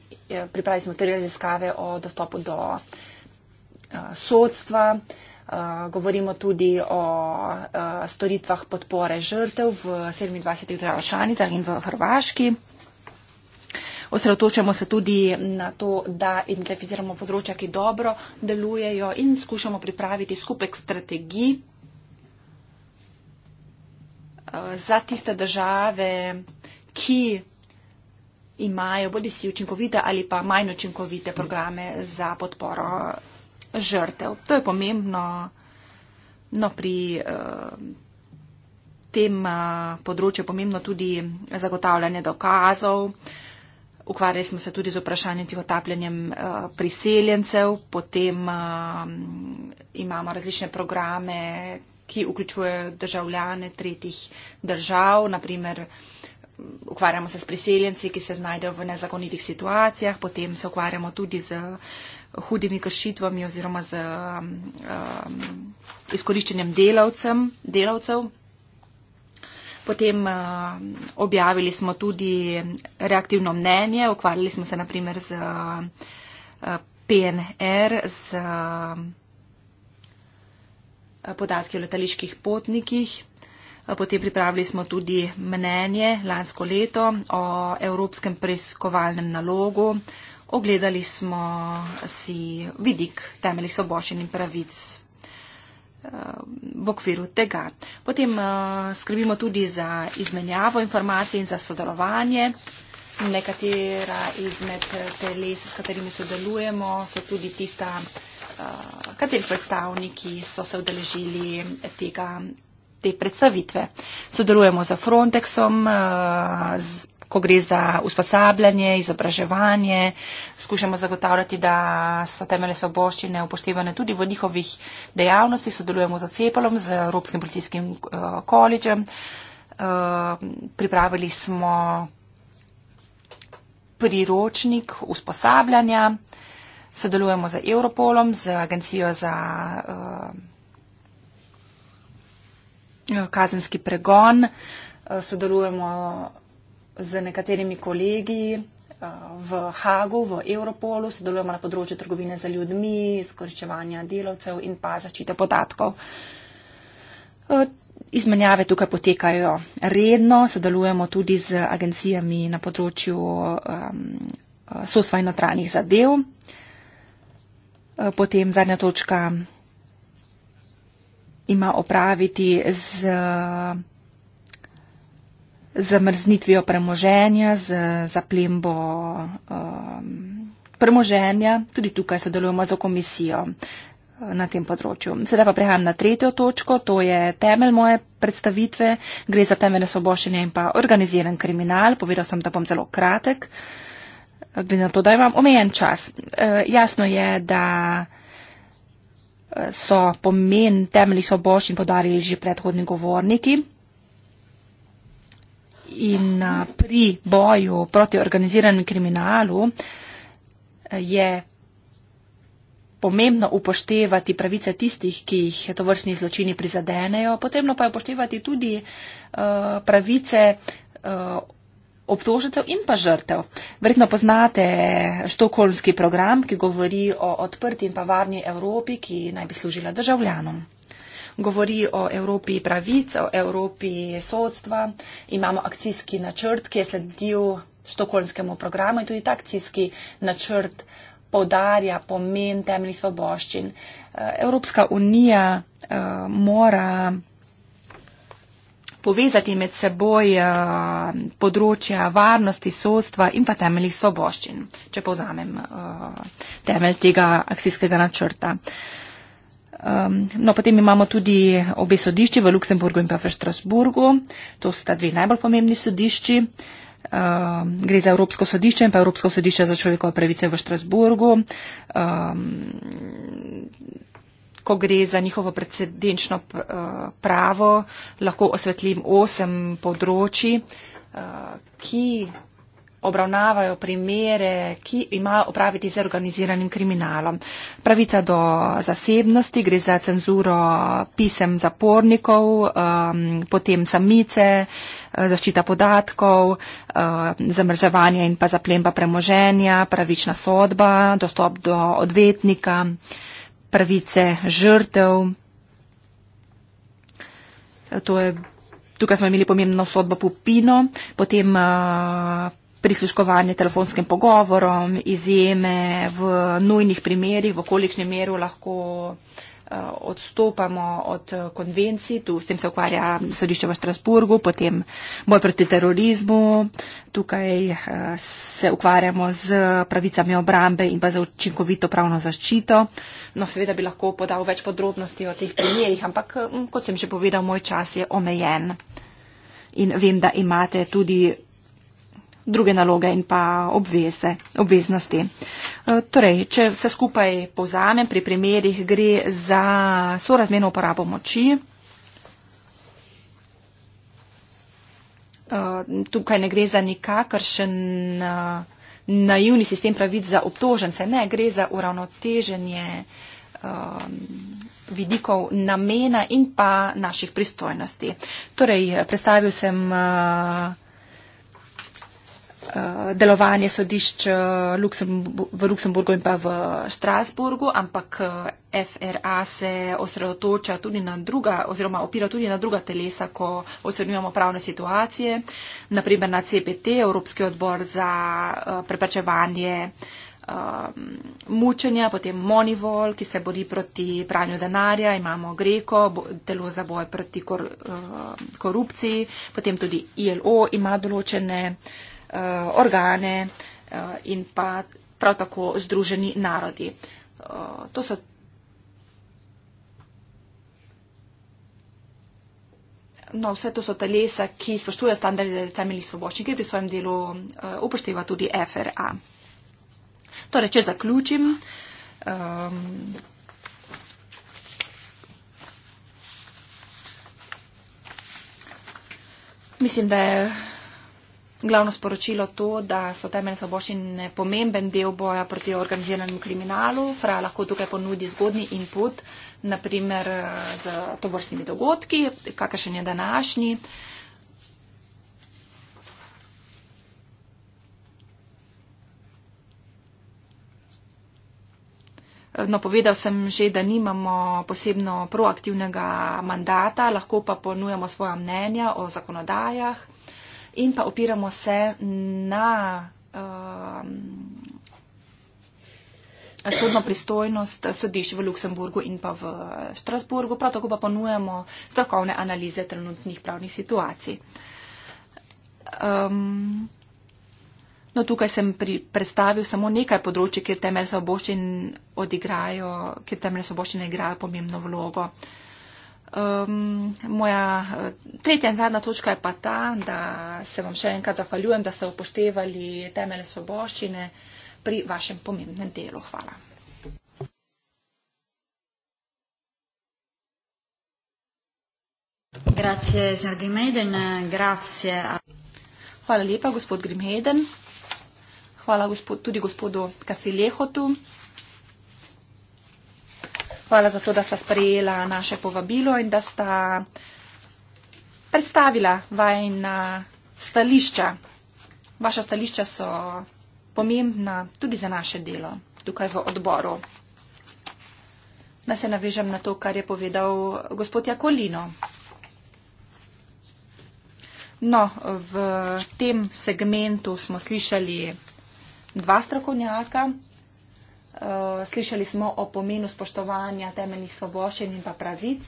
pripravili smo tudi raziskave o dostopu do eh, sodstva. Eh, govorimo tudi o eh, storitvah podpore žrtev v 27 državah članicah in v Hrvaški. Osredotočamo se tudi na to, da identificiramo področja, ki dobro delujejo in skušamo pripraviti skupek strategij Eh, za tiste države, ki imajo bodi si učinkovite ali pa manj učinkovite programe za podporo žrtev. To je pomembno no, pri uh, tem uh, področju, pomembno tudi zagotavljanje dokazov. Ukvarjali smo se tudi z vprašanjem tih otapljanjem uh, priseljencev, potem uh, imamo različne programe, ki vključujejo državljane tretjih držav, naprimer ukvarjamo se s priseljenci, ki se znajdejo v nezakonitih situacijah, potem se ukvarjamo tudi z hudimi kršitvami oziroma z um, um, izkoriščenjem delavcev. Potem uh, objavili smo tudi reaktivno mnenje, ukvarjali smo se naprimer z uh, PNR, z. Uh, podatki o letaliških potnikih. Potem pripravili smo tudi mnenje lansko leto o evropskem preiskovalnem nalogu. Ogledali smo si vidik temeljih svoboščin in pravic eh, v okviru tega. Potem eh, skrbimo tudi za izmenjavo informacij in za sodelovanje. Nekatera izmed teles, s katerimi sodelujemo, so tudi tista, Eh, kateri predstavniki so se udeležili tega, te predstavitve. Sodelujemo za Frontexom, eh, z, ko gre za usposabljanje, izobraževanje, skušamo zagotavljati, da so temele svoboščine upoštevane tudi v njihovih dejavnostih, sodelujemo za Cepalom, z Evropskim policijskim eh, koledžem. Pripravili smo priročnik usposabljanja, uh, sodelujemo z Europolom, z agencijo za uh, kazenski pregon, uh, sodelujemo z nekaterimi kolegi eh, v Hagu, v Europolu, sodelujemo na področju trgovine za ljudmi, izkoriščevanja delavcev in pa zaščite podatkov. Izmenjave tukaj potekajo redno, sodelujemo tudi z agencijami na področju um, sosva in notranjih zadev. Eh, potem zadnja točka ima opraviti z zamrznitvijo premoženja, z zaplembo um, premoženja. Tudi tukaj sodelujemo z komisijo eh, na tem področju. Sedaj pa prehajam na tretjo točko, to je temelj moje predstavitve. Gre za temeljne svoboščine in pa organiziran kriminal. Povedal sem, da bom zelo kratek. Uh, glede na to, da imam omejen čas. E, jasno je, da e, so pomen temelji so boš in podarili že predhodni govorniki. In e, pri boju proti organiziranem kriminalu je pomembno upoštevati pravice tistih, ki jih to vrstni zločini prizadenejo, potrebno pa je upoštevati tudi pravice obtožitev in pa žrtev. Verjetno poznate štokolmski program, ki govori o odprti in pa varni Evropi, ki naj bi služila državljanom. Govori o Evropi pravic, o Evropi sodstva. Imamo akcijski načrt, ki je sledil štokolmskemu programu in tudi ta akcijski načrt podarja pomen temeljnih svoboščin. Eh, Evropska unija eh, mora povezati med seboj eh, področja varnosti, sostva in pa temeljih svoboščin, če povzamem eh, temelj tega akcijskega načrta. No, potem imamo tudi obe sodišči v Luksemburgu in pa v Štrasburgu. To sta dve najbolj pomembni sodišči. Uh, gre za Evropsko sodišče in pa Evropsko sodišče za človekove pravice v Štrasburgu. Um, ko gre za njihovo precedenčno eh, pravo, lahko osvetlim osem področji, eh, ki obravnavajo primere, ki imajo opraviti z organiziranim kriminalom. Pravica do zasebnosti, gre za cenzuro pisem zapornikov, potem samice, eh, zaščita podatkov, zamrzavanje in pa zaplemba premoženja, pravična sodba, dostop do odvetnika pravice žrtev. Je, tukaj smo imeli pomembno sodbo Pupino, potem eh, prisluškovanje telefonskim pogovorom, izjeme v nujnih primerjih, v kolikšnem meru lahko. Uh, Eh, odstopamo od eh, konvencij, tu s tem se ukvarja sodišče v Strasburgu, potem boj proti terorizmu, tukaj eh, se ukvarjamo z pravicami obrambe in pa za učinkovito pravno zaščito. No, seveda bi lahko podal več podrobnosti o teh primerjih, ampak kot sem že povedal, moj čas je omejen. In vem, da imate tudi druge naloge in pa obveze, obveznosti. E, torej, če vse skupaj povzamem, pri primerih gre za sorazmerno uporabo moči. E, tukaj ne gre za nikakršen e, naivni sistem pravic za obtožence, ne gre za uravnoteženje vidikov namena in pa naših pristojnosti. Torej, predstavil sem Eh, delovanje sodišč eh, v Luksemburgu in pa v Strasburgu, ampak eh, FRA se osredotoča tudi na druga oziroma opira tudi na druga telesa, ko ocenjujemo pravne situacije, naprimer na CPT, Evropski odbor za preprečevanje mučenja, potem Monivol, ki se bori proti pranju denarja, imamo Greko, delo za boj proti kor, korupciji, potem tudi ILO ima določene uh, Eh, organe eh, in pa prav tako združeni narodi. Eh, to so No, vse to so telesa, ki spoštujejo standarde temeljnih svoboščin, ki pri svojem delu uh, upošteva tudi FRA. Torej, če zaključim, um, mislim, da je glavno sporočilo to, da so temeljne svoboščine pomemben del boja proti organiziranemu kriminalu. Fra lahko tukaj ponudi zgodni input, naprimer eh, z tovrstnimi dogodki, kakršen je današnji. Eh, no, povedal sem že, da nimamo posebno proaktivnega mandata, lahko pa ponujamo svoja mnenja o zakonodajah in pa opiramo se na um, sodno pristojnost sodišč v Luksemburgu in pa v Štrasburgu, prav tako pa ponujemo strokovne analize trenutnih pravnih situacij. Um, no, tukaj sem pri, predstavil samo nekaj področji, kjer temelj svoboščin odigrajo, kjer temelj svoboščin igrajo pomembno vlogo. Uh, Um, moja eh, tretja in zadnja točka je pa ta, da se vam še enkrat zahvaljujem, da ste upoštevali temelje svoboščine pri vašem pomembnem delu. Hvala. Hvala lepa, gospod Grimheden. Hvala gospod, tudi gospodu Kasilehotu hvala za to, da sta sprejela naše povabilo in da sta predstavila vajna stališča. Vaša stališča so pomembna tudi za naše delo tukaj v odboru. Naj se navežem na to, kar je povedal gospod Jakolino. No, v tem segmentu smo slišali dva strokovnjaka. Eh, slišali smo o pomenu spoštovanja temeljnih svoboščin in pa pravic.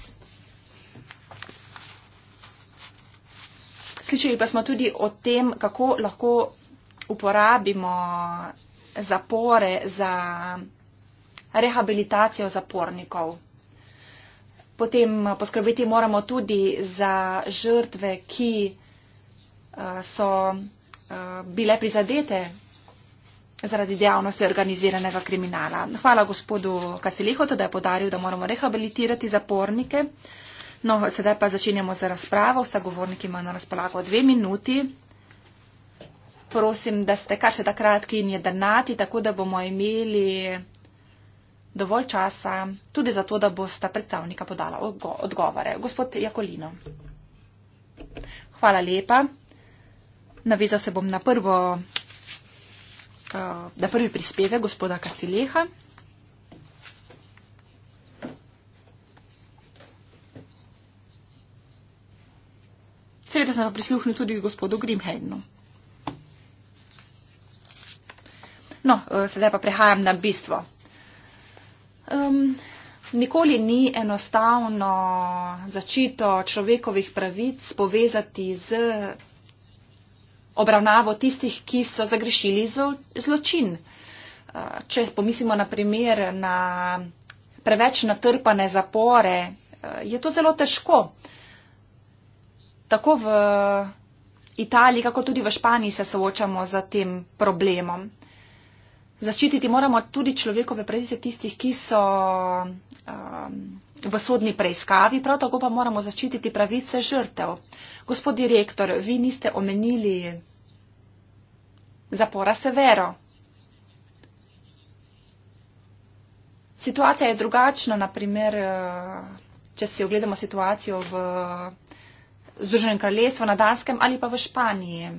Slišali pa smo tudi o tem, kako lahko uporabimo zapore za rehabilitacijo zapornikov. Potem poskrbeti moramo tudi za žrtve, ki eh, so eh, bile prizadete zaradi dejavnosti organiziranega kriminala. Hvala gospodu Kasilihotu, da je podaril, da moramo rehabilitirati zapornike. No, sedaj pa začenjamo z razpravo. Vsa govornik ima na razpolago dve minuti. Prosim, da ste kar še da kratki in jedrnati, tako da bomo imeli dovolj časa tudi za to, da boste predstavnika podala odgovore. Gospod Jakolino. Hvala lepa. Navezal se bom na prvo Eh, da prvi prispeve gospoda Kastileha. Seveda sem pa prisluhnil tudi gospodu Grimheinu. No, eh, sedaj pa prehajam na bistvo. Um, nikoli ni enostavno začito človekovih pravic povezati z obravnavo tistih, ki so zagrešili zločin. Uh, če pomislimo na primer na preveč natrpane zapore, uh, je to zelo težko. Tako v Italiji, kako tudi v Španiji se soočamo z tem problemom. Zaščititi moramo tudi človekove pravice tistih, ki so. Um, v sodni preiskavi, prav tako pa moramo zaščititi pravice žrtev. Gospod direktor, vi niste omenili zapora Severo. Situacija je drugačna, naprimer, eh, če si ogledamo situacijo v Združenem kraljestvu, na Danskem ali pa v Španiji.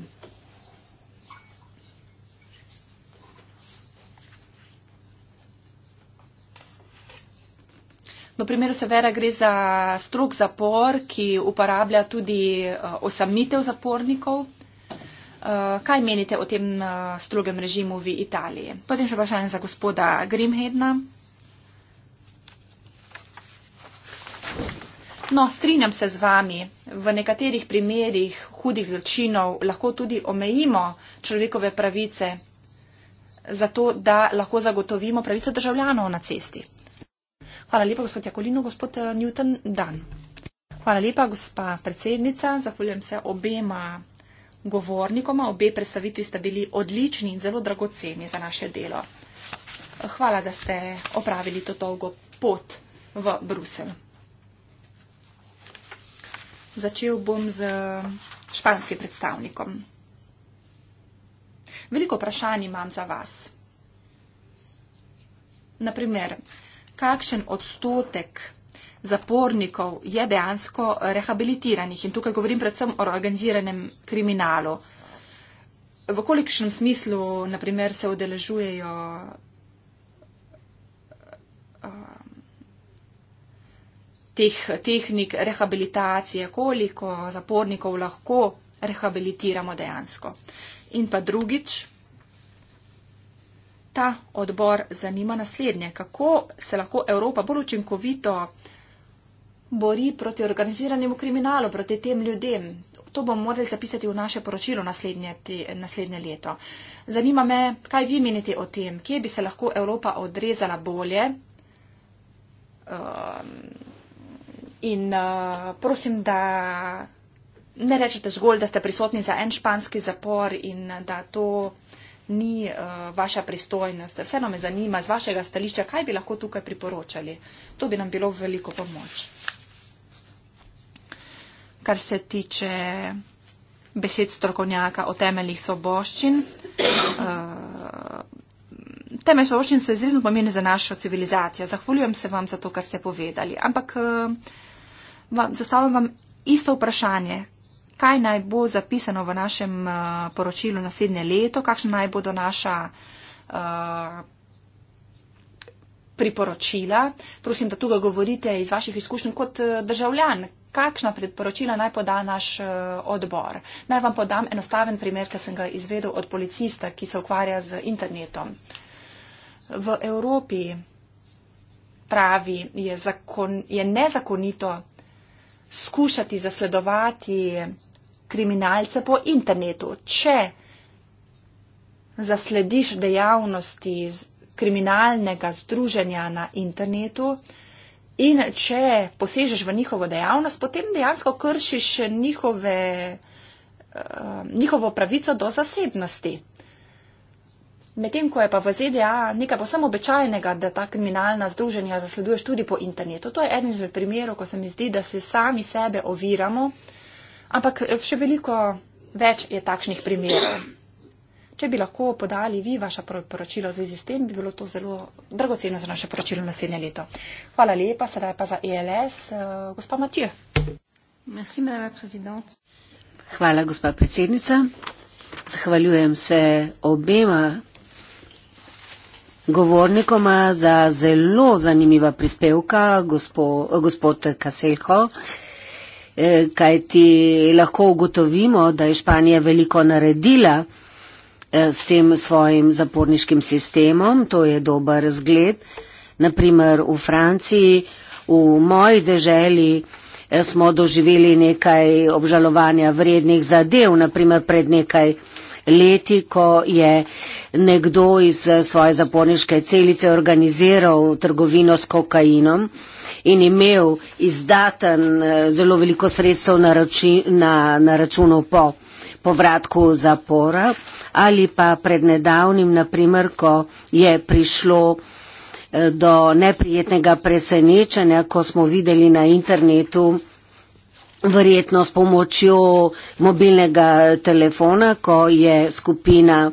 No, v primeru Severa gre za strok zapor, ki uporablja tudi eh, osamitev zapornikov. Eh, kaj menite o tem eh, strogem režimu v Italiji? Potem še vprašanje za gospoda Grimhedna. No, strinjam se z vami. V nekaterih primerjih hudih zločinov lahko tudi omejimo človekove pravice, zato da lahko zagotovimo pravice državljanov na cesti. Hvala lepa, gospod Jakolino. Gospod eh, Newton, dan. Hvala lepa, gospa predsednica. Zahvaljujem se obema govornikoma. Obe predstavitvi sta bili odlični in zelo dragoceni za naše delo. Hvala, da ste opravili to dolgo pot v Brusel. Začel bom z španskim predstavnikom. Veliko vprašanj imam za vas. Naprimer, kakšen odstotek zapornikov je dejansko rehabilitiranih. In tukaj govorim predvsem o organiziranem kriminalu. V kolikšnem smislu, naprimer, se udeležujejo eh, teh tehnik rehabilitacije, koliko zapornikov lahko rehabilitiramo dejansko. In pa drugič, ta odbor zanima naslednje, kako se lahko Evropa bolj učinkovito bori proti organiziranemu kriminalu, proti tem ljudem. To bomo morali zapisati v naše poročilo naslednje, te, naslednje leto. Zanima me, kaj vi menite o tem, kje bi se lahko Evropa odrezala bolje. Um, in uh, prosim, da ne rečete zgolj, da ste prisotni za en španski zapor in da to ni uh, vaša pristojnost. Vseeno me zanima z vašega stališča, kaj bi lahko tukaj priporočali. To bi nam bilo veliko pomoč. Kar se tiče besed strokovnjaka o temeljih svoboščin. Uh, Temelj svoboščin so izredno pomembne za našo civilizacijo. Zahvaljujem se vam za to, kar ste povedali. Ampak eh, vam, zastavljam vam isto vprašanje, kaj naj bo zapisano v našem eh, poročilu naslednje leto, kakšna naj bodo naša eh, priporočila. Prosim, da tukaj govorite iz vaših izkušenj kot eh, državljan, kakšna priporočila naj poda naš odbor. Naj vam podam enostaven primer, ki sem ga izvedel od policista, ki se ukvarja z internetom. V Evropi pravi, je, zakon, je nezakonito skušati zasledovati kriminalce po internetu. Če zaslediš dejavnosti kriminalnega združenja na internetu in če posežeš v njihovo dejavnost, potem dejansko kršiš njihove, eh, njihovo pravico do zasebnosti. Medtem ko je pa v ZDA nekaj posebno običajnega, da ta kriminalna združenja zasleduješ tudi po internetu. To je eden izmed primerov, ko se mi zdi, da se sami sebe oviramo. Ampak eh, še veliko več je takšnih primerov. Če bi lahko podali vi vaše poročilo v zvezi s tem, bi bilo to zelo dragoceno za naše poročilo naslednje leto. Hvala lepa, sedaj pa za ELS, eh, gospa Matija. Hvala, gospa predsednica. Zahvaljujem se obema govornikoma za zelo zanimiva prispevka, gospod, eh, gospod Kaselho. Eh, kaj ti lahko ugotovimo, da je Španija veliko naredila eh, s tem svojim zaporniškim sistemom, to je dober zgled. Naprimer v Franciji, v moji deželi eh, smo doživeli nekaj obžalovanja vrednih zadev, naprimer pred nekaj leti, ko je nekdo iz svoje zaporniške celice organiziral trgovino s kokainom in imel izdaten, eh, zelo veliko sredstev na, rači, na, na računu po povratku zapora ali pa pred nedavnim, naprimer, ko je prišlo eh, do neprijetnega presenečenja, ko smo videli na internetu verjetno s pomočjo mobilnega telefona, ko je skupina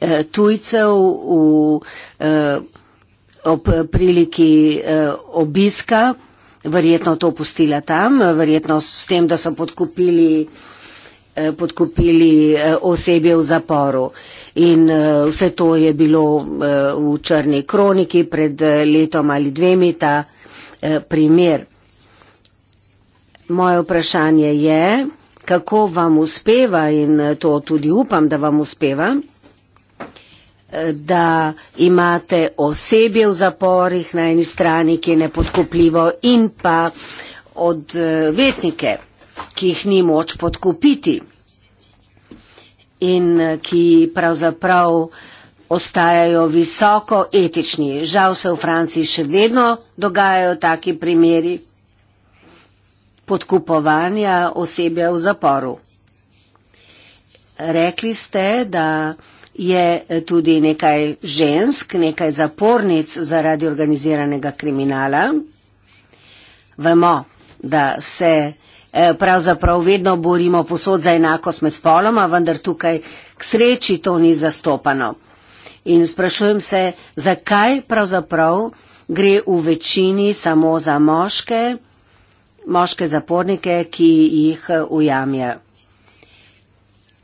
eh, tujcev v ob priliki eh, obiska, verjetno to pustila tam, verjetno s tem, da so podkupili, eh, podkupili eh, osebje v zaporu. In vse to je bilo v črni kroniki pred letom ali dvemi ta primer. Moje vprašanje je, kako vam uspeva in to tudi upam, da vam uspeva da imate osebje v zaporih na eni strani, ki je nepodkupljivo in pa odvetnike, ki jih ni moč podkupiti in ki pravzaprav ostajajo visoko etični. Žal se v Franciji še vedno dogajajo taki primeri podkupovanja osebja v zaporu. Rekli ste, da je eh, tudi nekaj žensk, nekaj zapornic zaradi organiziranega kriminala. Vemo, da se eh, pravzaprav vedno borimo posod za enakost med spoloma, vendar tukaj k sreči to ni zastopano. In sprašujem se, zakaj pravzaprav gre v večini samo za moške, moške zapornike, ki jih eh, ujamijo.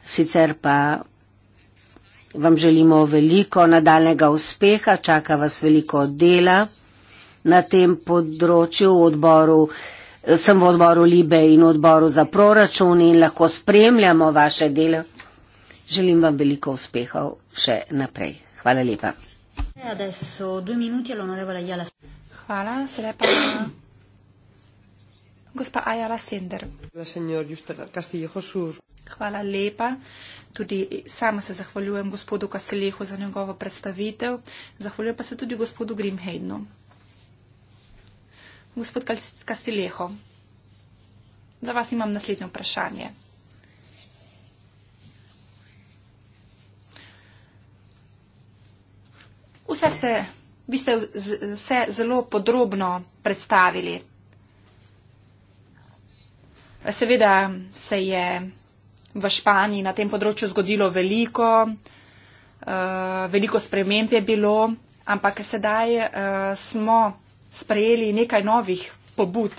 Sicer pa Vam želimo veliko nadaljnega uspeha, čaka vas veliko dela na tem področju v odboru. Sem v odboru Libe in v odboru za proračun in lahko spremljamo vaše delo. Želim vam veliko uspehov še naprej. Hvala lepa. Hvala, sedaj pa gospa Ajala Sender. Hvala lepa. Tudi sama se zahvaljujem gospodu Kasteljehu za njegovo predstavitev. Zahvaljujem pa se tudi gospodu Grimheidnu. Gospod Kasteljeho, za vas imam naslednje vprašanje. Vse ste, vi ste vse zelo podrobno predstavili. Seveda se je v Španiji na tem področju zgodilo veliko, uh, veliko sprememb je bilo, ampak sedaj uh, smo sprejeli nekaj novih pobud.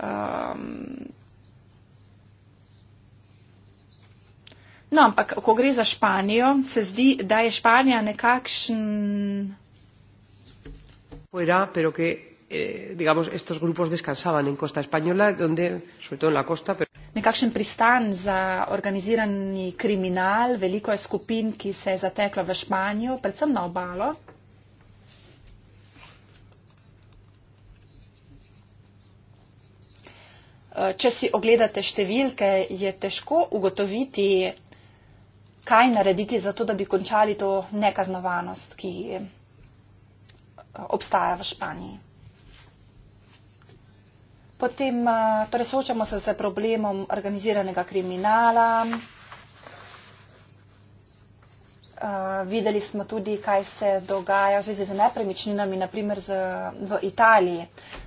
Um, No, ampak, ko gre za Španijo, se zdi, da je Španija nekakšen. Fuera, pero que, eh, digamos, estos grupos descansaban en costa española, donde, sobre todo en la costa, pero nekakšen pristan za organizirani kriminal. Veliko je skupin, ki se je zateklo v Španijo, predvsem na obalo. Eh, če si ogledate številke, je težko ugotoviti, kaj narediti za to, da bi končali to nekaznovanost, ki eh, obstaja v Španiji. Potem eh, torej soočamo se z problemom organiziranega kriminala. Uh, videli smo tudi, kaj se dogaja v zvezi z nepremičninami, naprimer z, v Italiji.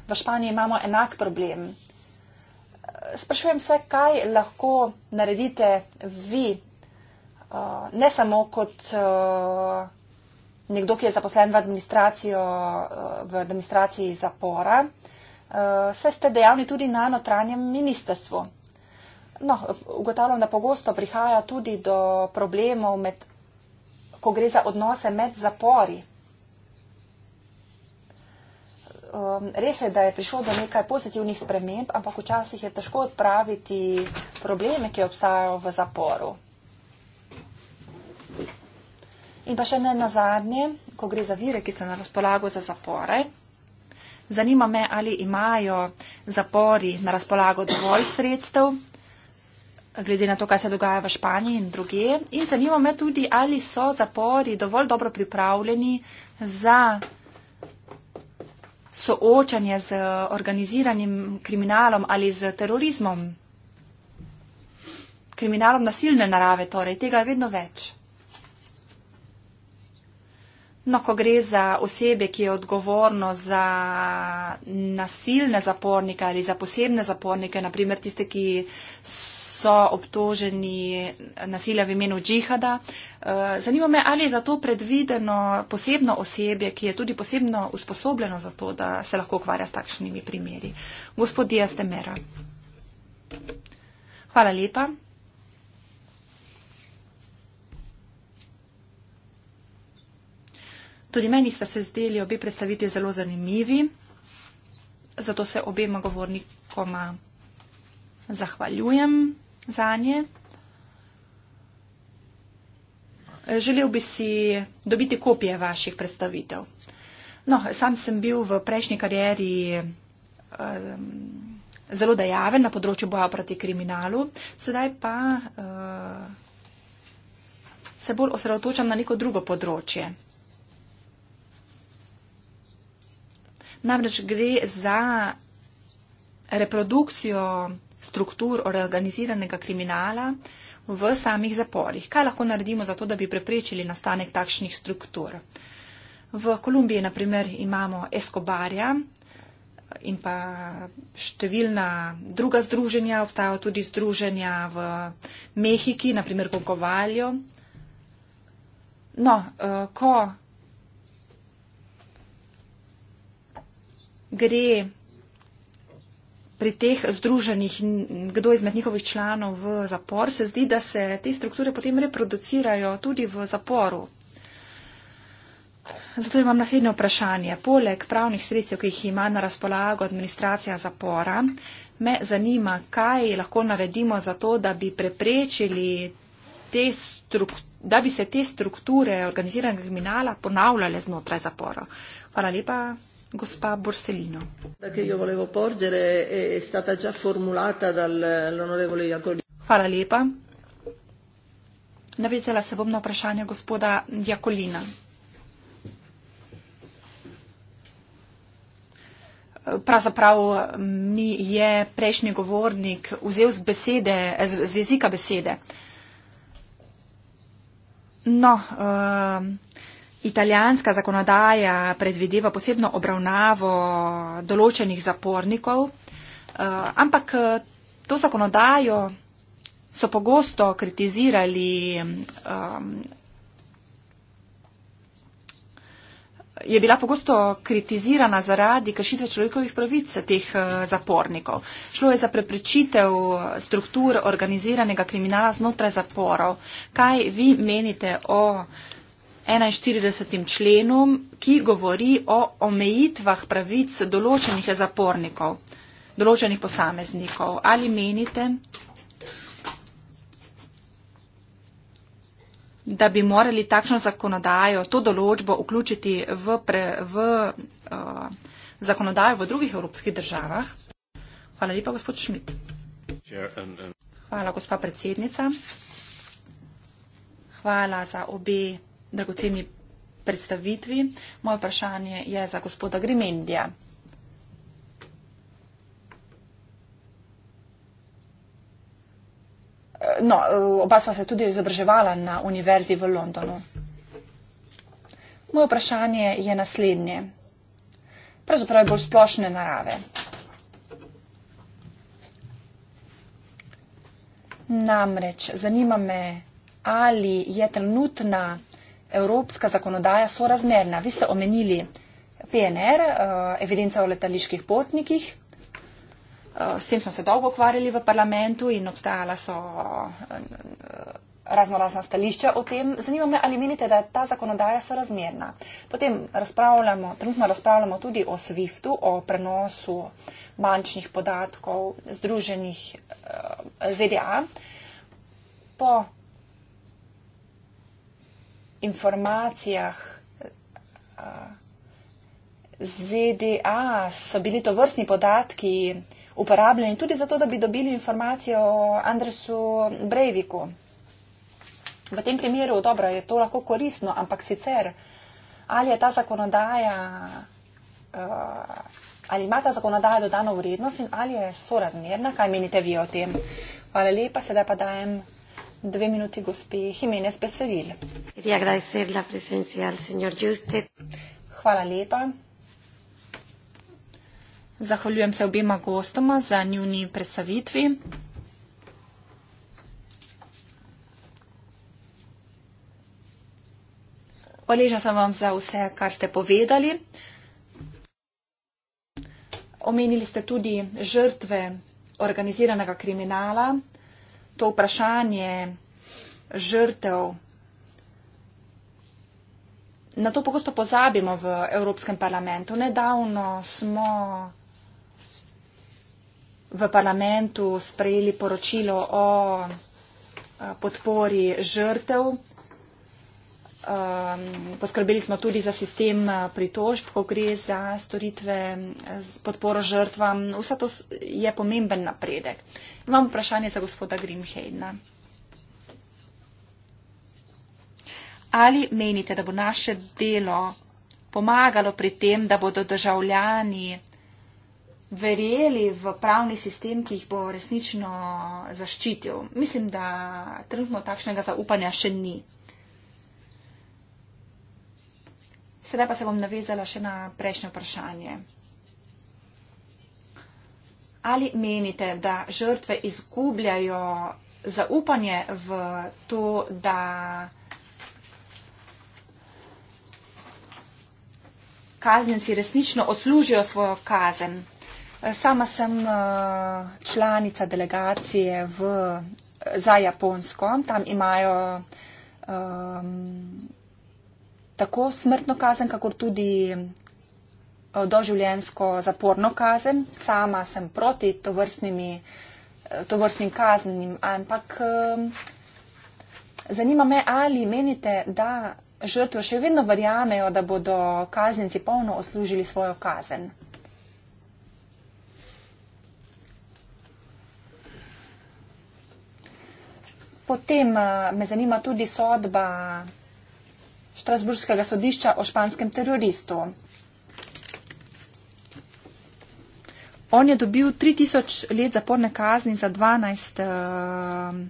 V Španiji imamo enak problem. Eh, sprašujem se, kaj lahko naredite vi, uh, ne samo kot uh, nekdo, ki je zaposlen v administraciji, uh, v administraciji zapora, uh, Eh, se ste dejavni tudi na notranjem ministrstvu. No, ugotavljam, da pogosto prihaja tudi do problemov, med, ko gre za odnose med zapori. Ehm, res je, da je prišlo do nekaj pozitivnih sprememb, ampak včasih je težko odpraviti probleme, ki obstajajo v zaporu. In pa še ne na zadnje, ko gre za vire, ki so na razpolago za zapore. Zanima me, ali imajo zapori na razpolago dovolj sredstev, glede na to, kaj se dogaja v Španiji in druge. In zanima me tudi, ali so zapori dovolj dobro pripravljeni za soočanje z organiziranim kriminalom ali z terorizmom. Kriminalom nasilne narave, torej tega je vedno več. No, ko gre za osebe, ki je odgovorno za nasilne zapornike ali za posebne zapornike, naprimer tiste, ki so obtoženi nasilja v imenu džihada, eh, zanima me, ali je za to predvideno posebno osebe, ki je tudi posebno usposobljeno za to, da se lahko ukvarja s takšnimi primeri. Gospod Diaz Temera. Hvala lepa. Tudi meni sta se zdeli obe predstaviti zelo zanimivi, zato se obema govornikoma zahvaljujem za nje. Želel bi si dobiti kopije vaših predstavitev. No, sam sem bil v prejšnji karieri um, zelo dejaven na področju boja proti kriminalu, sedaj pa uh, se bolj osredotočam na neko drugo področje. Namreč gre za reprodukcijo struktur organiziranega kriminala v samih zaporih. Kaj lahko naredimo za to, da bi preprečili nastanek takšnih struktur? V Kolumbiji, na primer, imamo Escobarja in pa številna druga združenja, obstajajo tudi združenja v Mehiki, na primer Gogovaljo. No, eh, ko gre pri teh združenih, kdo izmed njihovih članov v zapor, se zdi, da se te strukture potem reproducirajo tudi v zaporu. Zato imam naslednje vprašanje. Poleg pravnih sredstev, ki jih ima na razpolago administracija zapora, me zanima, kaj lahko naredimo za to, da bi preprečili, struk- da bi se te strukture organiziranega kriminala ponavljale znotraj zapora. Hvala lepa gospa Borsellino. Hvala lepa. Navezala se bom na vprašanje gospoda Jakolina. Pravzaprav mi je prejšnji govornik vzel z, besede, z jezika besede. No, uh, Italijanska zakonodaja predvideva posebno obravnavo določenih zapornikov, eh, ampak eh, to zakonodajo so pogosto kritizirali ehm, je bila pogosto kritizirana zaradi kršitve človekovih pravic teh eh, zapornikov. Šlo je za preprečitev struktur organiziranega kriminala znotraj zaporov. Kaj vi menite o uh, 41. členom, ki govori o omejitvah pravic določenih zapornikov, določenih posameznikov. Ali menite, da bi morali takšno zakonodajo, to določbo vključiti v, pre, v uh, zakonodajo v drugih evropskih državah? Hvala lepa, gospod Šmit. Hvala, gospa predsednica. Hvala za obe dragoceni predstavitvi. Moje vprašanje je za gospoda Grimendija. No, oba sva se tudi izobraževala na univerzi v Londonu. Moje vprašanje je naslednje. Pravzaprav je bolj splošne narave. Namreč, zanima me, ali je trenutna evropska zakonodaja sorazmerna. Vi ste omenili PNR, eh, evidenca o letaliških potnikih. Eh, s tem smo se dolgo ukvarjali v parlamentu in obstajala so eh, raznorazna stališča o tem. Zanima me, ali menite, da je ta zakonodaja sorazmerna. Potem razpravljamo, trenutno razpravljamo tudi o SWIFT-u, o prenosu bančnih podatkov združenih ZDA. Po informacijah. ZDA so bili to vrstni podatki uporabljeni tudi zato, da bi dobili informacijo o Andresu Breiviku. V tem primeru, dobro, je to lahko koristno, ampak sicer, ali je ta zakonodaja, ali ima ta zakonodaja dodano vrednost in ali je sorazmerna, kaj menite vi o tem. Hvala lepa, sedaj pa dajem. Dve minuti, gospe Jiménez Becerril. Hvala lepa. Zahvaljujem se obima gostoma za njuni predstavitvi. Hvaležna sem vam za vse, kar ste povedali. Omenili ste tudi žrtve organiziranega kriminala, to vprašanje žrtev. Na to pogosto pozabimo v Evropskem parlamentu. Nedavno smo v parlamentu sprejeli poročilo o eh, podpori žrtev Um, poskrbeli smo tudi za sistem eh, pritožb, ko gre za storitve s podporo žrtvam. Vse to je pomemben napredek. Imam vprašanje za gospoda Grimheidna. Ali menite, da bo naše delo pomagalo pri tem, da bodo državljani verjeli v pravni sistem, ki jih bo resnično zaščitil? Mislim, da trenutno takšnega zaupanja še ni. Sedaj pa se bom navezala še na prejšnje vprašanje. Ali menite, da žrtve izgubljajo zaupanje v to, da kaznjenci resnično oslužijo svojo kazen? Sama sem eh, članica delegacije v, za Japonsko. Tam imajo um, tako smrtno kazen, kakor tudi eh, doživljensko zaporno kazen. Sama sem proti tovrstnimi, eh, tovrstnim kaznim, ampak eh, zanima me, ali menite, da žrtve še vedno verjamejo, da bodo kaznici polno oslužili svojo kazen. Potem me zanima tudi sodba Štrasburskega sodišča o španskem teroristu. On je dobil 3000 let zaporne kazni za 12 uh, eh,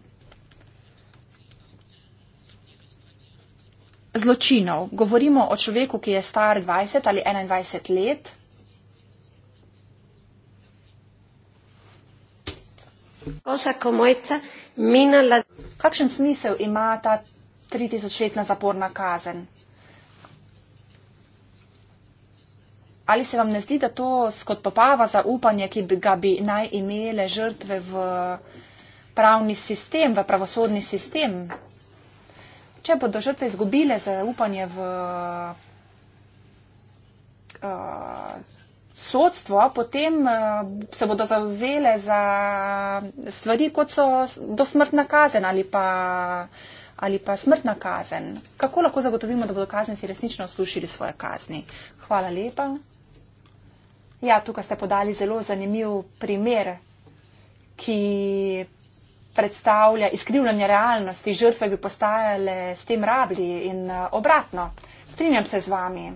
zločinov. Govorimo o človeku, ki je star 20 ali 21 let. Kakšen smisel ima ta 3000-letna zaporna kazen. Ali se vam ne zdi, da to skotpopava zaupanje, ki bi ga bi naj imele žrtve v pravni sistem, v pravosodni sistem? Če bodo žrtve izgubile zaupanje v uh, sodstvo, potem uh, se bodo zauzele za stvari, kot so dosmrtna kazen ali pa uh, ali pa smrtna kazen. Kako lahko zagotovimo, da bodo kaznici resnično slušili svoje kazni? Hvala lepa. Ja, tukaj ste podali zelo zanimiv primer, ki predstavlja izkrivljanje realnosti. Žrtve bi postajale s tem rabli in eh, obratno. Strinjam se z vami.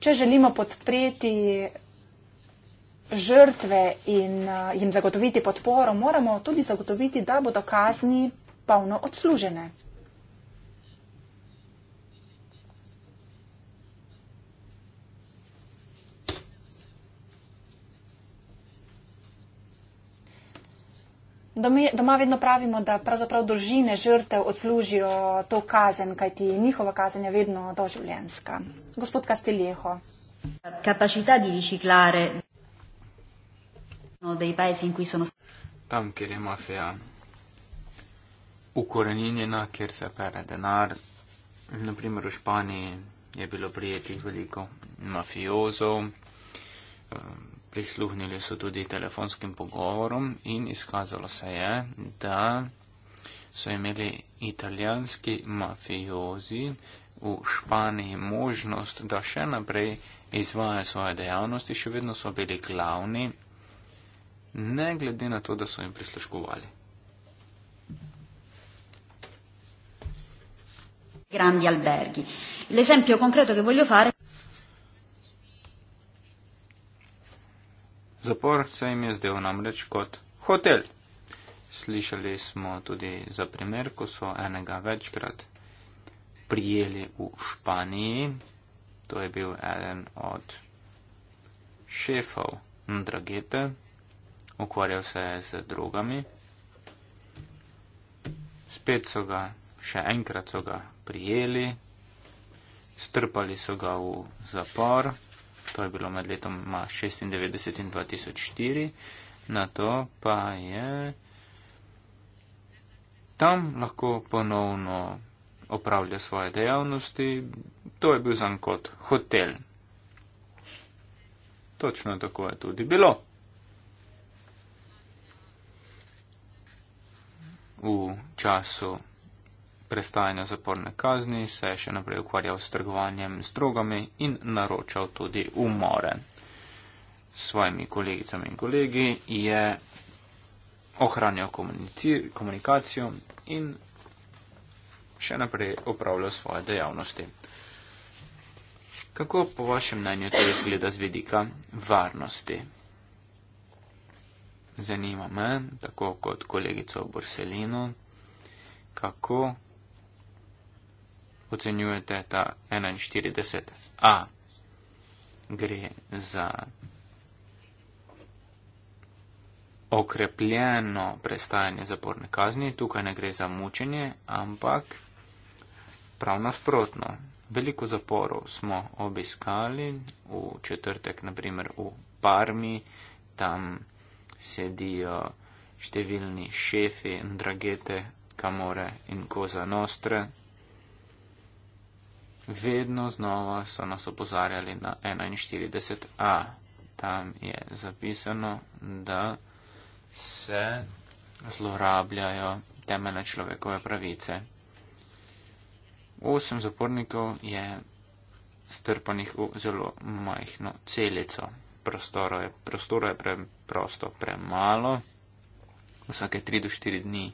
Če želimo podpreti žrtve in uh, jim zagotoviti podporo, moramo tudi zagotoviti, da bodo kazni polno odslužene. Doma vedno pravimo, da pravzaprav družine žrtev odslužijo to kazen, kajti njihova kazen je vedno doživljenska. Gospod Kasteljeho. Kapacita di riciclare uno dei paesi in cui sono stato. Tam, kjer je mafija ukorenjena, kjer se pere denar, naprimer v Španiji je bilo prijetih veliko mafiozov, ehm, prisluhnili so tudi telefonskim pogovorom in izkazalo se je, da so imeli italijanski mafiozi v Španiji možnost, da še naprej izvajajo svoje dejavnosti, še vedno so bili glavni ne glede na to, da so jim prisluškovali. Grandi alberghi. L'esempio concreto che voglio fare. Zapor se jim je zdel namreč kot hotel. Slišali smo tudi za primer, ko so enega večkrat prijeli v Španiji. To je bil eden od šefov Dragete, ukvarjal se je z drogami. Spet so ga, še enkrat so ga prijeli, strpali so ga v zapor, to je bilo med letoma 96 in 2004, na to pa je tam lahko ponovno opravlja svoje dejavnosti, to je bil zan kot hotel. Točno tako je tudi bilo. v času prestajanja zaporne kazni se je še naprej ukvarjal s trgovanjem z drogami in naročal tudi umore. S svojimi kolegicami in kolegi je ohranjal komunikacijo in še naprej opravljal svoje dejavnosti. Kako po vašem mnenju to izgleda z vidika varnosti? zanima me, tako kot kolegico Borselino, kako ocenjujete ta 41a. Gre za okrepljeno prestajanje zaporne kazni, tukaj ne gre za mučenje, ampak prav nasprotno. Veliko zaporov smo obiskali v četrtek, naprimer v Parmi, tam sedijo številni šefi in dragete, kamore in koza nostre. Vedno znova so nas opozarjali na 41a. Tam je zapisano, da se zlorabljajo temeljne človekove pravice. Osem zapornikov je strpanih v zelo majhno celico prostora je, prostora je pre, prosto premalo. Vsake 3 do 4 dni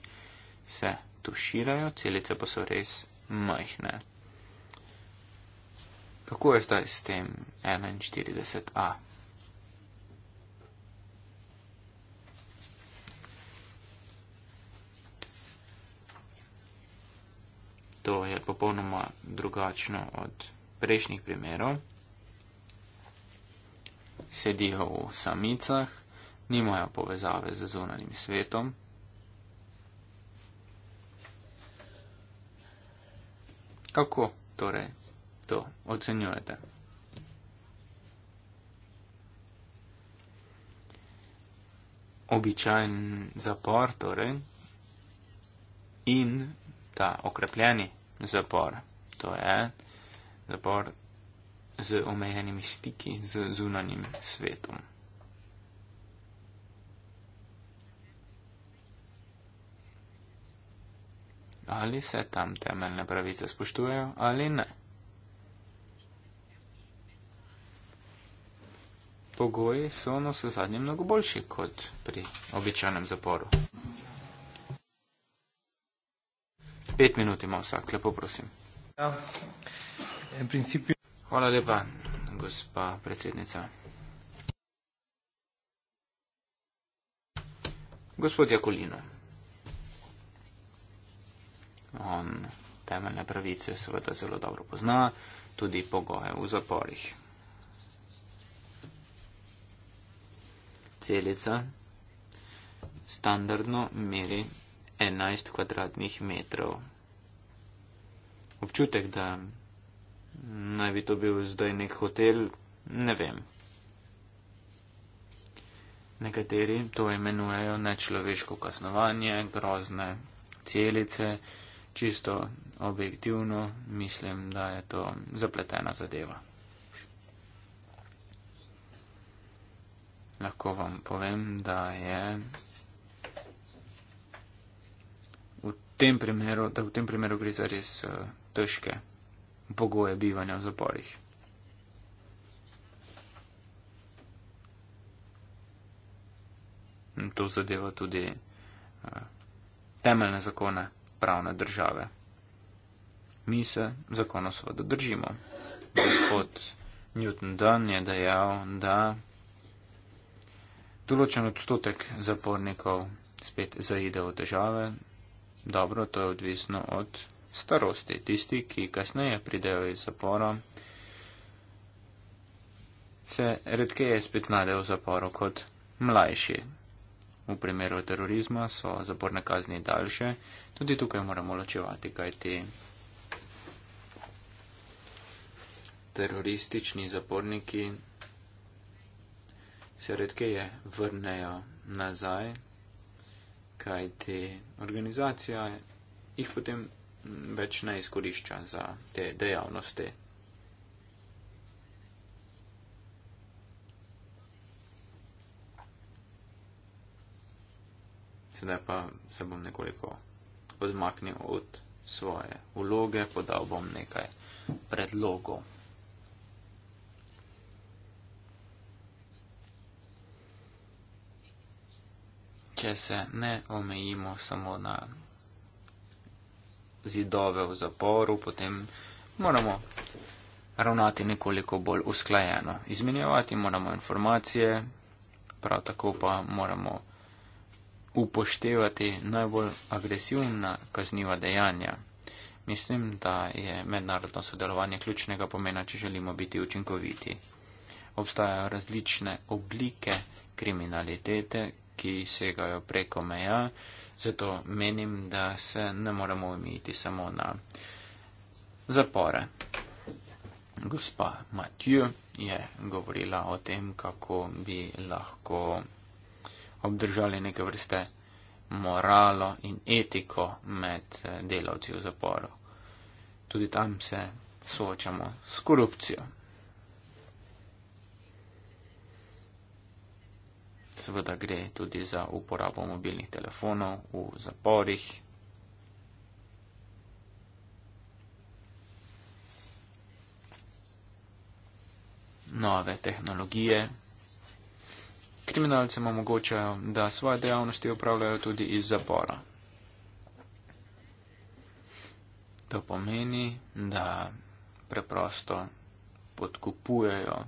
se tuširajo, celice pa so res majhne. Kako je zdaj s tem 41a? To je popolnoma drugačno od prejšnjih primerov sedijo v samicah, nimajo povezave z zunanim svetom. Kako torej to ocenjujete? Običajen zapor, torej, in ta okrepljeni zapor, to je zapor z omejenimi stiki z zunanjim svetom. Ali se tam temeljne pravice spoštujejo ali ne? Pogoji so na vse zadnje mnogo boljši kot pri običajnem zaporu. Pet minut ima vsak, lepo prosim. Ja, Hvala lepa, gospa predsednica. Gospod Jakolino. On temeljne pravice seveda zelo dobro pozna, tudi pogoje v zaporih. Celica standardno meri 11 kvadratnih metrov. Občutek, da Naj bi to bil zdaj nek hotel, ne vem. Nekateri to imenujejo nečloveško kaznovanje, grozne celice, čisto objektivno mislim, da je to zapletena zadeva. Lahko vam povem, da je v tem primeru, da v tem primeru gre za res eh, težke. Uh, pogoje bivanja v zaporih. In to zadeva tudi eh, temeljne zakone pravne države. Mi se zakonov seveda držimo. Gospod Newton Dunn je dejal, da določen odstotek zapornikov spet zaide v težave. Dobro, to je odvisno od starosti, tisti, ki kasneje pridejo iz zapora, se redkeje spet najdejo v zaporu kot mlajši. V primeru terorizma so zaporne kazni daljše, tudi tukaj moramo ločevati, kaj ti teroristični zaporniki se redkeje vrnejo nazaj, kaj ti organizacija jih potem več ne izkorišča za te dejavnosti. Sedaj pa se bom nekoliko odmaknil od svoje vloge, podal bom nekaj predlogov. Če se ne omejimo samo na zidove v zaporu, potem moramo ravnati nekoliko bolj usklajeno. Izmenjevati moramo informacije, prav tako pa moramo upoštevati najbolj agresivna kazniva dejanja. Mislim, da je mednarodno sodelovanje ključnega pomena, če želimo biti učinkoviti. Obstajajo različne oblike kriminalitete, ki segajo preko meja. Zato menim, da se ne moramo omejiti samo na zapore. Gospa Matju je govorila o tem, kako bi lahko obdržali neke vrste moralo in etiko med eh, delavci v zaporu. Tudi tam se soočamo s korupcijo. Seveda gre tudi za uporabo mobilnih telefonov v zaporih. Nove tehnologije. Kriminalcem omogočajo, da svoje dejavnosti upravljajo tudi iz zapora. To pomeni, da preprosto podkupujejo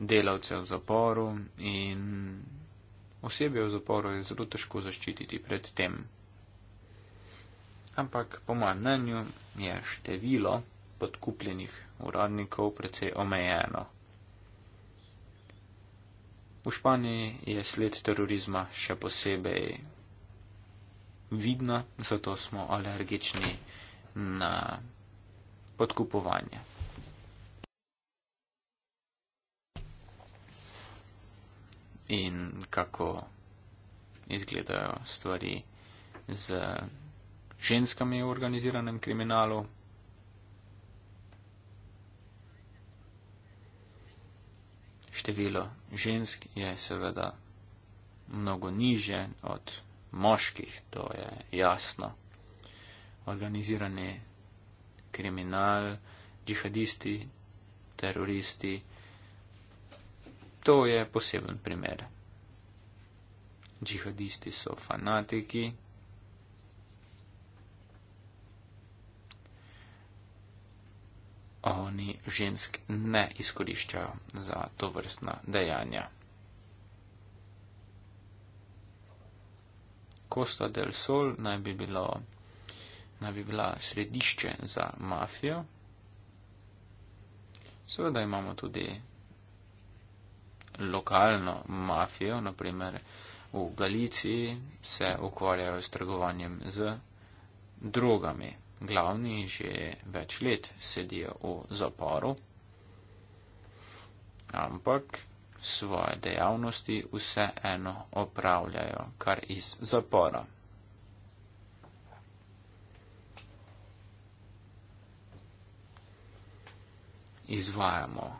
delavce v zaporu in osebe v zaporu je zelo težko zaščititi pred tem. Ampak po mojem mnenju je število podkupljenih uradnikov precej omejeno. V Španiji je sled terorizma še posebej vidna, zato smo alergični na podkupovanje. in kako izgledajo stvari z ženskami v organiziranem kriminalu. Število žensk je seveda mnogo niže od moških, to je jasno. Organizirani kriminal, džihadisti, teroristi, To je poseben primer. Džihadisti so fanatiki. Oni žensk ne izkoriščajo za to vrstna dejanja. Costa del Sol naj bi, bilo, naj bi bila središče za mafijo. Seveda imamo tudi lokalno mafijo, naprimer v Galiciji, se ukvarjajo s trgovanjem z drogami. Glavni že več let sedijo v zaporu, ampak svoje dejavnosti vseeno opravljajo kar iz zapora. Izvajamo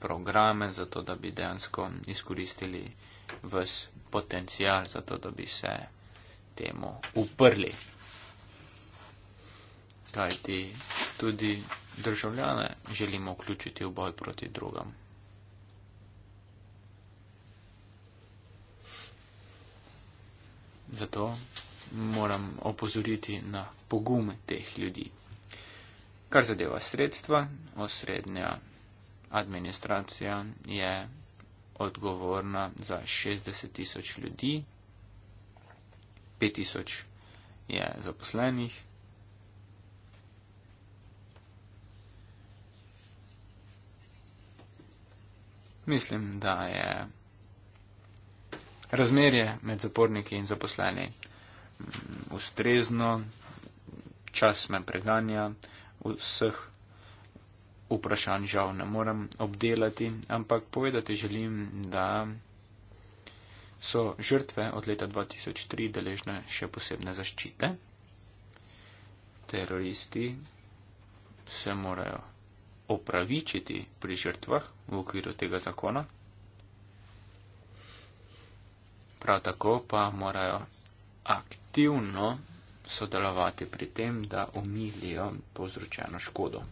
programe, zato da bi dejansko izkoristili vs potencial, zato da bi se temu uprli. Kaj ti tudi državljane želimo vključiti v boj proti drugam? Zato moram opozoriti na pogum teh ljudi. Kar zadeva sredstva, osrednja administracija je odgovorna za 60 tisoč ljudi, 5 tisoč je zaposlenih. Mislim, da je razmerje med zaporniki in zaposleni mm, ustrezno, čas me preganja, vseh vprašanj žal ne morem obdelati, ampak povedati želim, da so žrtve od leta 2003 deležne še posebne zaščite. Teroristi se morajo opravičiti pri žrtvah v okviru tega zakona. Prav tako pa morajo aktivno sodelovati pri tem, da umilijo povzročeno škodo.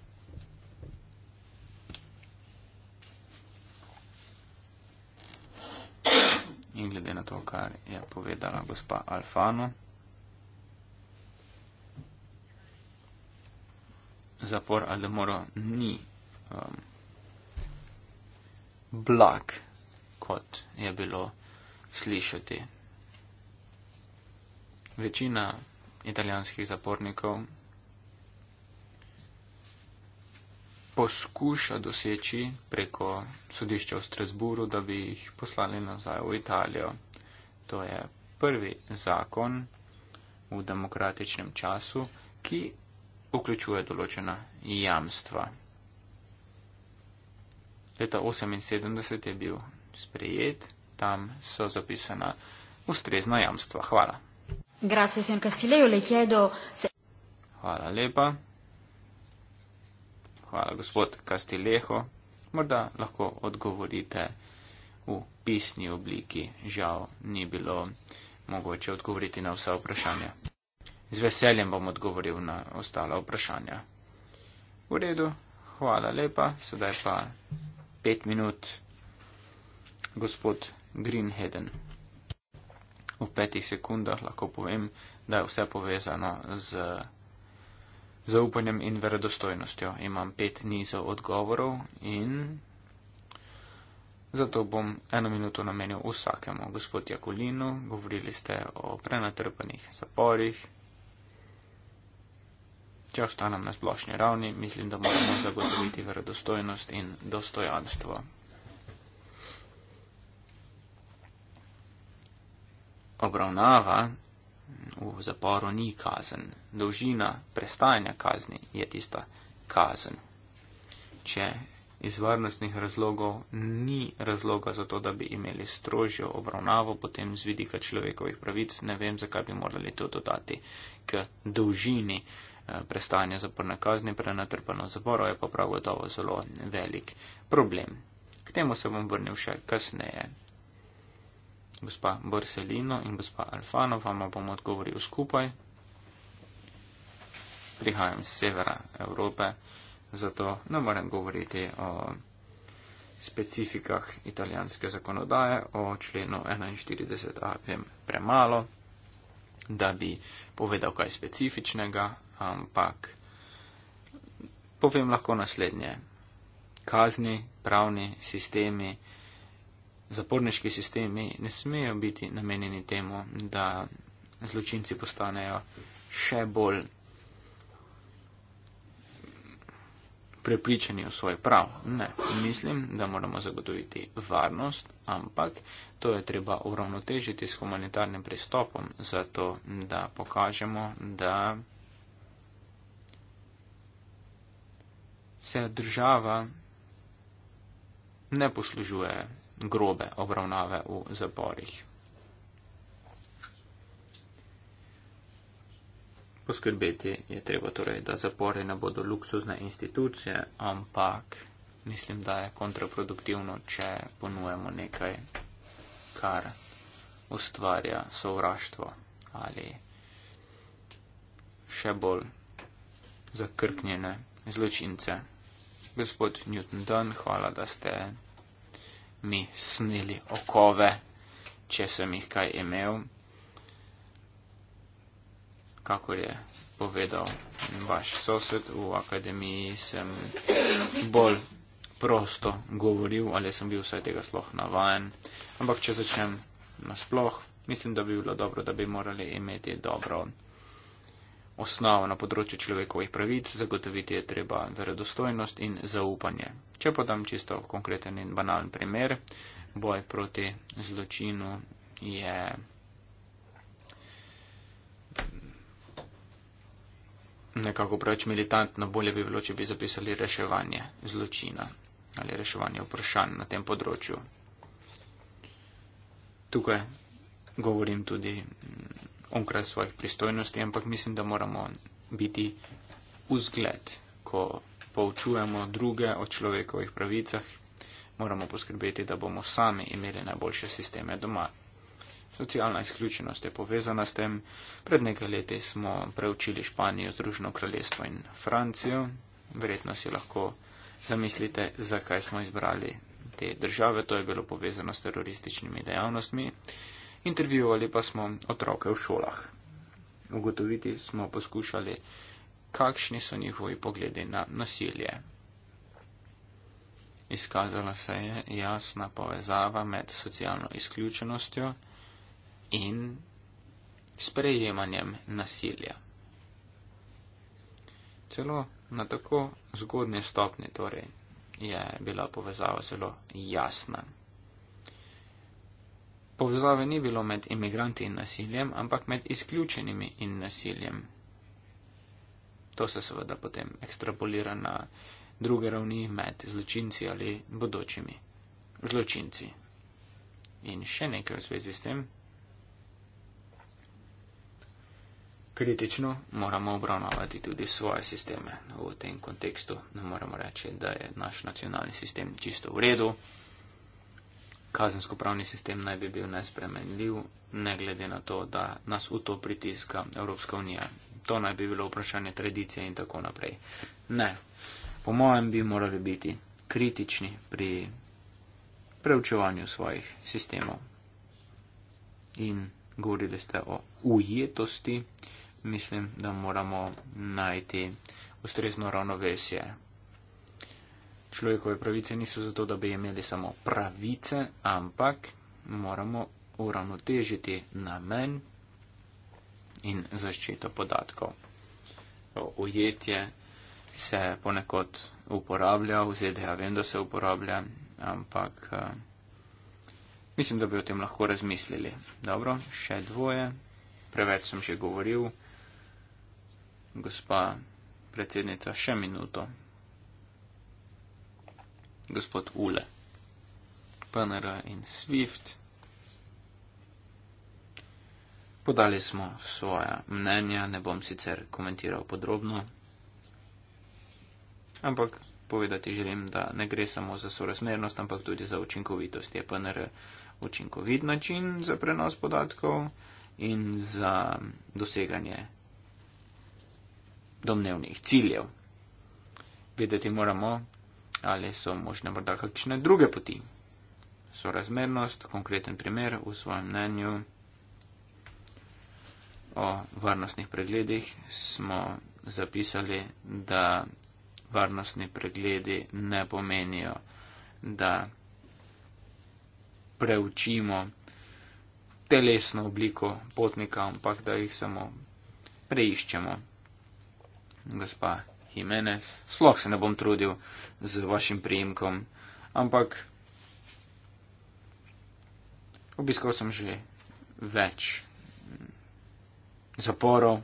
in glede na to, kar je povedala gospa Alfano, zapor Aldemoro ni um, blag, kot je bilo slišati. Večina italijanskih zapornikov poskuša doseči preko sodišča v Strasburu, da bi jih poslali nazaj v Italijo. To je prvi zakon v demokratičnem času, ki vključuje določena jamstva. Leta 1978 je bil sprejet, tam so zapisana ustrezna jamstva. Hvala. Grazie, Hvala lepa. Hvala, gospod Kastileho. Morda lahko odgovorite v pisni obliki. Žal, ni bilo mogoče odgovoriti na vsa vprašanja. Z veseljem bom odgovoril na ostala vprašanja. V redu, hvala lepa. Sedaj pa pet minut, gospod Greenheden. V petih sekundah lahko povem, da je vse povezano z zaupanjem in verodostojnostjo. Imam pet nizov odgovorov in zato bom eno minuto namenil vsakemu. Gospod Jakulinu, govorili ste o prenatrpanih zaporih. Če ostanem na splošni ravni, mislim, da moramo zagotoviti verodostojnost in dostojanstvo. Obravnava V zaporu ni kazen, dolžina prestajanja kazni je tista kazen. Če iz varnostnih razlogov ni razloga za to, da bi imeli strožjo obravnavo, potem z vidika človekovih pravic ne vem, zakaj bi morali to dodati k dolžini eh, prestajanja zaporne kazni, prenatrpano zaporo je pa prav gotovo zelo velik problem. K temu se bom vrnil še kasneje gospa Borselino in gospa Alfano, vama bom odgovoril skupaj. Prihajam z severa Evrope, zato ne morem govoriti o specifikah italijanske zakonodaje, o členu 41 APM premalo, da bi povedal kaj specifičnega, ampak povem lahko naslednje. Kazni, pravni sistemi, zaporniški sistemi ne smejo biti namenjeni temu, da zločinci postanejo še bolj prepričani v svoj prav. Ne, mislim, da moramo zagotoviti varnost, ampak to je treba uravnotežiti s humanitarnim pristopom, zato da pokažemo, da se država ne poslužuje grobe obravnave v zaporih. Poskrbeti je treba torej, da zapori ne bodo luksuzne institucije, ampak mislim, da je kontraproduktivno, če ponujemo nekaj, kar ustvarja sovraštvo ali še bolj zakrknjene zločince. Gospod Newton Dunn, hvala, da ste mi snili okove, če sem jih kaj imel, kako je povedal vaš sosed v akademiji, sem bolj prosto govoril ali sem bil vsaj tega sploh navajen. Ampak če začnem nasploh, mislim, da bi bilo dobro, da bi morali imeti dobro osnova na področju človekovih pravic, zagotoviti je treba verodostojnost in zaupanje. Če podam čisto konkreten in banalen primer, boj proti zločinu je. Nekako preveč militantno, bolje bi bilo, če bi zapisali reševanje zločina ali reševanje vprašanj na tem področju. Tukaj govorim tudi onkraj svojih pristojnosti, ampak mislim, da moramo biti vzgled, ko poučujemo druge o človekovih pravicah, moramo poskrbeti, da bomo sami imeli najboljše sisteme doma. Socialna izključenost je povezana s tem. Pred nekaj leti smo preučili Španijo, Združeno kraljestvo in Francijo. Verjetno si lahko zamislite, zakaj smo izbrali te države. To je bilo povezano s terorističnimi dejavnostmi intervjuvali pa smo otroke v šolah. Ugotoviti smo poskušali, kakšni so njihovi pogledi na nasilje. Izkazala se je jasna povezava med socialno izključenostjo in sprejemanjem nasilja. Celo na tako zgodni stopni torej je bila povezava zelo jasna. Povezave ni bilo med imigranti in nasiljem, ampak med izključenimi in nasiljem. To se seveda potem ekstrapolira na druge ravni med zločinci ali bodočimi zločinci. In še nekaj v zvezi s tem. Kritično moramo obravnavati tudi svoje sisteme. V tem kontekstu ne moremo reči, da je naš nacionalni sistem čisto v redu kazensko pravni sistem naj bi bil nespremenljiv, ne glede na to, da nas v to pritiska Evropska unija. To naj bi bilo vprašanje tradicije in tako naprej. Ne. Po mojem bi morali biti kritični pri preučevanju svojih sistemov. In govorili ste o ujetosti. Mislim, da moramo najti ustrezno ravnovesje človekove pravice niso zato, da bi imeli samo pravice, ampak moramo uravnotežiti namen in zaščito podatkov. Ujetje se ponekod uporablja, v ZDA vem, da se uporablja, ampak eh, mislim, da bi o tem lahko razmislili. Dobro, še dvoje, preveč sem že govoril. Gospa predsednica, še minuto gospod Ule. PNR in SWIFT. Podali smo svoja mnenja, ne bom sicer komentiral podrobno, ampak povedati želim, da ne gre samo za sorazmernost, ampak tudi za učinkovitost. Je PNR učinkovit način za prenos podatkov in za doseganje domnevnih ciljev. Vedeti moramo, ali so možne morda kakšne druge poti. Sorazmernost, konkreten primer v svojem mnenju o varnostnih pregledih smo zapisali, da varnostni pregledi ne pomenijo, da preučimo telesno obliko potnika, ampak da jih samo preiščemo. Gospa Jimenez, sloh se ne bom trudil z vašim prijimkom, ampak obiskal sem že več zaporov.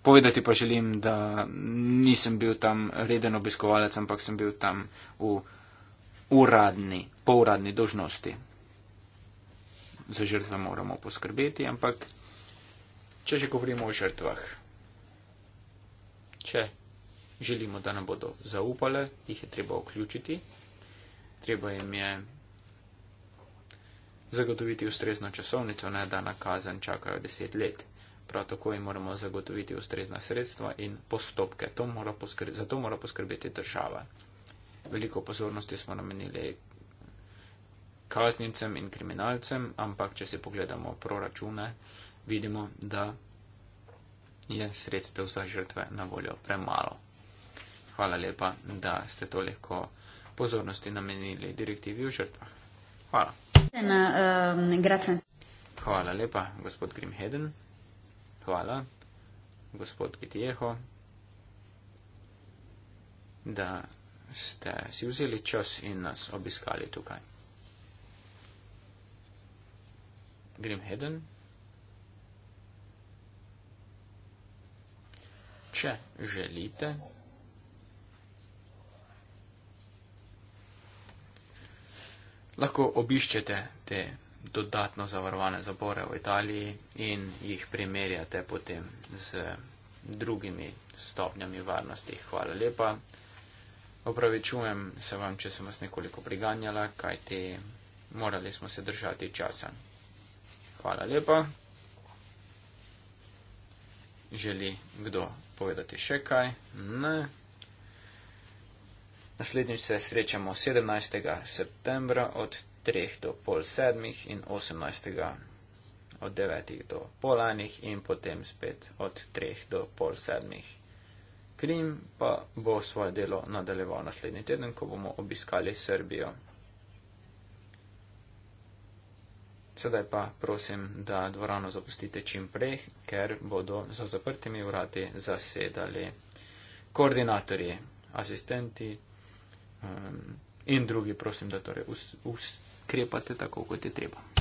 Povedati pa želim, da nisem bil tam reden obiskovalec, ampak sem bil tam v uradni, pouradni dožnosti. Za žrtve moramo poskrbeti, ampak če že govorimo o žrtvah, če želimo, da nam bodo zaupale, jih je treba vključiti, treba jim je zagotoviti ustrezno časovnico, ne da na kazen čakajo deset let. Prav tako jim moramo zagotoviti ustrezna sredstva in postopke. To mora za to mora poskrbeti država. Veliko pozornosti smo namenili kaznicem in kriminalcem, ampak če si pogledamo proračune, vidimo, da je sredstev za žrtve na voljo premalo hvala lepa, da ste toliko pozornosti namenili direktivi o žrtvah. Hvala. Ehm, hvala lepa, gospod Grimheden. Hvala, gospod Gitijeho, da ste si vzeli čas in nas obiskali tukaj. Grimheden. Če želite. lahko obiščete te dodatno zavarovane zabore v Italiji in jih primerjate potem z drugimi stopnjami varnosti. Hvala lepa. Opravičujem se vam, če sem vas nekoliko priganjala, kajti morali smo se držati časa. Hvala lepa. Želi kdo povedati še kaj? Ne. Naslednjič se srečamo 17. septembra od 3 do pol sedmih in 18. od 9 do pol enih in potem spet od 3 do pol sedmih. Krim pa bo svoje delo nadaljeval naslednji teden, ko bomo obiskali Srbijo. Sedaj pa prosim, da dvorano zapustite čim prej, ker bodo za zaprtimi vrati zasedali koordinatorji, asistenti, um, in drugi, prosim, da torej ukrepate tako, kot je treba.